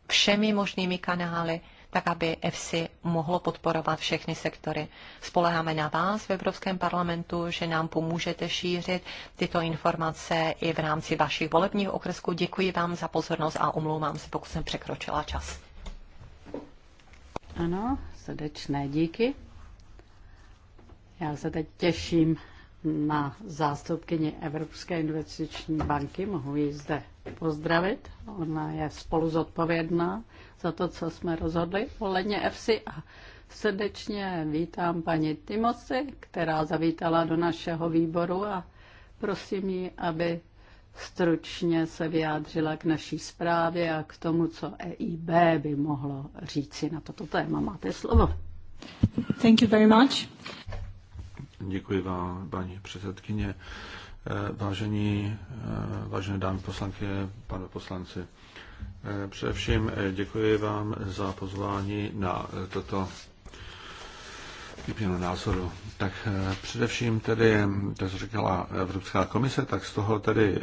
všemi možnými kanály, tak aby EFSI mohlo podporovat všechny sektory. Spoleháme na vás v Evropském parlamentu, že nám pomůžete šířit tyto informace i v rámci vašich volebních okresků. Děkuji vám za pozornost a omlouvám se, pokud jsem překročila čas. Ano, srdečné díky. Já se teď těším na zástupkyni Evropské investiční banky. Mohu ji zde pozdravit. Ona je spolu zodpovědná za to, co jsme rozhodli ohledně EFSI a srdečně vítám paní Timoci, která zavítala do našeho výboru a prosím ji, aby stručně se vyjádřila k naší zprávě a k tomu, co EIB by mohlo říci na toto téma. Máte slovo. Thank you very much. Děkuji vám, paní předsedkyně. Eh, vážení, eh, vážené dámy poslankyně, pane poslanci, Eh, především eh, děkuji vám za pozvání na eh, toto výměnu názoru. Tak především tedy, to co říkala Evropská komise, tak z toho tedy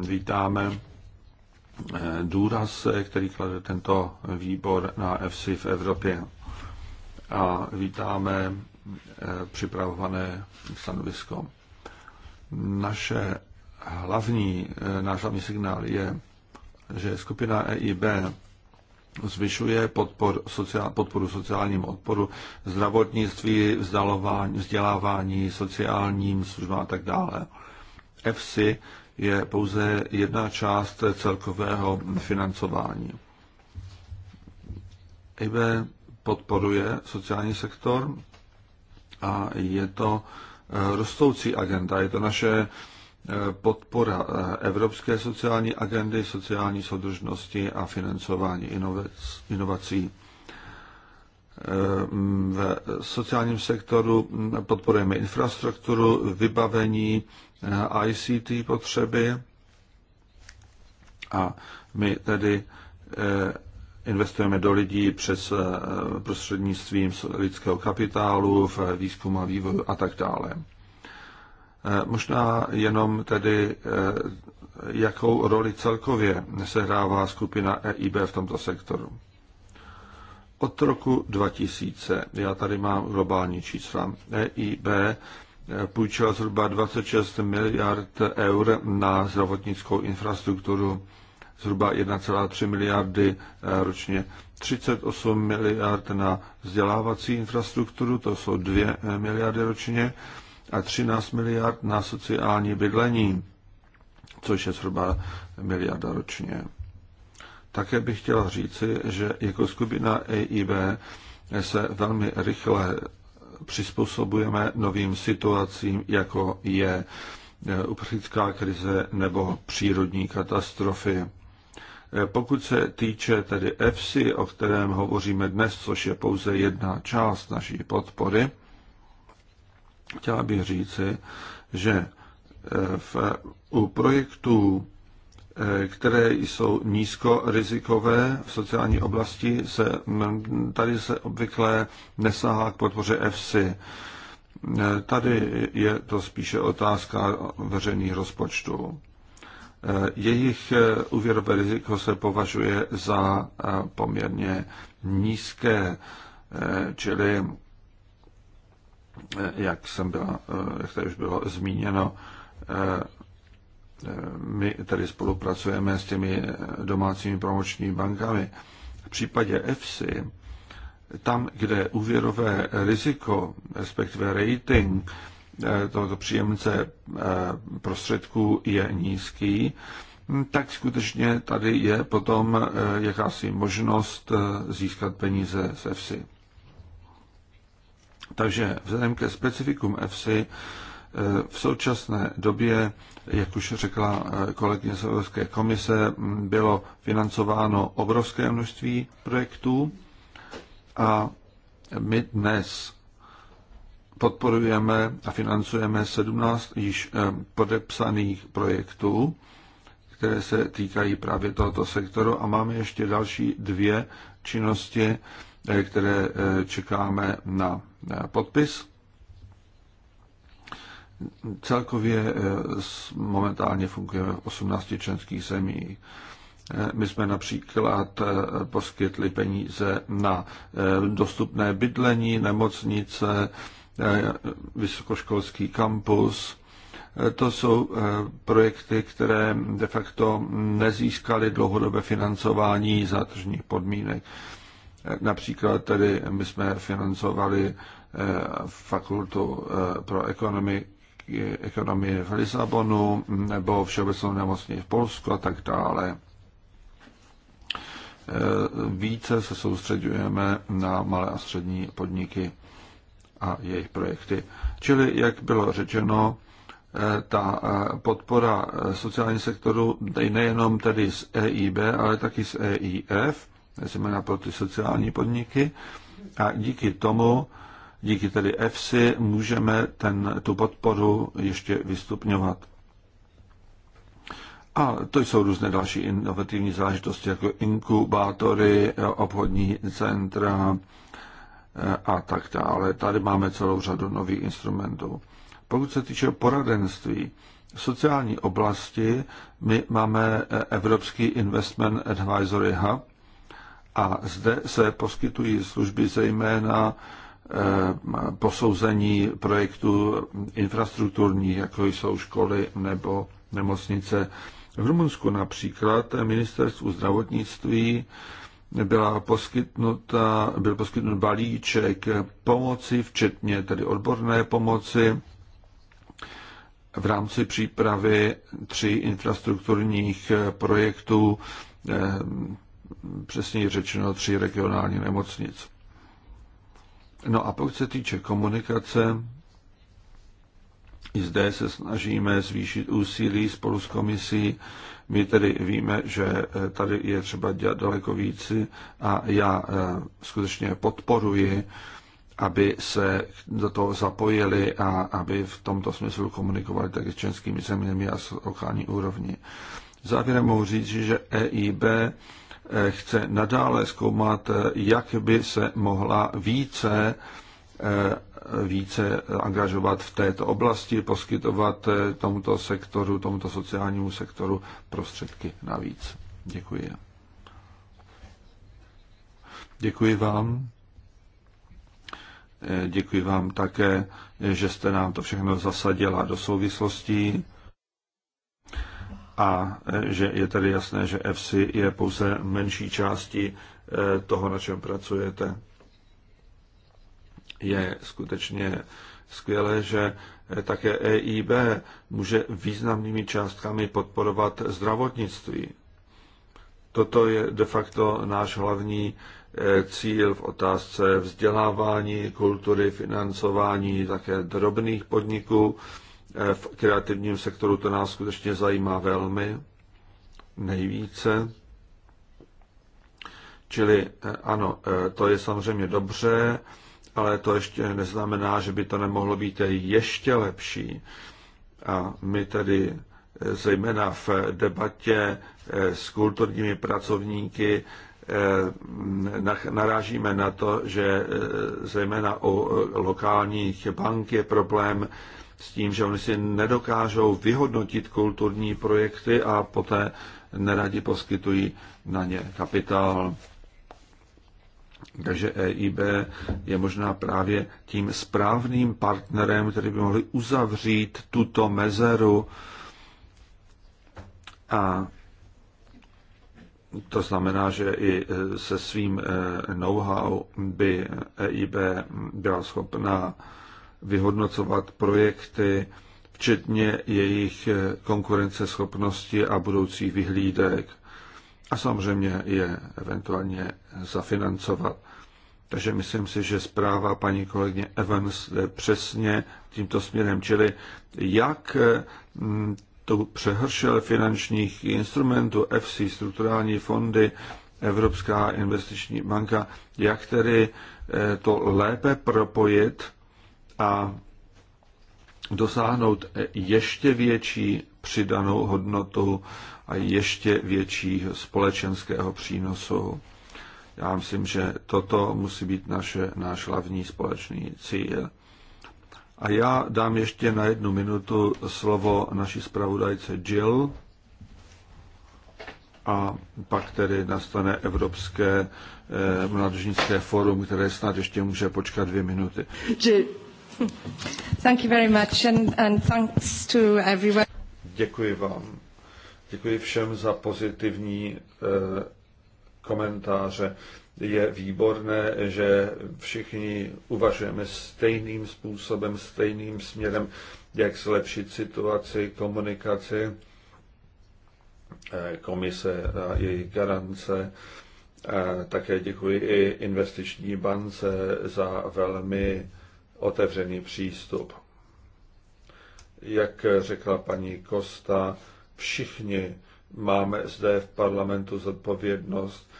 vítáme důraz, který klade tento výbor na EFSI v Evropě. A vítáme připravované stanovisko. Naše hlavní, náš hlavní signál je, že skupina EIB zvyšuje podpor, sociál, podporu sociálním odporu, zdravotnictví, vzdělávání, sociálním službám a tak dále. EFSI je pouze jedna část celkového financování. EIB podporuje sociální sektor a je to eh, rostoucí agenda. Je to naše podpora eh, Evropské sociální agendy, sociální soudržnosti a financování inovací. Eh, v sociálním sektoru podporujeme infrastrukturu, vybavení eh, ICT potřeby a my tedy investujeme do lidí přes prostřednictvím lidského kapitálu, v výzkum a vývoj a tak dále. Eh, možná jenom tedy, eh, jakou roli celkově sehrává skupina EIB v tomto sektoru. Od roku 2000, já tady mám globální čísla, EIB eh, půjčila zhruba 26 miliard eur na zdravotnickou infrastrukturu, zhruba 1,3 miliardy ročně, 38 miliard na vzdělávací infrastrukturu, to jsou 2 miliardy ročně, a 13 miliard na sociální bydlení, což je zhruba miliarda ročně. Také bych chtěl říci, že jako skupina EIB se velmi rychle přizpůsobujeme novým situacím, jako je uprchlická krize nebo přírodní katastrofy. Pokud se týče tedy EFSI, o kterém hovoříme dnes, což je pouze jedna část naší podpory, chtěla bych říci, že eh, v, u projektů, eh, které jsou nízkorizikové v sociální oblasti, se, tady se obvykle nesahá k podpoře EFSI. Eh, tady je to spíše otázka veřejných rozpočtů. Jejich úvěrové riziko se považuje za poměrně nízké, čili Eh, jak, jsem byla, eh, jak tady už bylo zmíněno, eh, my tady spolupracujeme s těmi domácími promočními bankami. V případě EFSI, tam, kde úvěrové riziko, respektive rating tohoto příjemce prostředků je nízký, hm, tak skutečně tady je potom jakási možnost získat peníze z EFSI. Takže vzhledem ke specifikum EFSI eh, v současné době, jak už řekla eh, kolegyně z Evropské komise, bylo financováno obrovské množství projektů a my dnes podporujeme a financujeme 17 již eh, podepsaných projektů, které se týkají právě tohoto sektoru a máme ještě další dvě činnosti, Eh, které eh, čekáme na podpis. Celkově eh, momentálně fungujeme v 18 členských zemí. My jsme například poskytli peníze na dostupné bydlení, nemocnice, vysokoškolský kampus. To jsou projekty, které de facto nezískaly dlouhodobé financování za tržních podmínek. Například tedy my jsme financovali eh, fakultu eh, pro ekonomii, ekonomii v Lisabonu nebo Všeobecnou nemocnici v Polsku a tak dále. Eh, více se soustředujeme na malé a střední podniky a jejich projekty. Čili, jak bylo řečeno, ta podpora sociálního sektoru nejenom tedy z EIB, ale taky z EIF zejména pro ty sociální podniky. A díky tomu, díky tedy EFSI, můžeme ten, tu podporu ještě vystupňovat. A to jsou různé další inovativní záležitosti, jako inkubátory, obchodní centra eh, a tak dále. Tady máme celou řadu nových instrumentů. Pokud se týče poradenství, v sociální oblasti my máme eh, Evropský Investment Advisory Hub, a zde se poskytují služby zejména eh, posouzení projektů infrastrukturních, jako jsou školy nebo nemocnice. V Rumunsku například ministerstvu zdravotnictví byla poskytnuta, byl poskytnut balíček pomoci, včetně tedy odborné pomoci v rámci přípravy tří infrastrukturních projektů eh, přesněji řečeno tři regionální nemocnic. No a pokud se týče komunikace, i zde se snažíme zvýšit úsilí spolu s komisí. My tedy víme, že eh, tady je třeba dělat daleko víc a já eh, skutečně podporuji, aby se do toho zapojili a aby v tomto smyslu komunikovali také s českými zeměmi a s lokální úrovni. Závěrem mohu říct, že EIB Eh, chce nadále zkoumat, eh, jak by se mohla více eh, více angažovat v této oblasti, poskytovat tomuto sektoru, tomuto sociálnímu sektoru prostředky navíc. Děkuji. Děkuji vám. Děkuji vám také, že jste nám to všechno zasadila do souvislostí a e, že je tady jasné, že FC je pouze menší části e, toho, na čem pracujete. Je skutečně skvělé, že e, také EIB může významnými částkami podporovat zdravotnictví. Toto je de facto náš hlavní cíl v otázce vzdělávání, kultury, financování také drobných podniků Eh, v kreativním sektoru to nás skutečně zajímá velmi, nejvíce. Čili eh, ano, eh, to je samozřejmě dobře, ale to ještě neznamená, že by to nemohlo být ještě lepší. A my tedy zejména v debatě s kulturními pracovníky narážíme na to, že zejména u lokálních bank je problém s tím, že oni si nedokážou vyhodnotit kulturní projekty a poté neradi poskytují na ně kapitál. Takže EIB je možná právě tím správným partnerem, který by mohli uzavřít tuto mezeru. A to znamená, že i se svým eh, know-how by EIB byla schopná vyhodnocovat projekty, včetně jejich eh, konkurenceschopnosti a budoucích vyhlídek a samozřejmě je eventuálně zafinancovat. Takže myslím si, že zpráva paní kolegyně Evans jde přesně tímto směrem, čili jak eh, to přehršel finančních instrumentů FC, strukturální fondy, Evropská investiční banka, jak tedy eh, to lépe propojit a dosáhnout ještě větší přidanou hodnotu a ještě větší společenského přínosu. Já myslím, že toto musí být naše, náš hlavní společný cíl. A já dám ještě na jednu minutu slovo naší zpravodajce Jill a pak tedy nastane Evropské eh, mládežnické forum, které snad ještě může počkat dvě minuty. Jill. Thank you very much and, and thanks to everyone. Děkuji vám. Děkuji všem za pozitivní eh, komentáře. Je výborné, že všichni uvažujeme stejným způsobem, stejným směrem, jak zlepšit situaci, komunikaci eh, komise a její garance. Také děkuji i investiční bance za velmi otevřený přístup. Jak řekla paní Kosta, všichni máme zde v parlamentu zodpovědnost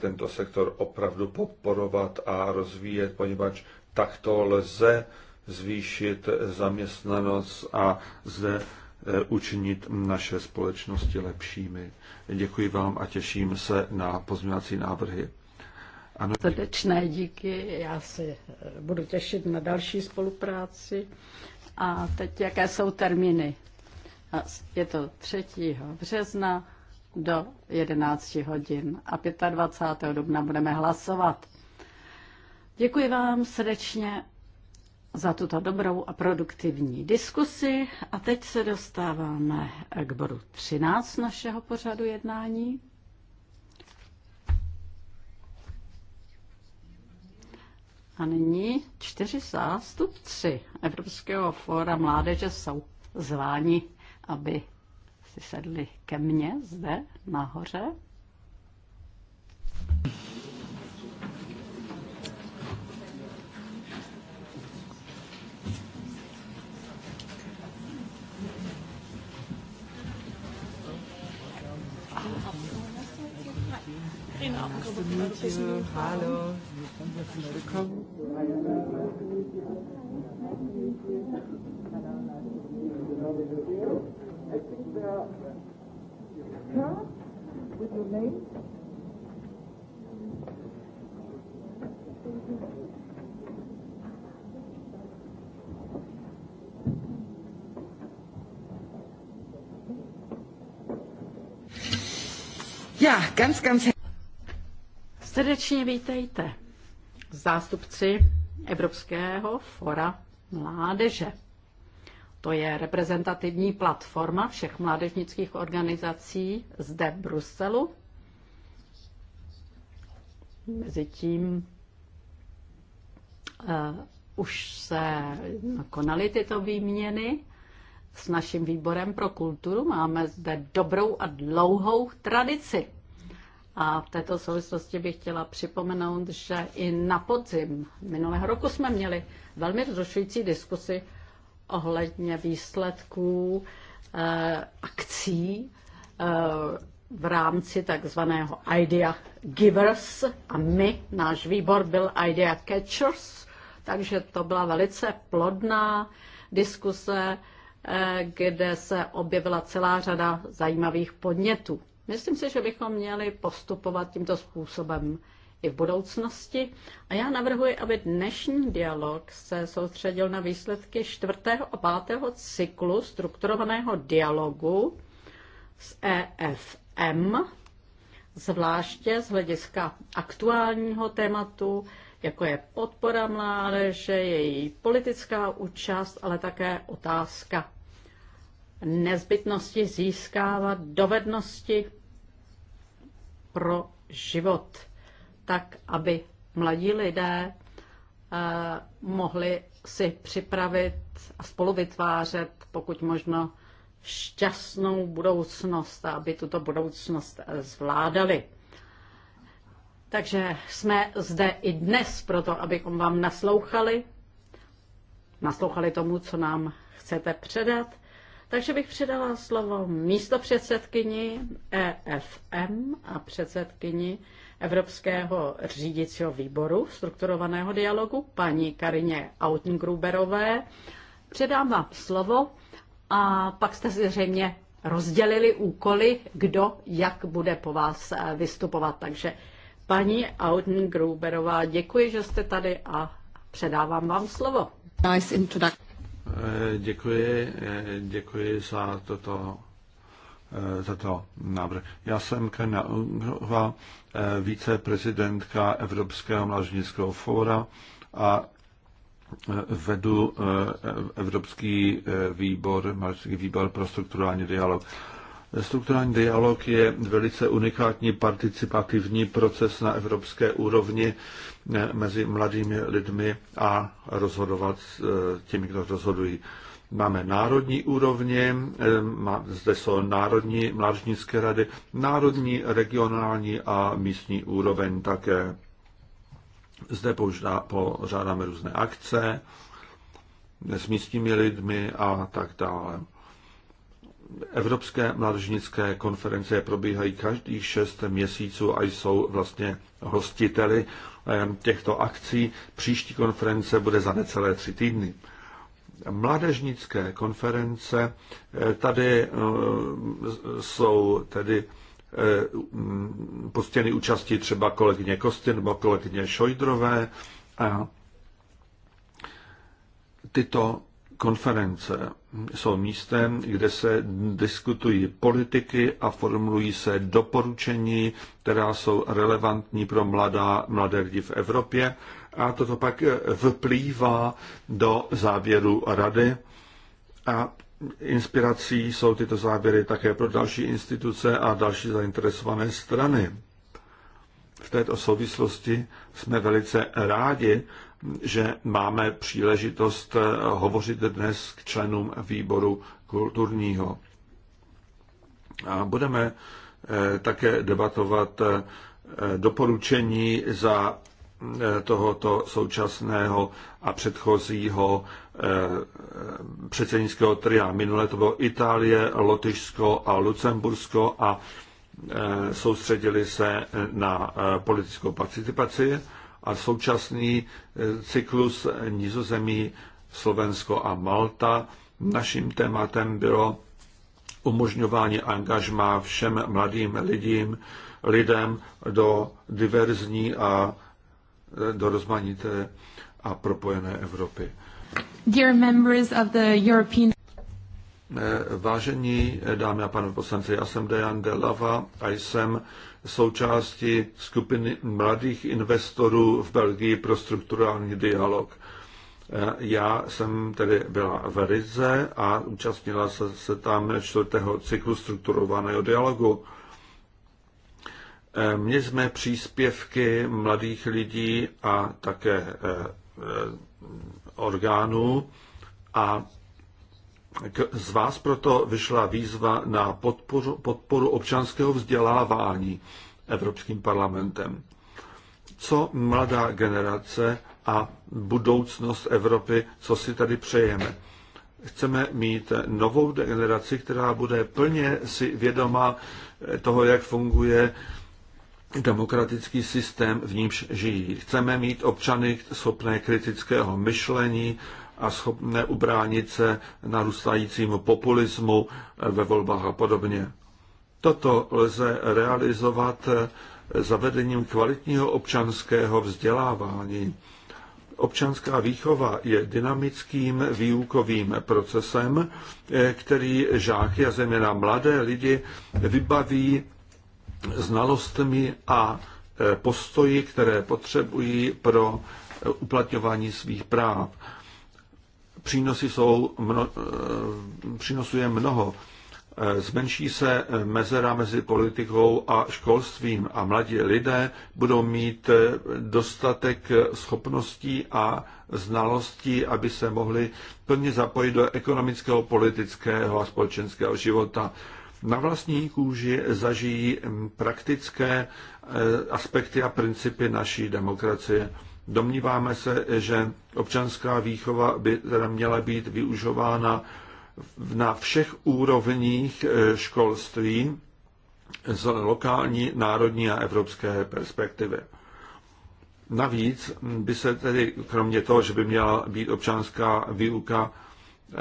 tento sektor opravdu podporovat a rozvíjet, poněvadž takto lze zvýšit zaměstnanost a zde eh, učinit naše společnosti lepšími. Děkuji vám a těším se na pozměňovací návrhy. Ano. Srdečné díky, já se eh, budu těšit na další spolupráci. A teď, jaké jsou termíny? Je to 3. března do 11 hodin a 25. dubna budeme hlasovat. Děkuji vám srdečně za tuto dobrou a produktivní diskusi. A teď se dostáváme k bodu 13 našeho pořadu jednání. A nyní čtyři zástupci Evropského fóra mládeže jsou zváni, aby si sedli ke mně zde nahoře. to meet you. Hallo. Willkommen. Ja, ganz, ganz Srdečně vítejte zástupci Evropského fora mládeže. To je reprezentativní platforma všech mládežnických organizací zde v Bruselu. Mezitím uh, už se konaly tyto výměny s naším výborem pro kulturu. Máme zde dobrou a dlouhou tradici. A v této souvislosti bych chtěla připomenout, že i na podzim minulého roku jsme měli velmi rozrušující diskusy ohledně výsledků eh, akcí eh, v rámci takzvaného Idea Givers a my, náš výbor byl Idea Catchers, takže to byla velice plodná diskuse, eh, kde se objevila celá řada zajímavých podnětů. Myslím si, že bychom měli postupovat tímto způsobem i v budoucnosti. A já navrhuji, aby dnešní dialog se soustředil na výsledky čtvrtého a pátého cyklu strukturovaného dialogu s EFM, zvláště z hlediska aktuálního tématu, jako je podpora mládeže, její politická účast, ale také otázka nezbytnosti získávat dovednosti pro život, tak aby mladí lidé eh, mohli si připravit a spolu vytvářet pokud možno šťastnou budoucnost a aby tuto budoucnost eh, zvládali. Takže jsme zde i dnes proto, abychom vám naslouchali, naslouchali tomu, co nám chcete předat takže bych předala slovo místo předsedkyni EFM a předsedkyni Evropského řídicího výboru strukturovaného dialogu, paní Karině Autengruberové. Předám vám slovo a pak jste si zřejmě rozdělili úkoly, kdo jak bude po vás eh, vystupovat. Takže paní Autengruberová, děkuji, že jste tady a předávám vám slovo. Nice introduction. Eh, děkuji, eh, děkuji za toto eh, za to návrh. Já jsem Kena Ungrova, viceprezidentka Evropského mlažnického fóra a vedu Evropský výbor, výbor pro strukturální dialog. Strukturální dialog je velice unikátní participativní proces na evropské úrovni eh, mezi mladými lidmi a rozhodovat eh, těmi, kdo rozhodují. Máme národní úrovně, eh, zde jsou národní mládežnické rady, národní, regionální a místní úroveň také. Zde pořádáme různé akce s místními lidmi a tak dále. Evropské mládežnické konference probíhají každých šest měsíců a jsou vlastně hostiteli eh, těchto akcí. Příští konference bude za necelé tři týdny. Mládežnické konference eh, tady eh, jsou tedy postěny účastí třeba kolegyně Kostin nebo kolegyně Šojdrové. tyto konference jsou místem, kde se diskutují politiky a formulují se doporučení, která jsou relevantní pro mladá, mladé lidi v Evropě. A toto pak vplývá do závěru rady. A inspirací jsou tyto závěry také pro další instituce a další zainteresované strany. V této souvislosti jsme velice rádi, že máme příležitost eh, hovořit dnes k členům výboru kulturního. A budeme eh, také debatovat eh, doporučení za tohoto současného a předchozího předsednického tria. Minule to bylo Itálie, Lotyšsko a Lucembursko a soustředili se na politickou participaci a současný eh, cyklus nizozemí Slovensko a Malta. Naším tématem bylo umožňování angažma všem mladým lidím, lidem do diverzní a eh, do rozmanité a propojené Evropy. Dear members of the European... Eh, vážení eh, dámy a pánové poslanci, já jsem Dejan Delava a jsem součástí skupiny mladých investorů v Belgii pro strukturální dialog. Eh, já jsem tedy byla v Rize a účastnila se, se tam čtvrtého cyklu strukturovaného dialogu. Měli jsme příspěvky mladých lidí a také orgánů a z vás proto vyšla výzva na podporu, podporu občanského vzdělávání Evropským parlamentem. Co mladá generace a budoucnost Evropy, co si tady přejeme? Chceme mít novou generaci, která bude plně si vědoma toho, jak funguje demokratický systém, v nímž žijí. Chceme mít občany schopné kritického myšlení, a schopné ubránit se narůstajícímu populismu ve volbách a podobně. Toto lze realizovat zavedením kvalitního občanského vzdělávání. Občanská výchova je dynamickým výukovým procesem, který žáky a zejména mladé lidi vybaví znalostmi a postoji, které potřebují pro uplatňování svých práv. Přínosy jsou, mno, eh, přínosů je mnoho. Eh, zmenší se mezera mezi politikou a školstvím a mladí lidé budou mít eh, dostatek schopností a znalostí, aby se mohli plně zapojit do ekonomického, politického a společenského života. Na vlastní kůži zažijí praktické aspekty a principy naší demokracie. Domníváme se, že občanská výchova by teda měla být využována na všech úrovních eh, školství z lokální, národní a evropské perspektivy. Navíc by se tedy, kromě toho, že by měla být občanská výuka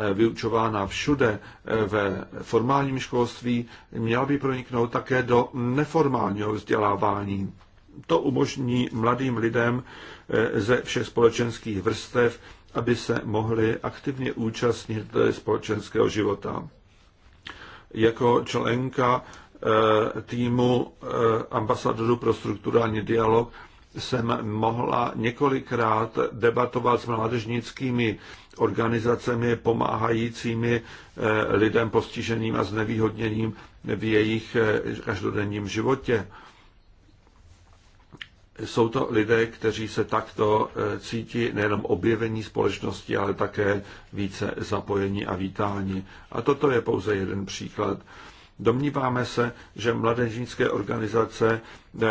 eh, vyučována všude eh, ve formálním školství, měla by proniknout také do neformálního vzdělávání to umožní mladým lidem eh, ze všech společenských vrstev, aby se mohli aktivně účastnit společenského života. Jako členka eh, týmu eh, ambasadorů pro strukturální dialog jsem mohla několikrát debatovat s mládežnickými organizacemi pomáhajícími lidem postiženým a znevýhodněním v jejich každodenním životě jsou to lidé, kteří se takto e, cítí nejenom objevení společnosti, ale také více zapojení a vítání. A toto je pouze jeden příklad. Domníváme se, že mládežnické organizace e,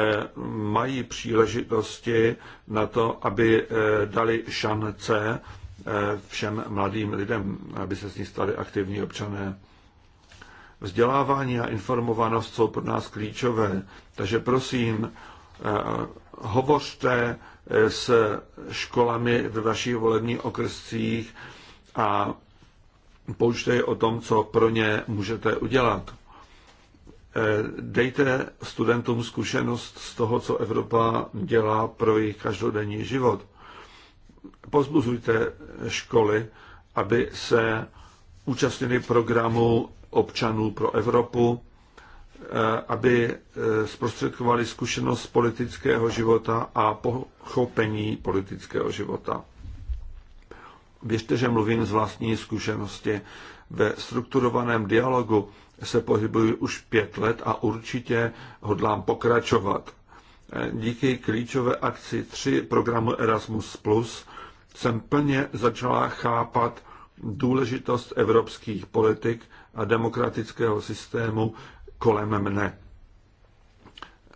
mají příležitosti na to, aby e, dali šance všem mladým lidem, aby se z nich stali aktivní občané. Vzdělávání a informovanost jsou pro nás klíčové, takže prosím, hovořte eh, s školami ve vašich volebních okrescích a poučte je o tom, co pro ně můžete udělat. Eh, dejte studentům zkušenost z toho, co Evropa dělá pro jejich každodenní život. Pozbuzujte školy, aby se účastnili programu občanů pro Evropu, Eh, aby eh, zprostředkovali zkušenost politického života a pochopení politického života. Věřte, že mluvím z vlastní zkušenosti. Ve strukturovaném dialogu se pohybuji už pět let a určitě hodlám pokračovat. Eh, díky klíčové akci 3 programu Erasmus+, jsem plně začala chápat důležitost evropských politik a demokratického systému kolem mne.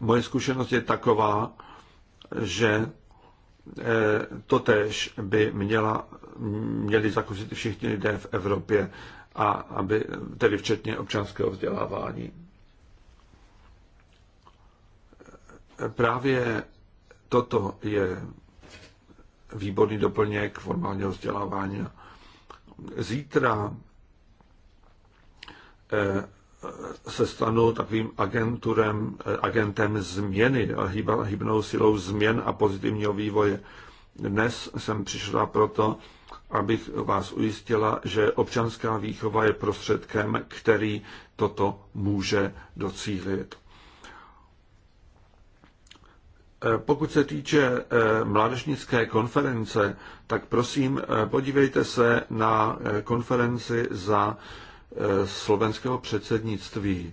Moje zkušenost je taková, že e, to tež by měla, měli zakusit všichni lidé v Evropě, a aby, tedy včetně občanského vzdělávání. Právě toto je výborný doplněk formálního vzdělávání. Zítra e, se stanou takovým agenturem, agentem změny, hybnou silou změn a pozitivního vývoje. Dnes jsem přišla proto, abych vás ujistila, že občanská výchova je prostředkem, který toto může docílit. Eh, pokud se týče eh, mládežnické konference, tak prosím eh, podívejte se na konferenci za Eh, slovenského předsednictví.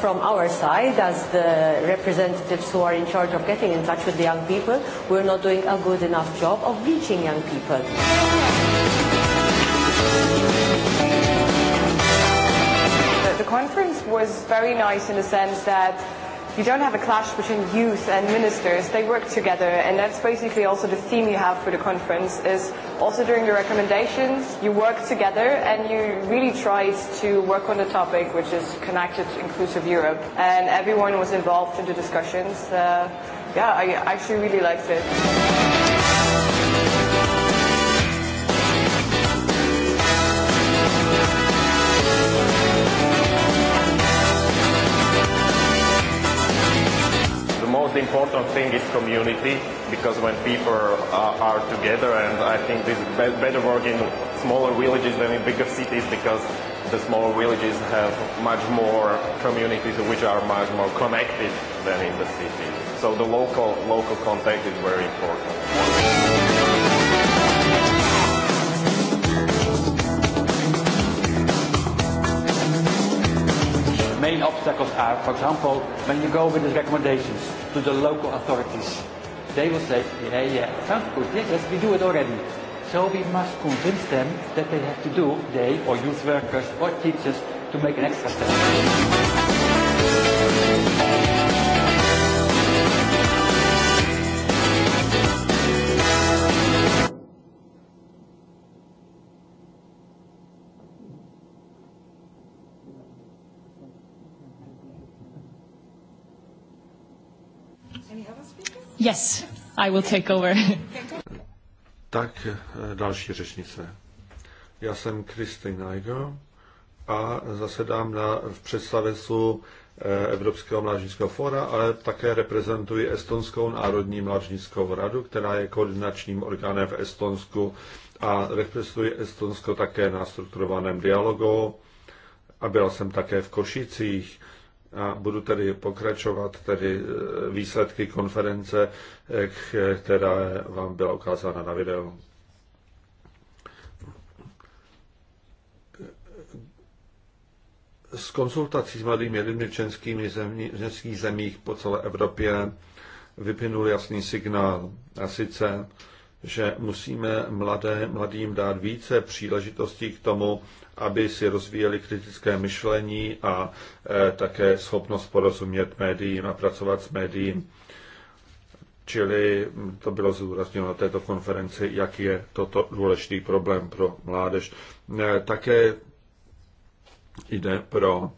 from our side, as the representatives who are in charge of getting in touch with the young people, we're not doing a good enough job of reaching young people. conference was very nice in the sense that you don't have a clash between youth and ministers. They work together, and that's basically also the theme you have for the conference. Is also during the recommendations, you work together and you really tried to work on the topic, which is connected, inclusive Europe, and everyone was involved in the discussions. Uh, yeah, I actually really liked it. the important thing is community, because when people are, are together, and I think this be better work in smaller villages than in bigger cities, because the smaller villages have much more communities which are much more connected than in the cities. So the local local contact is very important. obstacles are. Uh, for example, when you go with the recommendations to the local authorities, they will say, yeah, yeah, sounds good, yes, yes, we do it already. So we must convince them that they have to do, they or youth workers or teachers, to make an extra step. Yes, I will take over. tak eh, další řečnice. Já jsem Kristin Naigo a zasedám na, v představenstvu eh, Evropského mládežnického fóra, ale také reprezentuji Estonskou národní mládežnickou radu, která je koordinačním orgánem v Estonsku a reprezentuji Estonsko také na strukturovaném dialogu a byla jsem také v Košicích a budu tedy pokračovat tedy e, výsledky konference, e, která vám byla ukázána na videu. S konsultací s mladými lidmi členskými zemí, zemích po celé Evropě vypinul jasný signál. A sice že musíme mladé, mladým dát více příležitostí k tomu, aby si rozvíjeli kritické myšlení a e, také schopnost porozumět médiím a pracovat s médiím. Čili mm, to bylo zúrazněno na této konferenci, jak je toto důležitý problém pro mládež. E, také jde pro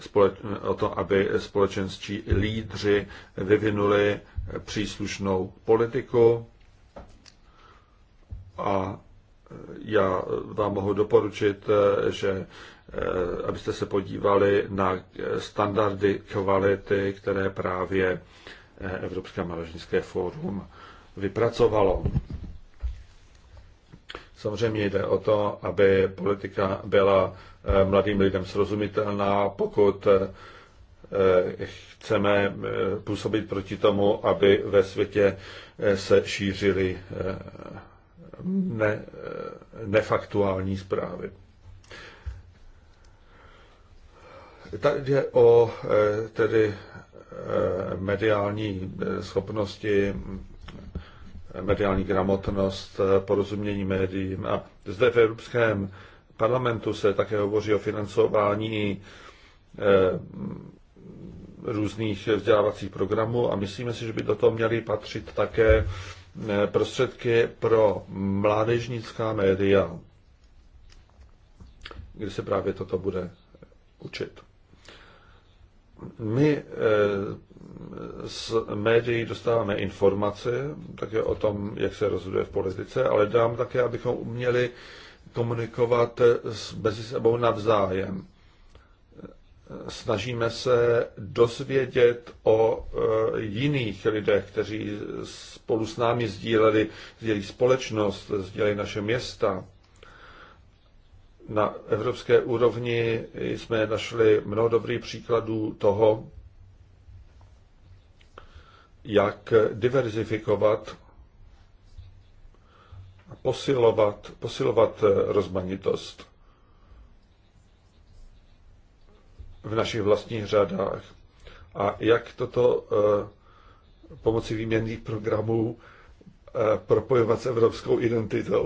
společ- o to, aby společenskí lídři vyvinuli příslušnou politiku, a e, já vám mohu doporučit, e, že e, abyste se podívali na standardy kvality, které právě Evropské manažerské fórum vypracovalo. Samozřejmě jde o to, aby politika byla mladým lidem srozumitelná, pokud chceme působit proti tomu, aby ve světě se šířily ne, nefaktuální zprávy. Tady jde o eh, tedy eh, mediální eh, schopnosti, mediální gramotnost, porozumění médiím. A zde v Evropském parlamentu se také hovoří o financování různých vzdělávacích programů a myslíme si, že by do toho měly patřit také Eh, prostředky pro mládežnická média, kde se právě toto bude učit. My eh, z médií dostáváme informace také o tom, jak se rozhoduje v politice, ale dám také, abychom uměli komunikovat mezi sebou navzájem snažíme se dozvědět o e, jiných lidech, kteří spolu s námi sdíleli, sdíleli společnost, sdíleli naše města. Na evropské úrovni jsme našli mnoho dobrých příkladů toho, jak diverzifikovat a posilovat, posilovat rozmanitost. v našich vlastních řadách. A jak toto eh, pomocí výměnných programů eh, propojovat s evropskou identitou.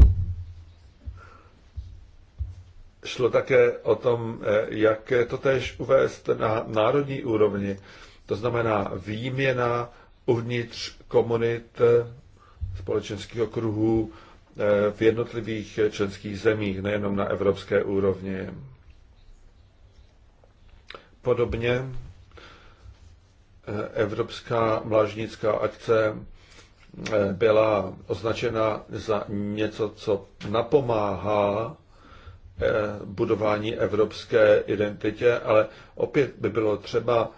Šlo také o tom, eh, jak to též uvést na národní úrovni. To znamená výměna uvnitř komunit společenského kruhu v jednotlivých členských zemích, nejenom na evropské úrovni. Podobně eh, Evropská mlážnická akce eh, byla označena za něco, co napomáhá eh, budování evropské identitě, ale opět by bylo třeba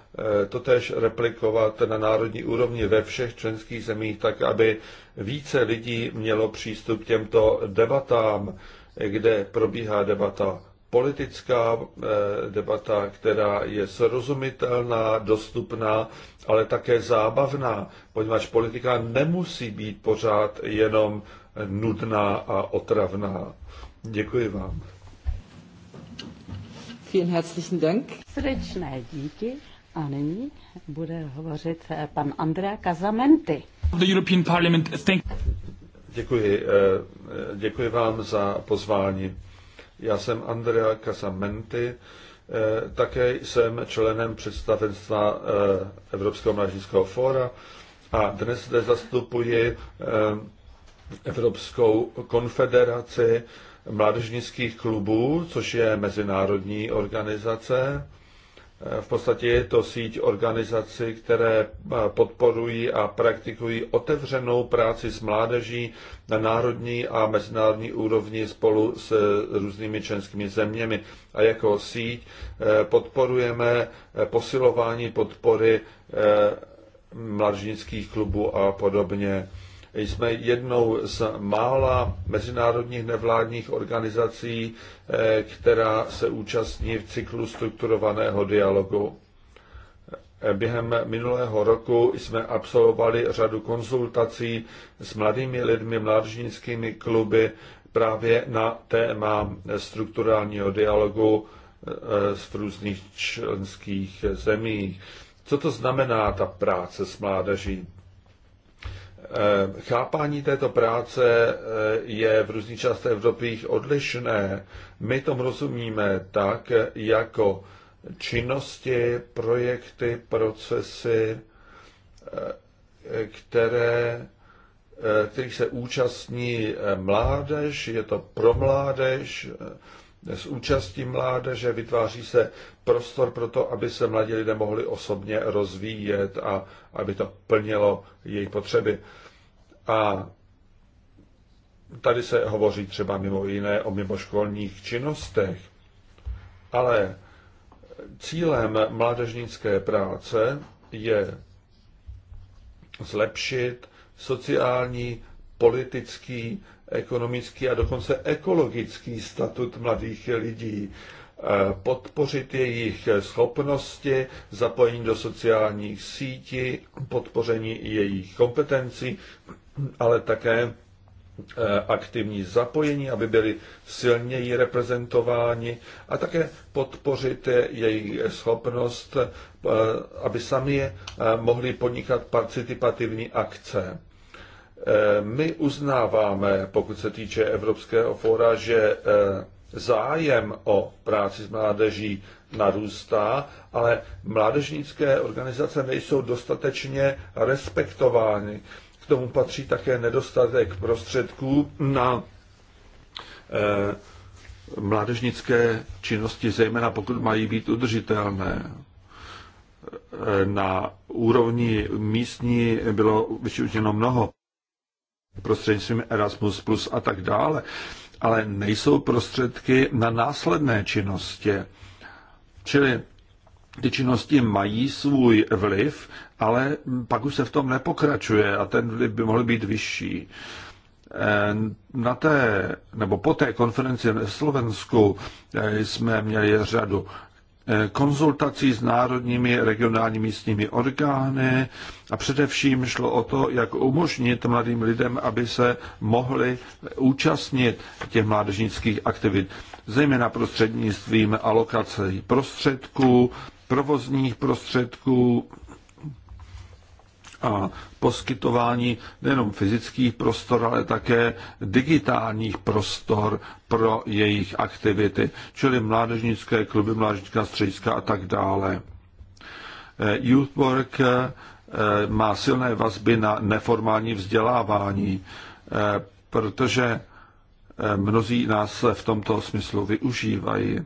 to tež replikovat na národní úrovni ve všech členských zemích, tak aby více lidí mělo přístup k těmto debatám, kde probíhá debata politická eh, debata, která je srozumitelná, dostupná, ale také zábavná, poněvadž politika nemusí být pořád jenom nudná a otravná. Děkuji vám. Vielen herzlichen Dank. Srdečné díky. A nyní bude hovořit eh, pan Andrea Casamenti. Děkuji. Eh, děkuji vám za pozvání. Já jsem Andrea Casamenti, eh, také jsem členem představenstva eh, Evropského mládežnického fóra a dnes zde zastupuji eh, Evropskou konfederaci mládežnických klubů, což je mezinárodní organizace v podstatě je to síť organizací, které podporují a praktikují otevřenou práci s mládeží na národní a mezinárodní úrovni spolu s různými členskými zeměmi. A jako síť e, podporujeme e, posilování podpory e, mládežnických klubů a podobně. Jsme jednou z mála mezinárodních nevládních organizací, eh, která se účastní v cyklu strukturovaného dialogu. Eh, během minulého roku jsme absolvovali řadu konzultací s mladými lidmi, mládežnickými kluby právě na téma strukturálního dialogu eh, v různých členských zemích. Co to znamená ta práce s mládeží? Eh, chápání této práce eh, je v různých částech Evropy odlišné. My tomu rozumíme tak, jako činnosti, projekty, procesy, eh, které, kterých se účastní mládež, je to pro mládež, s účastí mládeže, vytváří se prostor pro to, aby se mladí lidé mohli osobně rozvíjet a aby to plnilo její potřeby. A tady se hovoří třeba mimo jiné o mimoškolních činnostech, ale cílem mládežnické práce je zlepšit sociální, politický ekonomický a dokonce ekologický statut mladých lidí, e, podpořit jejich schopnosti, zapojení do sociálních sítí, podpoření jejich kompetencí, ale také e, aktivní zapojení, aby byli silněji reprezentováni a také podpořit jejich schopnost, e, aby sami mohli podnikat participativní akce. Eh, my uznáváme, pokud se týče Evropského fóra, že eh, zájem o práci s mládeží narůstá, ale mládežnické organizace nejsou dostatečně respektovány. K tomu patří také nedostatek prostředků na eh, mládežnické činnosti, zejména pokud mají být udržitelné. Na úrovni místní bylo vyčiněno mnoho prostřednictvím Erasmus plus a tak dále, ale nejsou prostředky na následné činnosti. Čili ty činnosti mají svůj vliv, ale pak už se v tom nepokračuje a ten vliv by mohl být vyšší. Eh, na té, nebo po té konferenci ve Slovensku eh, jsme měli řadu Eh, konzultací s národními regionální místními orgány a především šlo o to, jak umožnit mladým lidem, aby se mohli účastnit těch mládežnických aktivit, zejména prostřednictvím alokací prostředků, provozních prostředků, a poskytování nejenom fyzických prostor, ale také digitálních prostor pro jejich aktivity, čili mládežnické kluby, mládežnická střediska a tak dále. Eh, Youthwork eh, má silné vazby na neformální vzdělávání, eh, protože mnozí nás v tomto smyslu využívají.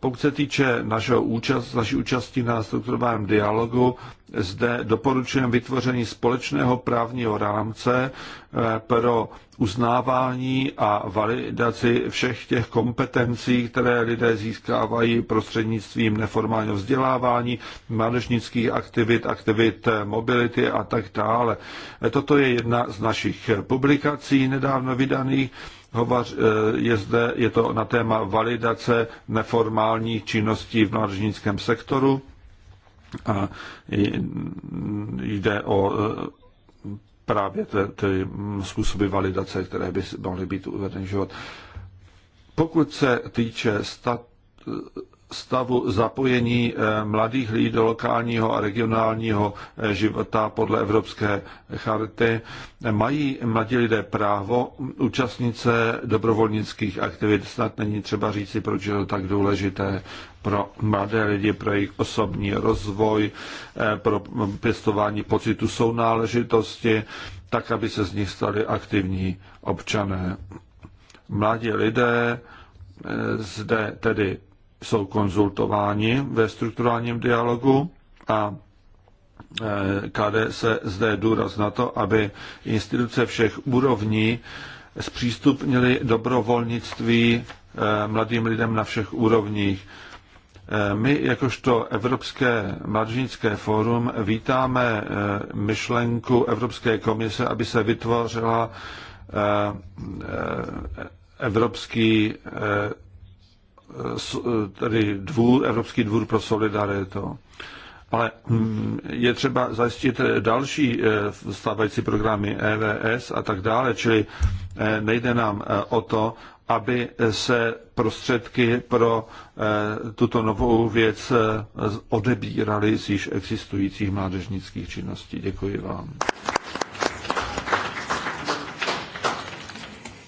Pokud se týče našeho účast, naší účasti na strukturovaném dialogu, zde doporučujeme vytvoření společného právního rámce eh, pro uznávání a validaci všech těch kompetencí, které lidé získávají prostřednictvím neformálního vzdělávání, mládežnických aktivit, aktivit eh, mobility a tak dále. Eh, toto je jedna z našich publikací nedávno vydaných hovař, eh, je zde, je to na téma validace neformálních činností v mládežnickém sektoru. A mm, jde o eh, právě ty, ty způsoby validace, které by mohly být uvedeny v život. Pokud se týče stat, stavu zapojení eh, mladých lidí do lokálního a regionálního eh, života podle Evropské charty. Mají mladí lidé právo účastnit se dobrovolnických aktivit. Snad není třeba říci, proč je to tak důležité pro mladé lidi, pro jejich osobní rozvoj, eh, pro pěstování pocitu sounáležitosti, tak, aby se z nich stali aktivní občané. Mladí lidé zde tedy jsou konzultováni ve strukturálním dialogu a e, kde se zde důraz na to, aby instituce všech úrovní zpřístupnili dobrovolnictví e, mladým lidem na všech úrovních. E, my, jakožto Evropské mladžnické fórum, vítáme myšlenku Evropské komise, aby se vytvořila Evropský Eh, tedy dvůr, Evropský dvůr pro solidaritu. Ale hm, je třeba zajistit eh, další eh, stávající programy EVS a tak dále, čili nejde nám o to, aby se prostředky pro tuto novou věc odebíraly z již existujících mládežnických činností. Děkuji vám.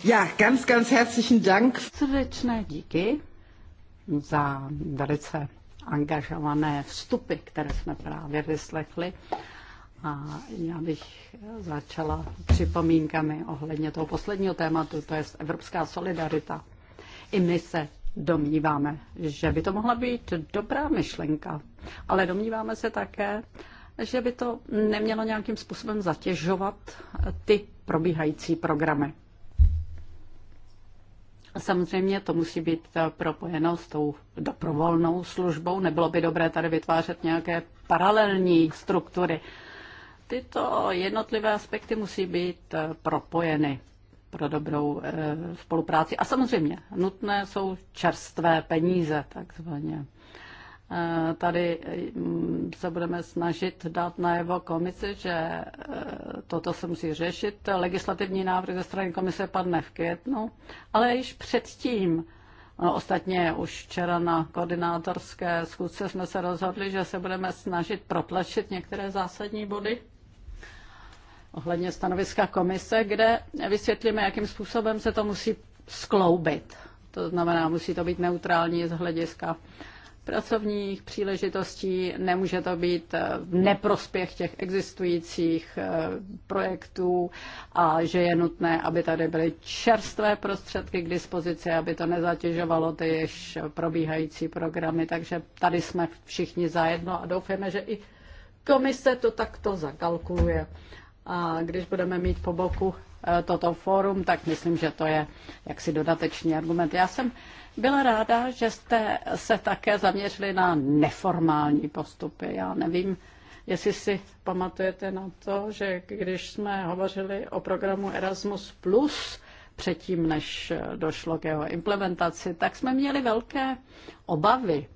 Ja, ganz, ganz herzlichen Dank. Srdečné díky za velice angažované vstupy, které jsme právě vyslechli. A já bych začala připomínkami ohledně toho posledního tématu, to je evropská solidarita. I my se domníváme, že by to mohla být dobrá myšlenka, ale domníváme se také, že by to nemělo nějakým způsobem zatěžovat ty probíhající programy. Samozřejmě to musí být eh, propojeno s tou doprovolnou službou. Nebylo by dobré tady vytvářet nějaké paralelní struktury. Tyto jednotlivé aspekty musí být eh, propojeny pro dobrou eh, spolupráci. A samozřejmě nutné jsou čerstvé peníze, takzvaně. Eh, tady eh, mm, se budeme snažit dát jeho komisi, že eh, toto se musí řešit. Legislativní návrh ze strany komise padne v květnu, ale již předtím No, ostatně už včera na koordinátorské schůzce jsme se rozhodli, že se budeme snažit protlačit některé zásadní body ohledně stanoviska komise, kde vysvětlíme, jakým způsobem se to musí skloubit. To znamená, musí to být neutrální z hlediska pracovních příležitostí, nemůže to být eh, v hmm. neprospěch těch existujících eh, projektů a že je nutné, aby tady byly čerstvé prostředky k dispozici, aby to nezatěžovalo ty již probíhající programy. Takže tady jsme všichni zajedno a doufáme, že i komise to takto zakalkuluje. A když budeme mít po boku Eh, toto fórum, tak myslím, že to je jaksi dodatečný argument. Já jsem byla ráda, že jste se také zaměřili na neformální postupy. Já nevím, jestli si pamatujete na to, že když jsme hovořili o programu Erasmus+, plus předtím, než došlo k jeho implementaci, tak jsme měli velké obavy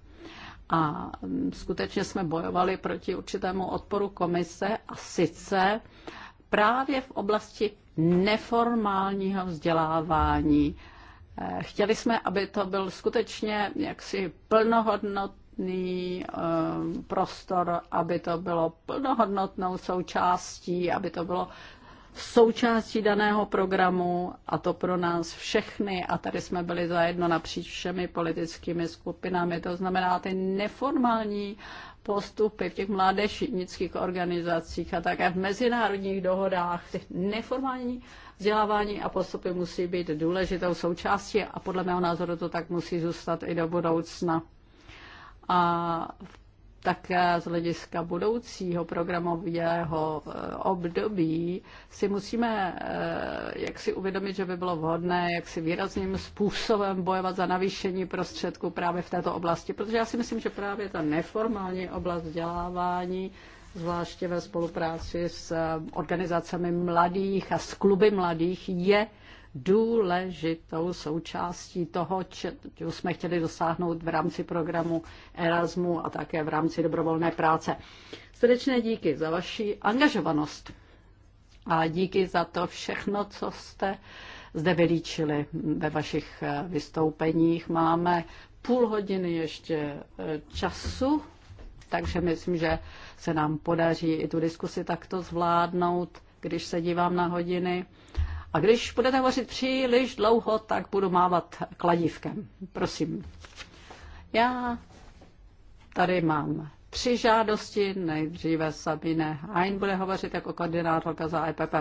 a mm, skutečně jsme bojovali proti určitému odporu komise a sice právě v oblasti neformálního vzdělávání. Eh, chtěli jsme, aby to byl skutečně jaksi plnohodnotný eh, prostor, aby to bylo plnohodnotnou součástí, aby to bylo součástí daného programu a to pro nás všechny a tady jsme byli zajedno napříč všemi politickými skupinami. To znamená, ty neformální postupy v těch mládežnických organizacích a také v mezinárodních dohodách, těch neformální vzdělávání a postupy musí být důležitou součástí a podle mého názoru to tak musí zůstat i do budoucna. A v také z hlediska budoucího programového eh, období si musíme eh, jak si uvědomit, že by bylo vhodné jak si výrazným způsobem bojovat za navýšení prostředků právě v této oblasti, protože já si myslím, že právě ta neformální oblast vzdělávání zvláště ve spolupráci s eh, organizacemi mladých a s kluby mladých, je důležitou součástí toho, čeho jsme chtěli dosáhnout v rámci programu Erasmu a také v rámci dobrovolné práce. Srdečné díky za vaši angažovanost a díky za to všechno, co jste zde vylíčili ve vašich eh, vystoupeních. Máme půl hodiny ještě eh, času, takže myslím, že se nám podaří i tu diskusi takto zvládnout, když se dívám na hodiny. A když budete hovořit příliš dlouho, tak budu mávat kladívkem. Prosím. Já tady mám tři žádosti. Nejdříve Sabine Hein bude hovořit jako koordinátorka za EPP.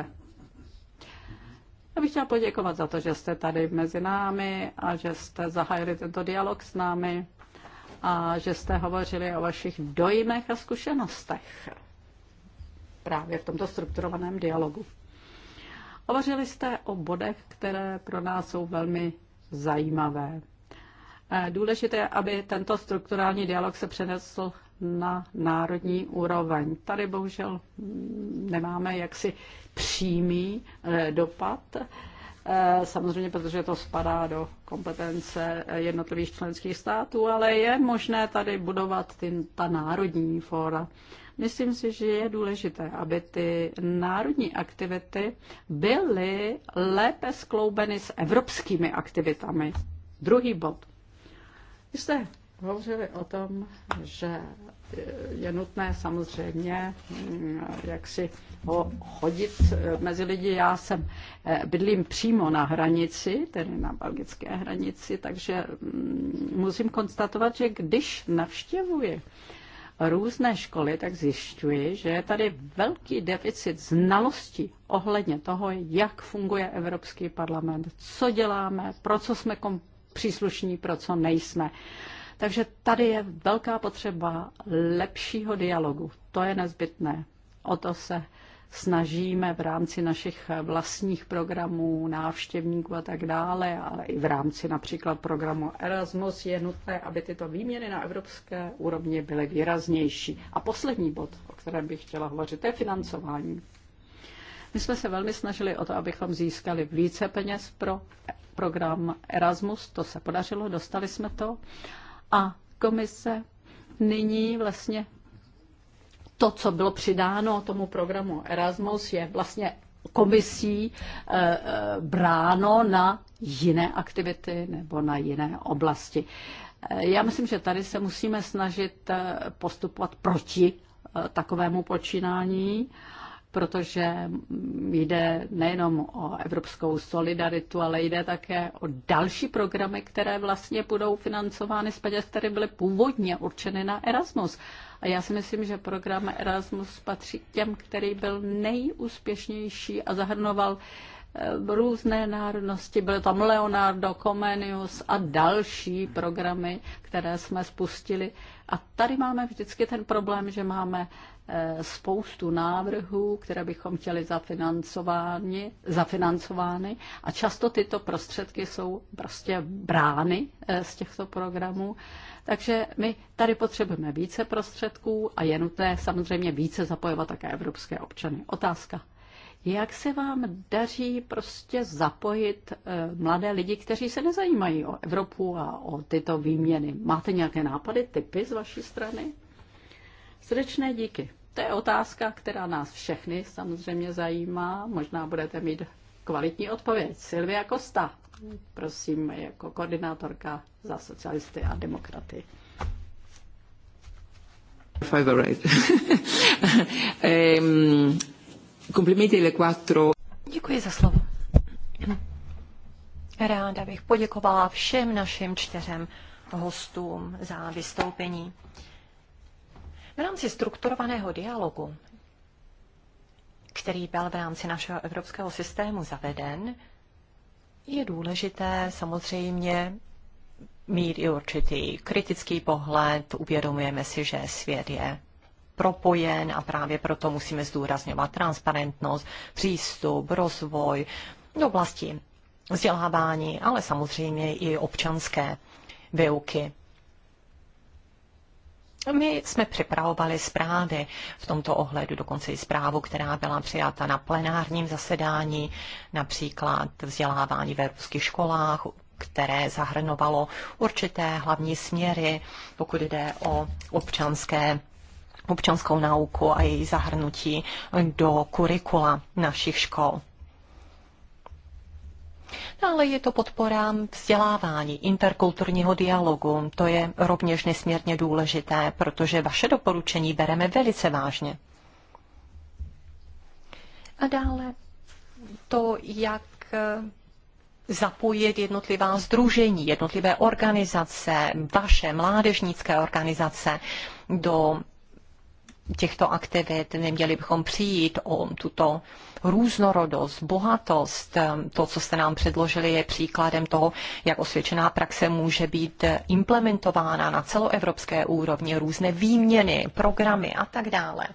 Já bych chtěla poděkovat za to, že jste tady mezi námi a že jste zahájili tento dialog s námi a že jste hovořili o vašich dojmech a zkušenostech právě v tomto strukturovaném dialogu. Hovořili jste o bodech, které pro nás jsou velmi zajímavé. Eh, důležité, je, aby tento strukturální dialog se přenesl na národní úroveň. Tady bohužel mm, nemáme jaksi přímý eh, dopad, eh, samozřejmě protože to spadá do kompetence jednotlivých členských států, ale je možné tady budovat ty, ta národní fóra. Myslím si, že je důležité, aby ty národní aktivity byly lépe skloubeny s evropskými aktivitami. Druhý bod. Vy jste hovořili o tom, že je nutné samozřejmě mm, jak si ho chodit mezi lidi. Já jsem eh, bydlím přímo na hranici, tedy na belgické hranici, takže mm, musím konstatovat, že když navštěvuji různé školy, tak zjišťuji, že je tady velký deficit znalostí ohledně toho, jak funguje Evropský parlament, co děláme, pro co jsme příslušní, pro co nejsme. Takže tady je velká potřeba lepšího dialogu. To je nezbytné. O to se snažíme v rámci našich vlastních programů, návštěvníků a tak dále, ale i v rámci například programu Erasmus je nutné, aby tyto výměny na evropské úrovni byly výraznější. A poslední bod, o kterém bych chtěla hovořit, je financování. My jsme se velmi snažili o to, abychom získali více peněz pro program Erasmus, to se podařilo, dostali jsme to. A komise nyní vlastně to, co bylo přidáno tomu programu Erasmus, je vlastně komisí eh, eh, bráno na jiné aktivity nebo na jiné oblasti. Eh, já myslím, že tady se musíme snažit postupovat proti takovému počínání, protože mm, jde nejenom o evropskou solidaritu, ale jde také o další programy, které vlastně budou financovány z peněz, které byly původně určeny na Erasmus. A já si myslím, že program Erasmus patří k těm, který byl nejúspěšnější a zahrnoval eh, různé národnosti, Byl tam Leonardo, Comenius a další programy, které jsme spustili. A tady máme vždycky ten problém, že máme Eh, spoustu návrhů, které bychom chtěli zafinancovány, zafinancovány a často tyto prostředky jsou prostě brány eh, z těchto programů. Takže my tady potřebujeme více prostředků a je nutné samozřejmě více zapojovat také evropské občany. Otázka. Jak se vám daří prostě zapojit eh, mladé lidi, kteří se nezajímají o Evropu a o tyto výměny? Máte nějaké nápady, typy z vaší strany? Srdečné díky. To je otázka, která nás všechny samozřejmě zajímá. Možná budete mít kvalitní odpověď. Silvia Kosta, prosím, jako koordinátorka za socialisty a demokraty. [LAUGHS] Ehm, Děkuji za slovo. Ráda bych poděkovala všem našim čtyřem hostům za vystoupení. V rámci strukturovaného dialogu, který byl v rámci našeho evropského systému zaveden, je důležité samozřejmě mít i určitý kritický pohled. Uvědomujeme si, že svět je propojen a právě proto musíme zdůrazňovat transparentnost, přístup, rozvoj do oblasti vzdělávání, ale samozřejmě i občanské výuky. My jsme připravovali zprávy v tomto ohledu, dokonce i zprávu, která byla přijata na plenárním zasedání, například vzdělávání ve ruských školách, které zahrnovalo určité hlavní směry, pokud jde o občanské občanskou nauku a její zahrnutí do kurikula našich škol. Dále no, je to podpora vzdělávání, interkulturního dialogu. To je rovněž nesmírně důležité, protože vaše doporučení bereme velice vážně. A dále to, jak eh, zapojit jednotlivá združení, jednotlivé organizace, vaše mládežnické organizace do těchto aktivit. Neměli bychom přijít o tuto různorodost, bohatost, ehm, to, co jste nám předložili, je příkladem toho, jak osvědčená praxe může být implementována na celoevropské úrovni, různé výměny, programy a tak dále.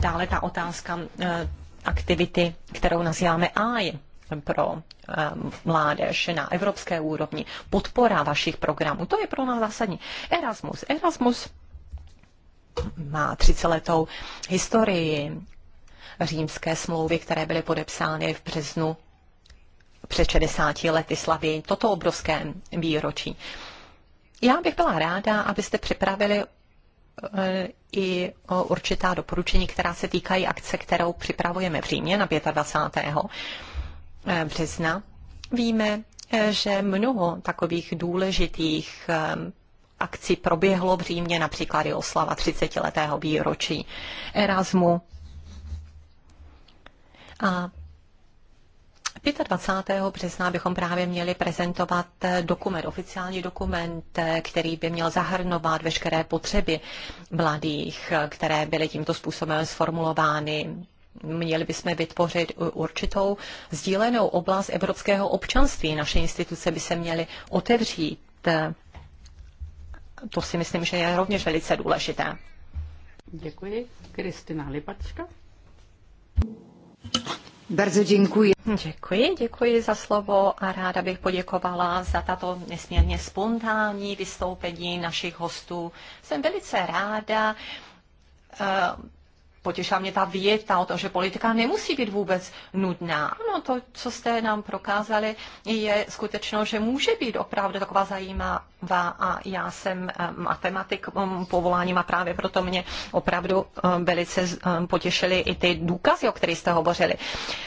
Dále ta otázka eh, aktivity, kterou nazýváme AI pro ehm, mládež na evropské úrovni, podpora vašich programů, to je pro nás zásadní. Erasmus. Erasmus má 30 letou historii, římské smlouvy, které byly podepsány v březnu před 60 lety slaví toto obrovské výročí. Já bych byla ráda, abyste připravili eh, i určitá doporučení, která se týkají akce, kterou připravujeme v Římě na 25. Eh, března. Víme, eh, že mnoho takových důležitých akcí proběhlo v Římě, například i oslava 30. letého výročí Erasmu, a 25. března bychom právě měli prezentovat dokument, oficiální dokument, který by měl zahrnovat veškeré potřeby mladých, které byly tímto způsobem sformulovány. Měli bychom vytvořit určitou sdílenou oblast evropského občanství. Naše instituce by se měly otevřít. To si myslím, že je rovněž velice důležité. Děkuji. Kristina Lipačka. Bardzo děkuji. Děkuji, děkuji za slovo a ráda bych poděkovala za tato nesmírně spontánní vystoupení našich hostů. Jsem velice ráda, eh, potěšila mě ta věta o tom, že politika nemusí být vůbec nudná. Ano, to, co jste nám prokázali, je skutečno, že může být opravdu taková zajímavá a já jsem eh, matematik mm, povoláním a právě proto mě opravdu eh, velice eh, potěšily i ty důkazy, o kterých jste hovořili.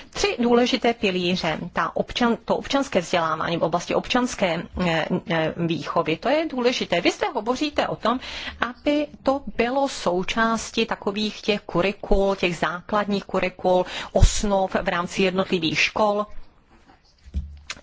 Tři důležité pilíře, ta občan, to občanské vzdělávání v oblasti občanské výchovy, to je důležité. Vy zde hovoříte o tom, aby to bylo součástí takových těch kurzů, kurikul, těch základních kurikul, osnov v rámci jednotlivých škol.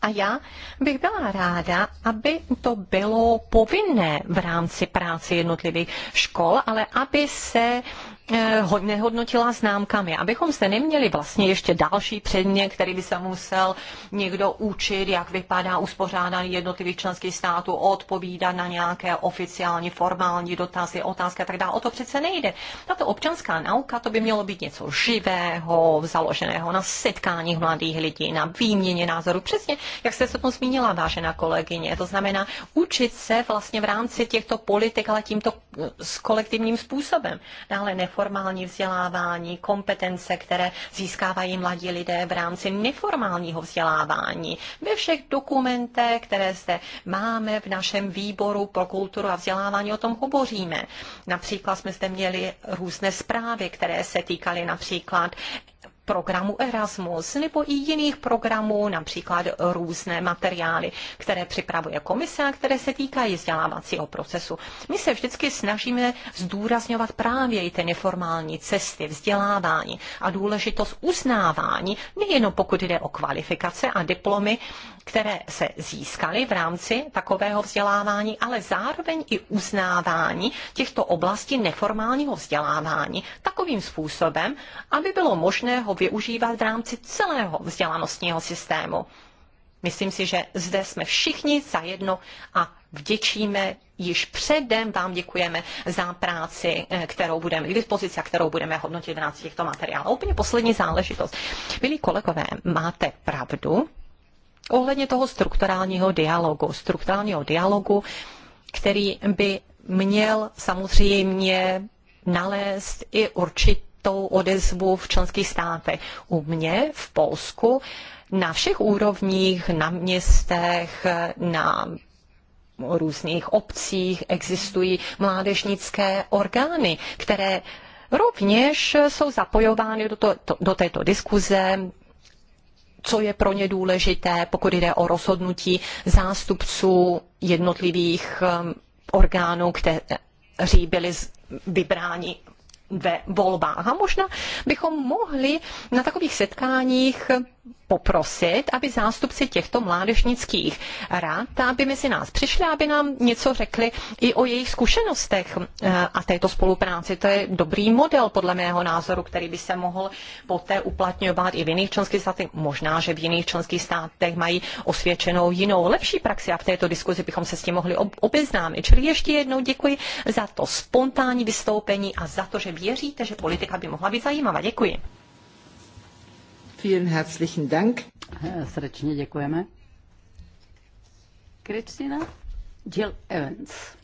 A já bych byla ráda, aby to bylo povinné v rámci práce jednotlivých škol, ale aby se uh, Eh, nehodnotila známkami, abychom se neměli vlastně ještě další předmět, který by se musel někdo učit, jak vypadá uspořádání jednotlivých členských států, odpovídat na nějaké oficiální, formální dotazy, otázky a tak dále. O to přece nejde. Tato občanská nauka, to by mělo být něco živého, založeného na setkáních mladých lidí, na výměně názorů. Přesně, jak jste se tom zmínila, vážená kolegyně. To znamená učit se vlastně v rámci těchto politik, ale tímto eh, s kolektivním způsobem. Dále neformální formální vzdělávání, kompetence, které získávají mladí lidé v rámci neformálního vzdělávání. Ve všech dokumentech, které zde máme v našem výboru pro kulturu a vzdělávání, o tom hovoříme. Například jsme zde měli různé zprávy, které se týkaly například programu Erasmus nebo i jiných programů, například různé materiály, které připravuje komise a které se týkají vzdělávacího procesu. My se vždycky snažíme zdůrazňovat právě i ty neformální cesty vzdělávání a důležitost uznávání, nejenom pokud jde o kvalifikace a diplomy, které se získaly v rámci takového vzdělávání, ale zároveň i uznávání těchto oblastí neformálního vzdělávání takovým způsobem, aby bylo možné ho ho využívat v rámci celého vzdělanostního systému. Myslím si, že zde jsme všichni zajedno a vděčíme již předem, vám děkujeme za práci, eh, kterou budeme k dispozici a kterou budeme hodnotit v rámci těchto materiálů. A úplně poslední záležitost. Milí kolegové, máte pravdu ohledně toho strukturálního dialogu. Strukturálního dialogu, který by měl samozřejmě nalézt i určitý tou odezvu v členských státech. U mě v Polsku na všech úrovních, na městech, na různých obcích existují mládežnické orgány, které rovněž jsou zapojovány do, to, do této diskuze, co je pro ně důležité, pokud jde o rozhodnutí zástupců jednotlivých um, orgánů, kteří byli vybráni ve volbách. A možná bychom mohli na takových setkáních poprosit, aby zástupci těchto mládežnických rád, aby mezi nás přišli, aby nám něco řekli i o jejich zkušenostech eh, a této spolupráci. To je dobrý model, podle mého názoru, který by se mohl poté uplatňovat i v jiných členských státech. Možná, že v jiných členských státech mají osvědčenou jinou lepší praxi a v této diskuzi bychom se s tím mohli obeznámit. Čili ještě jednou děkuji za to spontánní vystoupení a za to, že věříte, že politika by mohla být zajímavá. Děkuji. Vielen herzlichen Dank. Srdečně děkujeme. Kristina Jill Evans.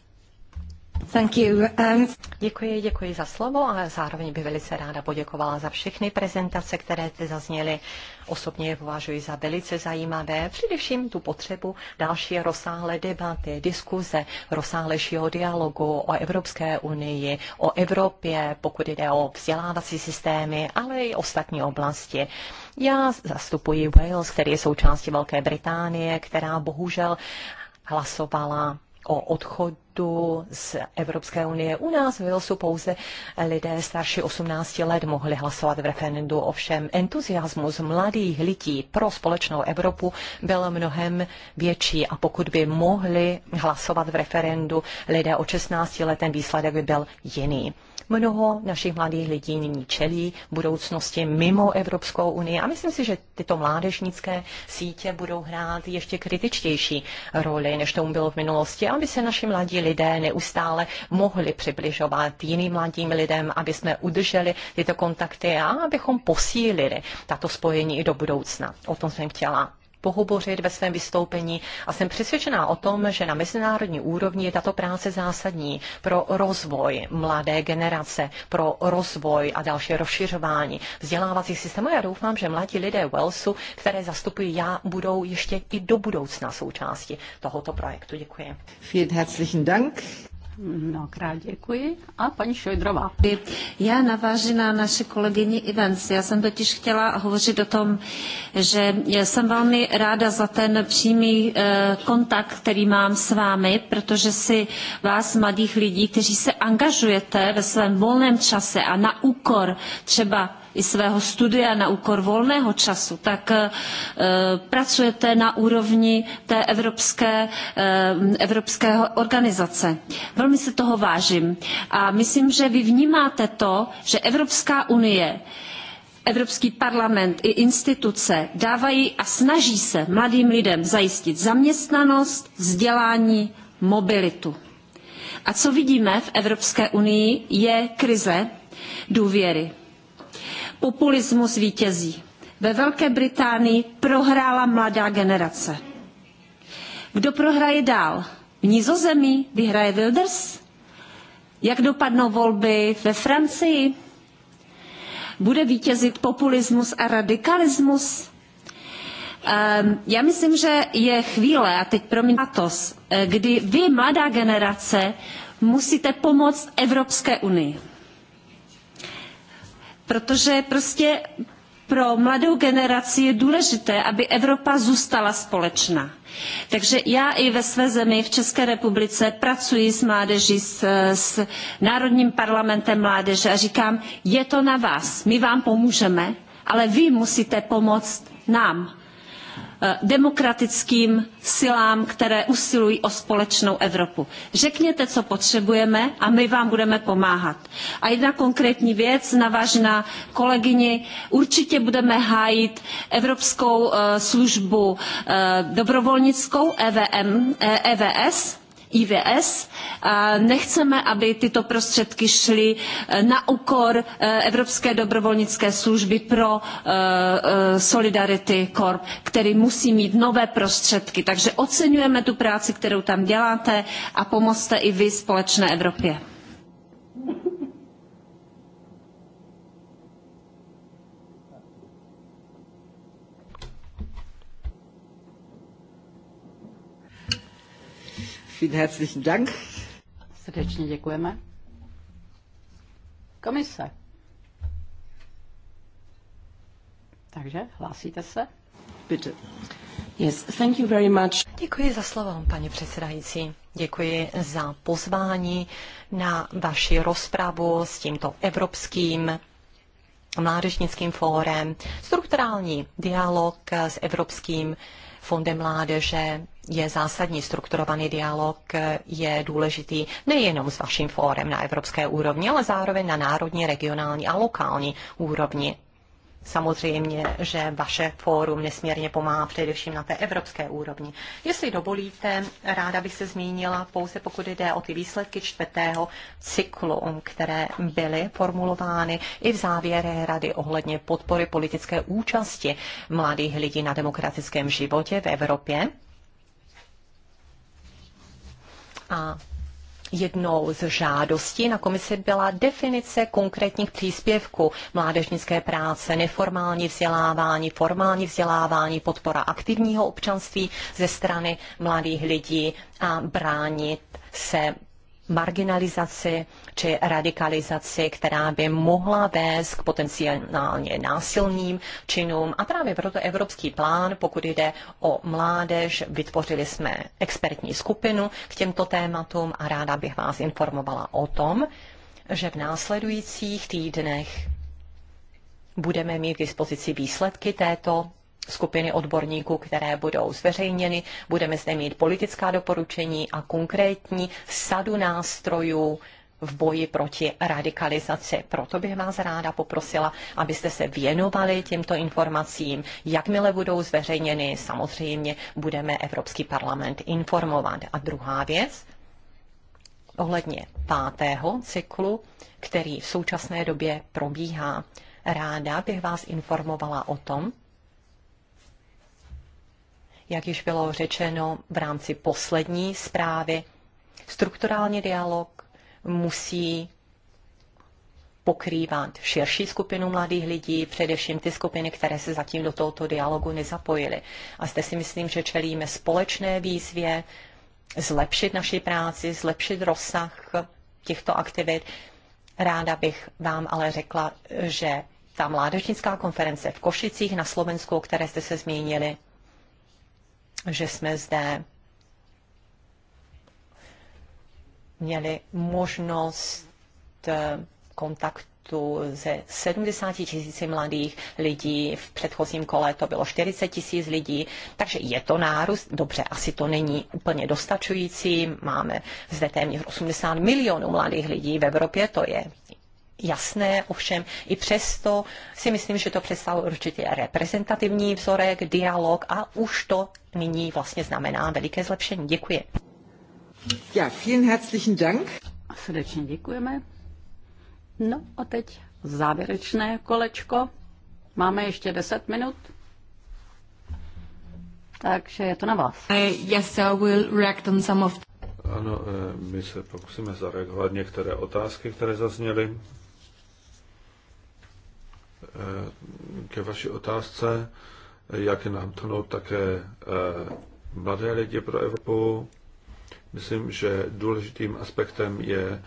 Thank you. Um... Děkuji, děkuji za slovo a zároveň bych velice ráda poděkovala za všechny prezentace, které ty zazněly. Osobně je považuji za velice zajímavé, především tu potřebu další rozsáhlé debaty, diskuze, rozsáhlejšího dialogu o Evropské unii, o Evropě, pokud jde o vzdělávací systémy, ale i ostatní oblasti. Já zastupuji Wales, který je součástí Velké Británie, která bohužel hlasovala o odchodu z Evropské unie. U nás v Walesu pouze lidé starší 18 let mohli hlasovat v referendu, ovšem entuziasmus mladých lidí pro společnou Evropu byl mnohem větší a pokud by mohli hlasovat v referendu lidé o 16 let, ten výsledek by byl jiný. Mnoho našich mladých lidí nyní čelí budoucnosti mimo Evropskou unii a myslím si, že tyto mládežnické sítě budou hrát ještě kritičtější roli, než tomu bylo v minulosti, aby se naši mladí lidé neustále mohli přibližovat jiným mladým lidem, aby jsme udrželi tyto kontakty a abychom posílili tato spojení i do budoucna. O tom jsem chtěla pohovořit ve svém vystoupení a jsem přesvědčená o tom, že na mezinárodní úrovni je tato práce zásadní pro rozvoj mladé generace, pro rozvoj a další rozšiřování vzdělávacích systémů. Já doufám, že mladí lidé Walesu, které zastupuji já, budou ještě i do budoucna součástí tohoto projektu. Děkuji. Vielen herzlichen Dank. Mnohokrát děkuji. A paní Šojdrová. Já navážu na naše kolegyni Ivens. Já jsem totiž chtěla hovořit o tom, že jsem velmi ráda za ten přímý eh, kontakt, který mám s vámi, protože si vás, mladých lidí, kteří se angažujete ve svém volném čase a na úkor třeba i svého studia na úkor volného času, tak eh, pracujete na úrovni té evropské, eh, evropské organizace. Velmi se toho vážím. A myslím, že vy vnímáte to, že Evropská unie Evropský parlament i instituce dávají a snaží se mladým lidem zajistit zaměstnanost, vzdělání, mobilitu. A co vidíme v Evropské unii, je krize důvěry. Populismus vítězí. Ve Velké Británii prohrála mladá generace. Kdo prohraje dál? V Nizozemí vyhraje Wilders? Jak dopadnou volby ve Francii? Bude vítězit populismus a radikalismus? Ehm, já myslím, že je chvíle, a teď promiň matos, eh, kdy vy, mladá generace, musíte pomoct Evropské unii protože prostě pro mladou generaci je důležité, aby Evropa zůstala společná. Takže já i ve své zemi, v České republice, pracuji s mládeží, s, s Národním parlamentem mládeže a říkám, je to na vás, my vám pomůžeme, ale vy musíte pomoct nám Eh, demokratickým silám, které usilují o společnou Evropu. Řekněte, co potřebujeme a my vám budeme pomáhat. A jedna konkrétní věc, navážu na kolegyni, určitě budeme hájit Evropskou eh, službu eh, dobrovolnickou EVM, EVS, e IVS. Nechceme, aby tyto prostředky šly eh, na úkor eh, Evropské dobrovolnické služby pro eh, Solidarity Corp, který musí mít nové prostředky. Takže oceňujeme tu práci, kterou tam děláte a pomozte i vy společné Evropě. Vielen herzlichen Dank. Srdečně děkujeme. Komise. Takže hlásíte se? Bitte. Yes, thank you very much. Děkuji za slovo, paní předsedající. Děkuji za pozvání na vaši rozpravu s tímto evropským mládežnickým fórem. Strukturální dialog s Evropským Fondem mládeže je zásadní strukturovaný dialog, je důležitý nejenom s vaším fórem na evropské úrovni, ale zároveň na národní, regionální a lokální úrovni. Samozřejmě, že vaše fórum nesmírně pomáhá především na té evropské úrovni. Jestli dovolíte, ráda bych se zmínila pouze pokud jde o ty výsledky čtvrtého cyklu, které byly formulovány i v závěre rady ohledně podpory politické účasti mladých lidí na demokratickém životě v Evropě. A Jednou z žádostí na komisi byla definice konkrétních příspěvků mládežnické práce, neformální vzdělávání, formální vzdělávání, podpora aktivního občanství ze strany mladých lidí a bránit se marginalizaci či radikalizaci, která by mohla vést k potenciálně násilným činům. A právě proto Evropský plán, pokud jde o mládež, vytvořili jsme expertní skupinu k těmto tématům a ráda bych vás informovala o tom, že v následujících týdnech budeme mít k dispozici výsledky této skupiny odborníků, které budou zveřejněny. Budeme zde mít politická doporučení a konkrétní sadu nástrojů v boji proti radikalizaci. Proto bych vás ráda poprosila, abyste se věnovali těmto informacím. Jakmile budou zveřejněny, samozřejmě budeme Evropský parlament informovat. A druhá věc, ohledně pátého cyklu, který v současné době probíhá. Ráda bych vás informovala o tom, jak již bylo řečeno v rámci poslední zprávy, strukturální dialog musí pokrývat širší skupinu mladých lidí, především ty skupiny, které se zatím do tohoto dialogu nezapojily. A zde si myslím, že čelíme společné výzvě zlepšit naši práci, zlepšit rozsah těchto aktivit. Ráda bych vám ale řekla, že ta mládežnická konference v Košicích na Slovensku, o které jste se zmínili, že jsme zde měli možnost eh, kontaktu ze 70 tisíci mladých lidí, v předchozím kole to bylo 40 tisíc lidí, takže je to nárůst, dobře, asi to není úplně dostačující, máme zde téměř 80 milionů mladých lidí v Evropě, to je jasné, ovšem i přesto si myslím, že to představuje určitě reprezentativní vzorek, dialog a už to nyní vlastně znamená veliké zlepšení. Děkuji. Ja, vielen herzlichen Dank. Srdečně děkujeme. No a teď závěrečné kolečko. Máme ještě 10 minut. Takže je to na vás. I, yes, I will react on some of... Ano, eh, my se pokusíme zareagovat některé otázky, které zazněly. Eh, ke vaší otázce, jak namtnout také eh, mladé lidi pro Evropu. Myslím, že důležitým aspektem je eh,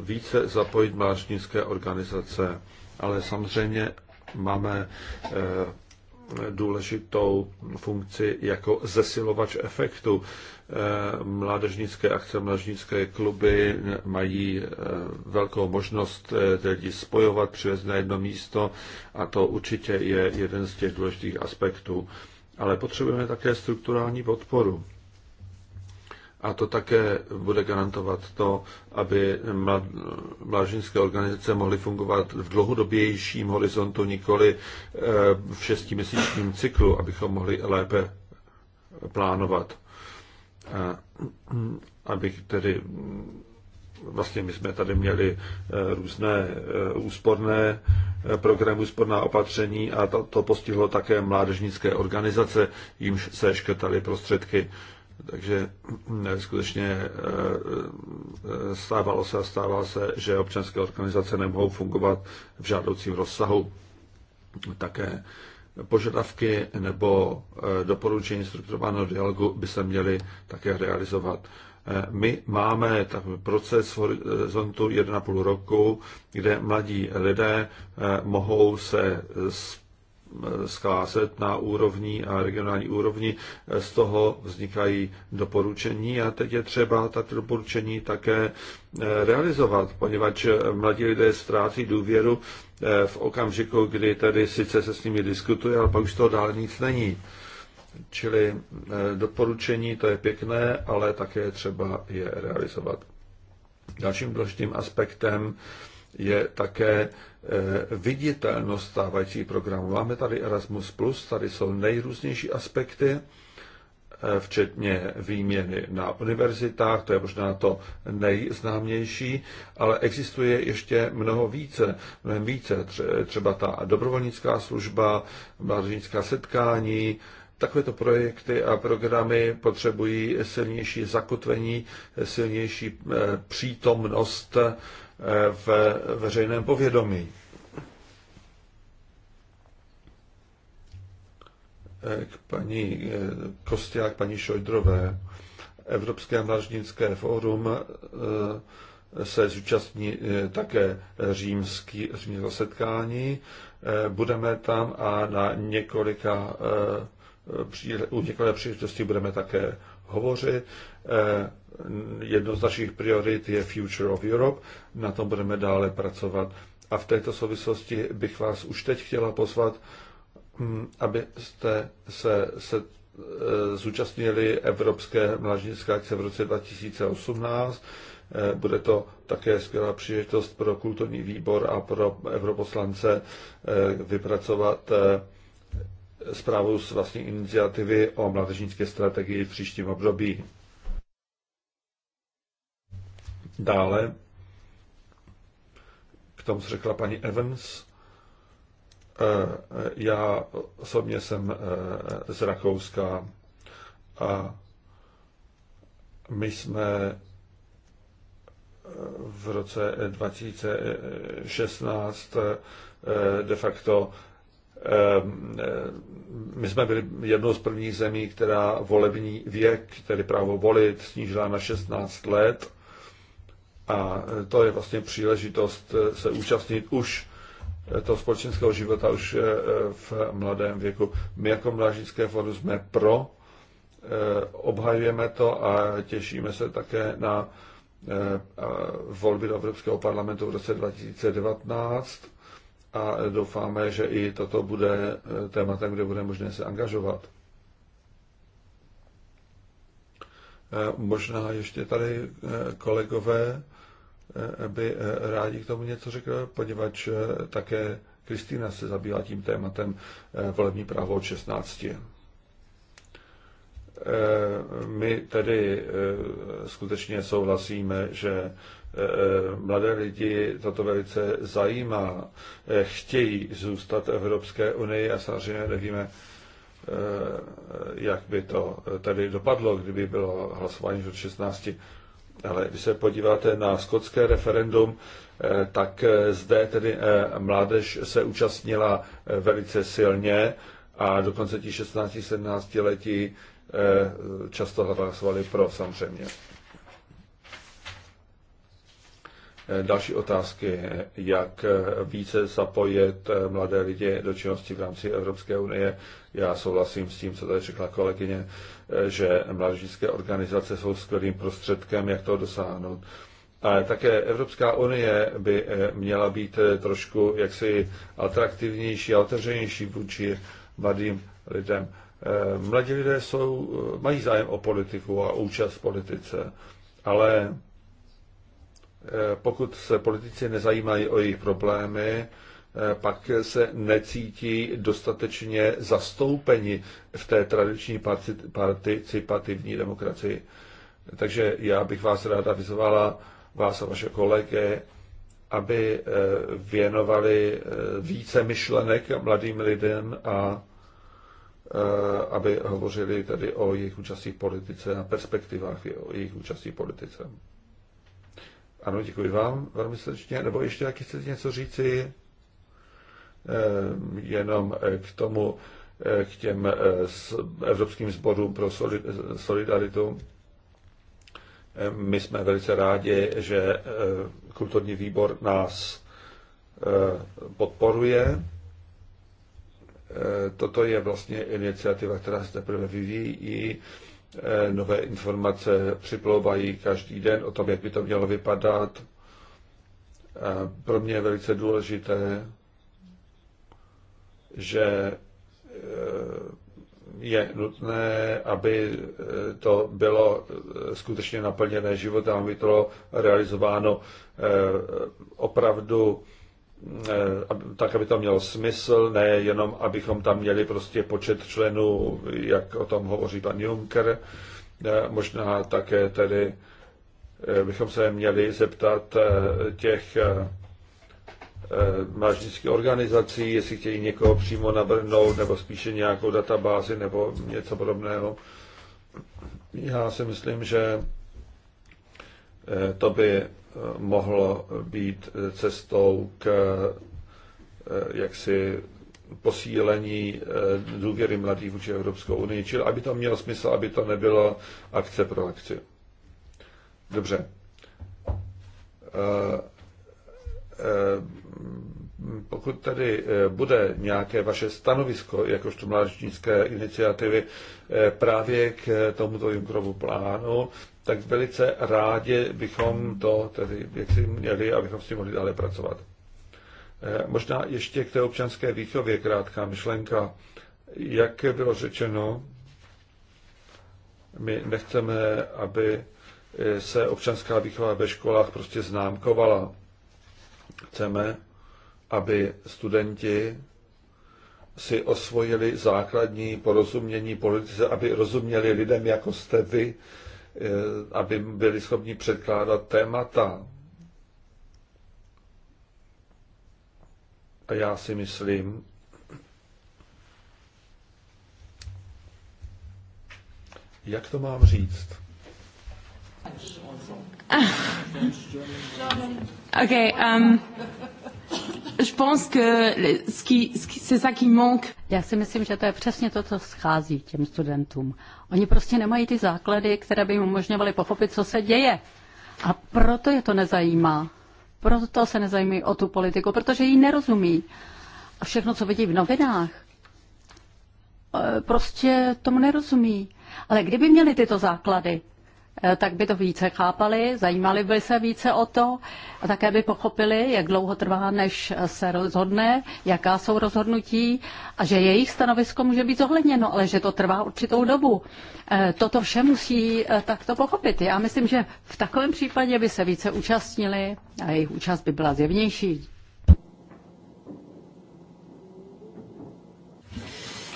více zapojit mládežnické organizace, ale samozřejmě máme důležitou funkci jako zesilovač efektu. Eh, mládežnické akce, mládežnické kluby mají eh, velkou možnost lidi eh, spojovat, přivést na jedno místo a to určitě je jeden z těch důležitých aspektů. Ale potřebujeme také strukturální podporu. A to také bude garantovat to, aby mládežnické organizace mohly fungovat v dlouhodobějším horizontu, nikoli eh, v šestiměsíčním cyklu, abychom mohli lépe plánovat. Abych tedy vlastně my jsme tady měli eh, různé eh, úsporné programy, úsporná opatření a to, to postihlo také mládežnické organizace, jimž se škrtaly prostředky. Takže eh, skutečně eh, eh, stávalo se a stává se, že občanské organizace nemohou fungovat v žádoucím rozsahu. Také požadavky nebo doporučení strukturovaného dialogu by se měly také realizovat. My máme tak proces v horizontu 1,5 roku, kde mladí lidé mohou se scházet na úrovni a regionální úrovni. Z toho vznikají doporučení a teď je třeba tato doporučení také eh, realizovat, poněvadž mladí lidé ztrácí důvěru eh, v okamžiku, kdy tady sice se s nimi diskutuje, ale pak už toho dále nic není. Čili eh, doporučení to je pěkné, ale také třeba je realizovat. Dalším důležitým aspektem je také eh, viditelnost stávajících programů. Máme tady Erasmus+, tady jsou nejrůznější aspekty, eh, včetně výměny na univerzitách, to je možná to nejznámější, ale existuje ještě mnoho více, mnohem více, třeba ta dobrovolnická služba, mládežnická setkání, Takovéto projekty a programy potřebují silnější zakotvení, silnější eh, přítomnost Eh, v veřejném povědomí. Eh, k paní eh, Kostiák, paní Šojdrové. Evropské mládežnické fórum se zúčastní také římský, římského setkání. Budeme tam a na několika, u několika příležitostí budeme také hovořit. Eh, Jedno z našich priorit je Future of Europe, na tom budeme dále pracovat. A v této souvislosti bych vás už teď chtěla pozvat, hm, abyste se, se eh, zúčastnili Evropské mlažnické akce v roce 2018. Eh, bude to také skvělá příležitost pro kulturní výbor a pro europoslance vypracovat zprávu z vlastní iniciativy o mládežnické strategii v příštím období. Dále, k tomu, co řekla paní Evans, eh, já osobně jsem eh, z Rakouska a my jsme eh, v roce 2016 de facto my jsme byli jednou z prvních zemí, která volební věk, tedy právo volit, snížila na 16 let a e, to je vlastně příležitost e, se účastnit už e, toho společenského života už v mladém věku. My jako Mlážnické fórum jsme pro, obhajujeme to a těšíme se také na volby do Evropského parlamentu v roce 2019 a doufáme, že i toto bude tématem, kde bude možné se angažovat. Možná ještě tady kolegové Eh, by eh, rádi k tomu něco řekl, poněvadž eh, také Kristýna se zabývá tím tématem volební právo od 16. My tedy skutečně souhlasíme, že mladé lidi toto velice zajímá, chtějí zůstat v Evropské unii a samozřejmě nevíme, jak by to tady dopadlo, kdyby bylo hlasování od 16. Ale když se podíváte na skotské referendum, eh, tak eh, zde tedy eh, mládež se účastnila velice silně a dokonce ti 16-17 letí často hlasovali pro samozřejmě. Další otázky, jak více zapojit mladé lidi do činnosti v rámci Evropské unie. Já souhlasím s tím, co tady řekla kolegyně že mládežnické organizace jsou skvělým prostředkem, jak to dosáhnout. Ale také Evropská unie by eh, měla být eh, trošku jaksi atraktivnější a otevřenější vůči mladým lidem. Eh, mladí lidé jsou, mají zájem o politiku a účast v politice, ale pokud se politici nezajímají o jejich problémy, Eh, pak se necítí dostatečně zastoupeni v té tradiční participativní demokracii. Takže já bych vás ráda vyzvala, vás a vaše kolegy, aby eh, věnovali eh, více myšlenek mladým lidem a aby hovořili tady o jejich účastí v politice a perspektivách o jejich účastí v politice. Ano, děkuji vám velmi srdečně. Nebo ještě, jak chcete něco říci? Eh, jenom eh, k tomu, eh, k těm Evropským sborům pro solidaritu. My jsme velice rádi, že kulturní výbor nás podporuje. Toto je vlastně iniciativa, která se teprve vyvíjí. Nové informace připlouvají každý den o tom, jak by to mělo vypadat. Pro mě je velice důležité, že eh, je nutné, aby eh, to bylo eh, skutečně naplněné životem, aby to bylo realizováno opravdu tak, aby to mělo smysl, ne jenom, abychom tam měli prostě počet členů, jak o tom hovoří pan Juncker, možná také tedy bychom se měli zeptat těch Eh, mlážnických organizací, jestli chtějí někoho přímo navrhnout, nebo spíše nějakou databázi, nebo něco podobného. Já si myslím, že eh, to by eh, mohlo být cestou k jaksi posílení důvěry mladých vůči Evropskou unii, čili aby to mělo smysl, aby to nebylo akce pro akci. Dobře pokud tedy eh, bude nějaké vaše stanovisko, jakožto mládežnické iniciativy, eh, právě k eh, tomuto Junkrovu plánu, tak velice rádi bychom to tedy jak si měli, abychom s tím mohli dále pracovat. Možná ještě k té občanské výchově krátká myšlenka. Jak bylo řečeno, my nechceme, aby se občanská výchova ve školách prostě známkovala. Chceme, aby studenti si osvojili základní porozumění politice, aby rozuměli lidem, jako jste vy, eh, aby byli schopni předkládat témata. A já si myslím, jak to mám říct? [LAUGHS] Okay, um, je pense que c'est ça qui manque. Já si myslím, že to je přesně to, co schází těm studentům. Oni prostě nemají ty základy, které by jim umožňovaly pochopit, co se děje. A proto je to nezajímá. Proto se nezajímají o tu politiku, protože ji nerozumí. A všechno, co vidí v novinách, eh, prostě tomu nerozumí. Ale kdyby měli tyto základy, Eh, tak by to více chápali, zajímali by se více o to a také by pochopili, jak dlouho trvá, než se rozhodne, jaká jsou rozhodnutí a že jejich stanovisko může být zohledněno, ale že to trvá určitou dobu. Eh, toto vše musí eh, takto pochopit. Já myslím, že v takovém případě by se více účastnili a jejich účast by byla zjevnější.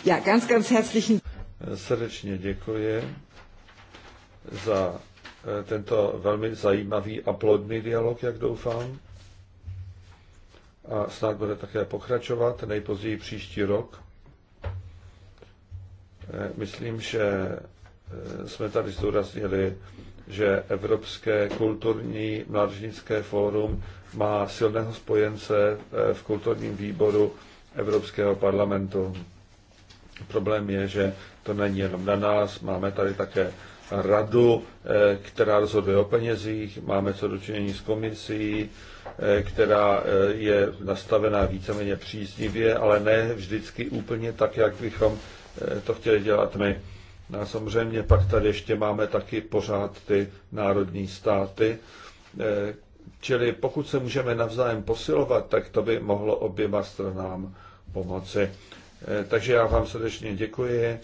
Ja, ganz, ganz herzlichen. Srdečně děkuji za eh, tento velmi zajímavý a plodný dialog, jak doufám. A snad bude také pokračovat nejpozději příští rok. Eh, myslím, že eh, jsme tady zdůraznili, že Evropské kulturní mládežnické fórum má silného spojence v kulturním výboru Evropského parlamentu. Problém je, že to není jenom na nás, máme tady také radu, eh, která rozhoduje o penězích, máme co dočinění s komisí, eh, která eh, je nastavená víceméně příznivě, ale ne vždycky úplně tak, jak bychom to chtěli dělat my. A samozřejmě pak tady ještě máme taky pořád ty národní státy. Čili pokud se můžeme navzájem posilovat, tak to by mohlo oběma stranám pomoci. Takže já vám srdečně děkuji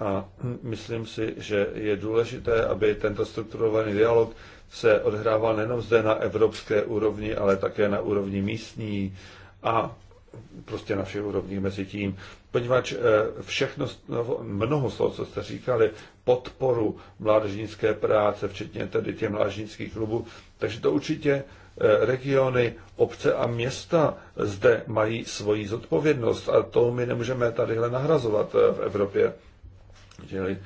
a myslím si, že je důležité, aby tento strukturovaný dialog se odhrával nejenom zde na evropské úrovni, ale také na úrovni místní a prostě na všech úrovních mezi tím. Poněvadž eh, všechno, no, mnoho z toho, co jste říkali, podporu mládežnické práce, včetně tedy těch mládežnických klubů, takže to určitě eh, regiony, obce a města zde mají svoji zodpovědnost a to my nemůžeme tadyhle nahrazovat eh, v Evropě. Čili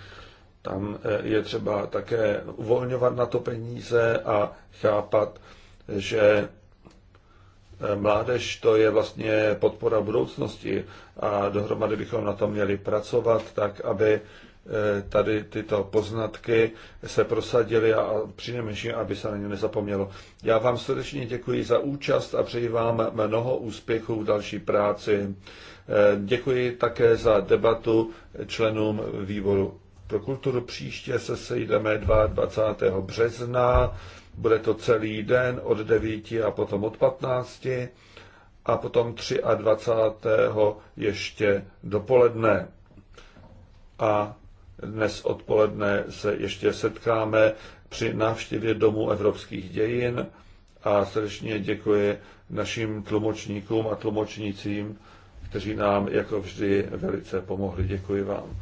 tam eh, je třeba také uvolňovat na to peníze a chápat, že eh, mládež to je vlastně podpora budoucnosti a dohromady bychom na to měli pracovat tak, aby Eh, tady tyto poznatky se prosadily a přinejmenším, aby se na ně nezapomnělo. Já vám srdečně děkuji za účast a přeji vám mnoho úspěchů v další práci. Eh, děkuji také za debatu členům výboru pro kulturu. Příště se sejdeme 22. března. Bude to celý den od 9 a potom od 15 a potom 23. ještě dopoledne. A dnes odpoledne se ještě setkáme při návštěvě Domu evropských dějin a srdečně děkuji našim tlumočníkům a tlumočnicím, kteří nám jako vždy velice pomohli. Děkuji vám.